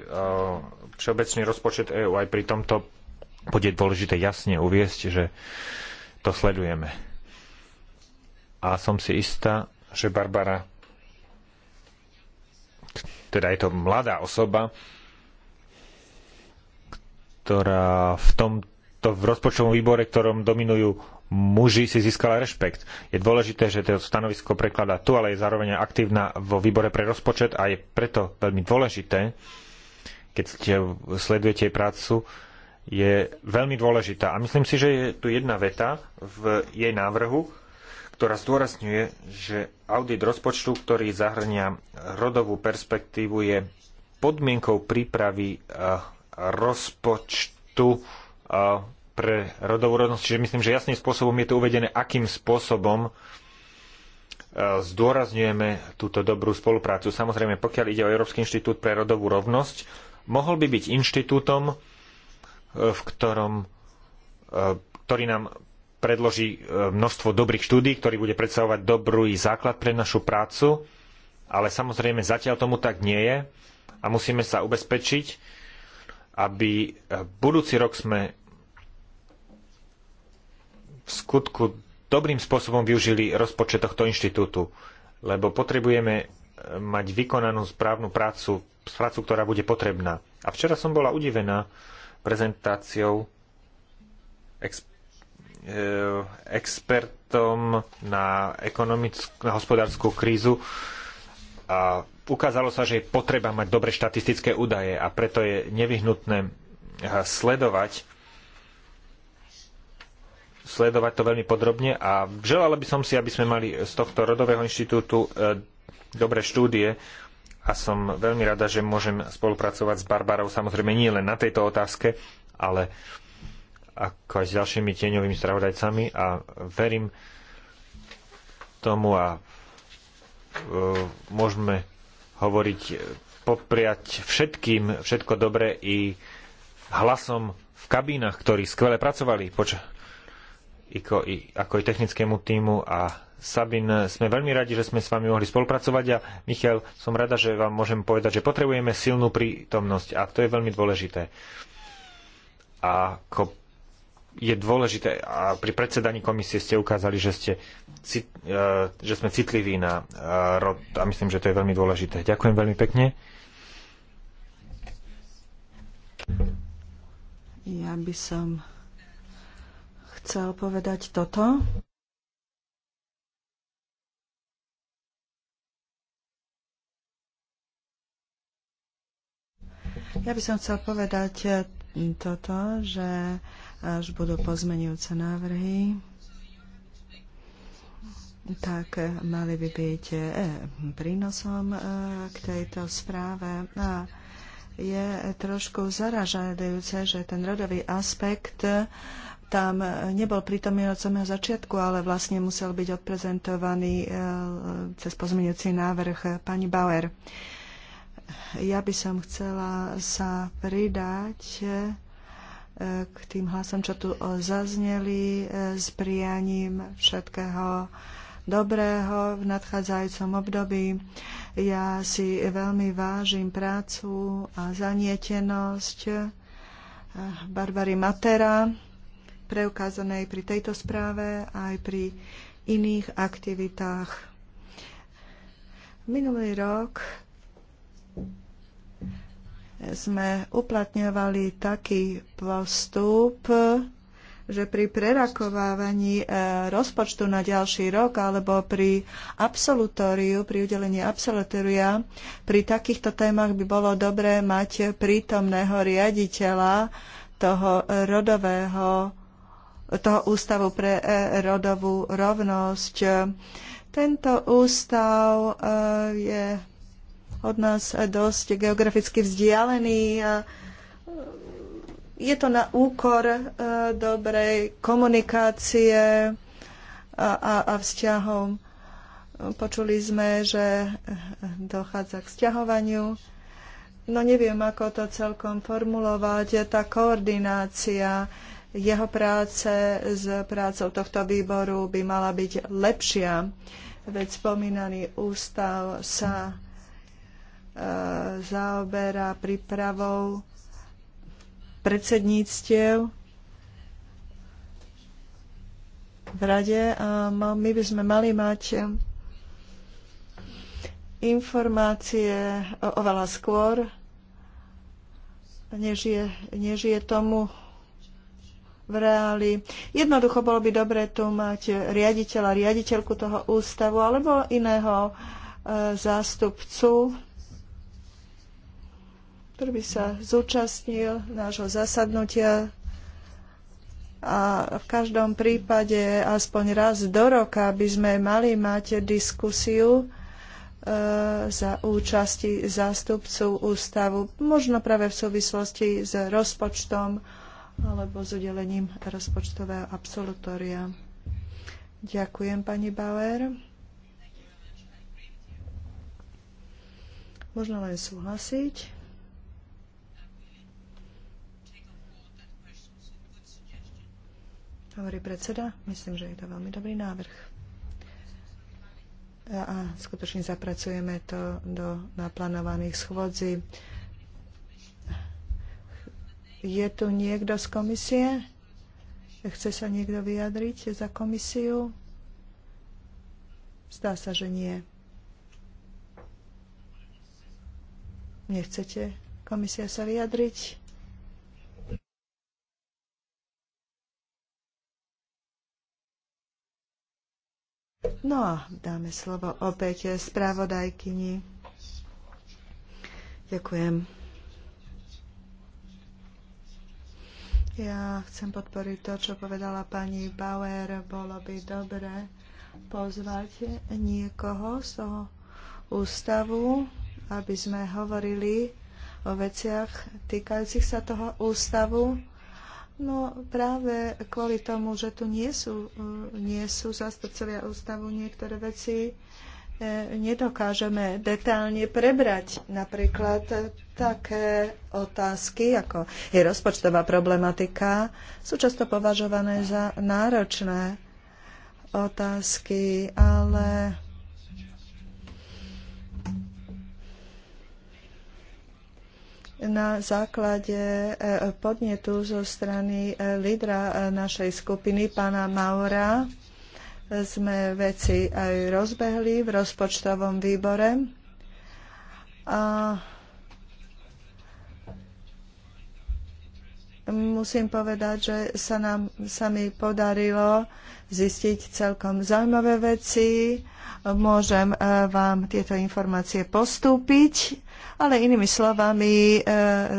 Speaker 4: všeobecný rozpočet EÚ, aj pri tomto bude dôležité jasne uviesť, že to sledujeme. A som si istá, že Barbara teda je to mladá osoba, ktorá v tomto v rozpočtovom výbore, ktorom dominujú muži, si získala rešpekt. Je dôležité, že to stanovisko prekladá tu, ale je zároveň aktívna vo výbore pre rozpočet a je preto veľmi dôležité, keď sledujete jej prácu, je veľmi dôležitá. A myslím si, že je tu jedna veta v jej návrhu, ktorá zdôrazňuje, že audit rozpočtu, ktorý zahrňa rodovú perspektívu, je podmienkou prípravy eh, rozpočtu eh, pre rodovú rovnosť. Čiže myslím, že jasným spôsobom je to uvedené, akým spôsobom eh, zdôrazňujeme túto dobrú spoluprácu. Samozrejme, pokiaľ ide o Európsky inštitút pre rodovú rovnosť, mohol by byť inštitútom, v ktorom, ktorý nám predloží e, množstvo dobrých štúdí, ktorý bude predstavovať dobrý základ pre našu prácu, ale samozrejme zatiaľ tomu tak nie je a musíme sa ubezpečiť, aby e, budúci rok sme v skutku dobrým spôsobom využili rozpočet tohto inštitútu, lebo potrebujeme e, mať vykonanú správnu prácu, prácu, ktorá bude potrebná. A včera som bola udivená prezentáciou expertov Eh, expertom na, na hospodárskú krízu a ukázalo sa, že je potreba mať dobre štatistické údaje a preto je nevyhnutné eh, sledovať sledovať to veľmi podrobne a želala by som si, aby sme mali z tohto Rodového inštitútu eh, dobré štúdie a som veľmi rada, že môžem spolupracovať s Barbarou samozrejme nie len na tejto otázke, ale uh, ako aj s ďalšími tieňovými spravodajcami a verím tomu a e, môžeme hovoriť, e, popriať všetkým všetko dobre i hlasom v kabínach, ktorí skvele pracovali poč- ako, i, ako i technickému týmu a Sabin, sme veľmi radi, že sme s vami mohli spolupracovať a Michal, som rada, že vám môžem povedať, že potrebujeme silnú prítomnosť a to je veľmi dôležité. A ako je dôležité, a pri predsedaní komisie ste ukázali, že, ste, e, že sme citliví na e, rod a myslím, že to je veľmi dôležité. Ďakujem veľmi pekne.
Speaker 1: Ja by som chcel povedať toto. Ja by som chcel povedať toto, že až budú pozmenujúce návrhy, tak mali by byť e, prínosom e, k tejto správe. A je trošku zaražajúce, že ten rodový aspekt tam nebol prítomný od samého začiatku, ale vlastne musel byť odprezentovaný e, cez pozmeňujúci návrh pani Bauer. Ja by som chcela sa pridať k tým hlasom, čo tu e, zazneli, e, s prianím všetkého dobrého v nadchádzajúcom období. Ja si veľmi vážim prácu a zanietenosť e, Barbary Matera, preukázanej pri tejto správe aj pri iných aktivitách. Minulý rok sme uplatňovali taký postup, že pri prerakovávaní e, rozpočtu na ďalší rok alebo pri absolutóriu, pri udelení absolutória, pri takýchto témach by bolo dobré mať prítomného riaditeľa toho rodového toho ústavu pre e, rodovú rovnosť. Tento ústav e, je od nás dosť geograficky vzdialený A e, je to na úkor e, dobrej komunikácie a, a, a vzťahov. Počuli sme, že dochádza k vzťahovaniu. No neviem, ako to celkom formulovať. Tá koordinácia jeho práce s prácou tohto výboru by mala byť lepšia. Veď spomínaný ústav sa E, zaoberá prípravou predsedníctiev v rade a my by sme mali mať informácie oveľa skôr, než je, než je tomu v reáli. Jednoducho bolo by dobre tu mať riaditeľa, riaditeľku toho ústavu alebo iného e, zástupcu ktorý by sa zúčastnil nášho zasadnutia a v každom prípade aspoň raz do roka by sme mali mať diskusiu e, za účasti zástupcu ústavu, možno práve v súvislosti s rozpočtom alebo s udelením rozpočtového absolutória. Ďakujem, pani Bauer. Možno len súhlasiť. hovorí predseda. Myslím, že je to veľmi dobrý návrh. A, a skutočne zapracujeme to do naplánovaných schôdzi. Je tu niekto z komisie? Chce sa niekto vyjadriť za komisiu? Zdá sa, že nie. Nechcete komisia sa vyjadriť? No a dáme slovo opäť spravodajkyni. Ďakujem. Ja chcem podporiť to, čo povedala pani Bauer. Bolo by dobre pozvať niekoho z toho ústavu, aby sme hovorili o veciach týkajúcich sa toho ústavu No práve kvôli tomu, že tu nie sú, e, nie sú zastupcovia ústavu, niektoré veci e, nedokážeme detálne prebrať. Napríklad e, také otázky, ako je rozpočtová problematika, sú často považované za náročné otázky, ale na základe eh, podnetu zo strany eh, lídra eh, našej skupiny, pána Maura, sme veci aj rozbehli v rozpočtovom výbore. A musím povedať, že sa nám sa mi podarilo zistiť celkom zaujímavé veci. Môžem e, vám tieto informácie postúpiť, ale inými slovami e,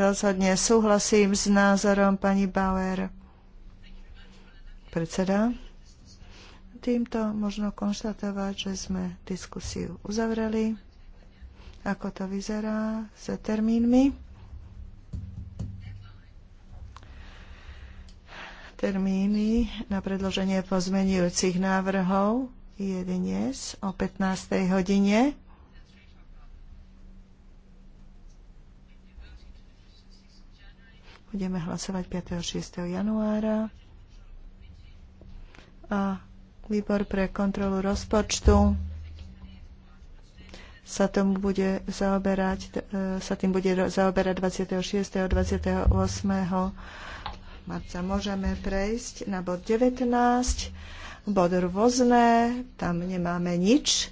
Speaker 1: rozhodne súhlasím s názorom pani Bauer. Predseda. Týmto možno konštatovať, že sme diskusiu uzavreli. Ako to vyzerá s termínmi? Termíny na predloženie pozmenujúcich návrhov je dnes o 15. hodine. Budeme hlasovať 5. a 6. januára. A výbor pre kontrolu rozpočtu sa tomu bude zaoberať, e, sa tým bude zaoberať 26. a 28 marca. Môžeme prejsť na bod 19, bod rôzne, tam nemáme nič.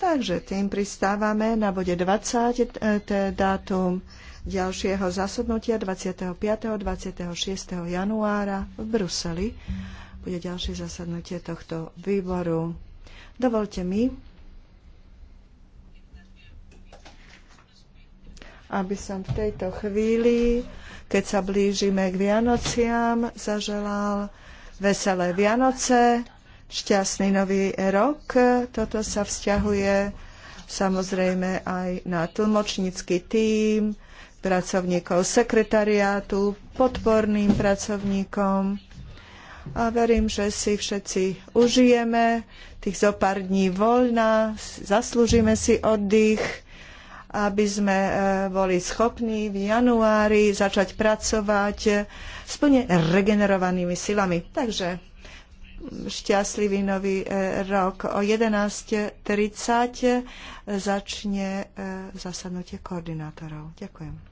Speaker 1: Takže tým pristávame na bode 20, dátum ďalšieho zasadnutia 25. 26. januára v Bruseli. Bude ďalšie zasadnutie tohto výboru. Dovolte mi, aby som v tejto chvíli keď sa blížime k Vianociam, zaželal veselé Vianoce, šťastný nový rok. Toto sa vzťahuje samozrejme aj na tlmočnícky tím, pracovníkov sekretariátu, podporným pracovníkom. A verím, že si všetci užijeme tých zo pár dní voľna, zaslúžime si oddych aby sme e, boli schopní v januári začať pracovať e, s plne regenerovanými silami. Takže šťastlivý nový e, rok. O 11.30 začne zasadnutie koordinátorov. Ďakujem.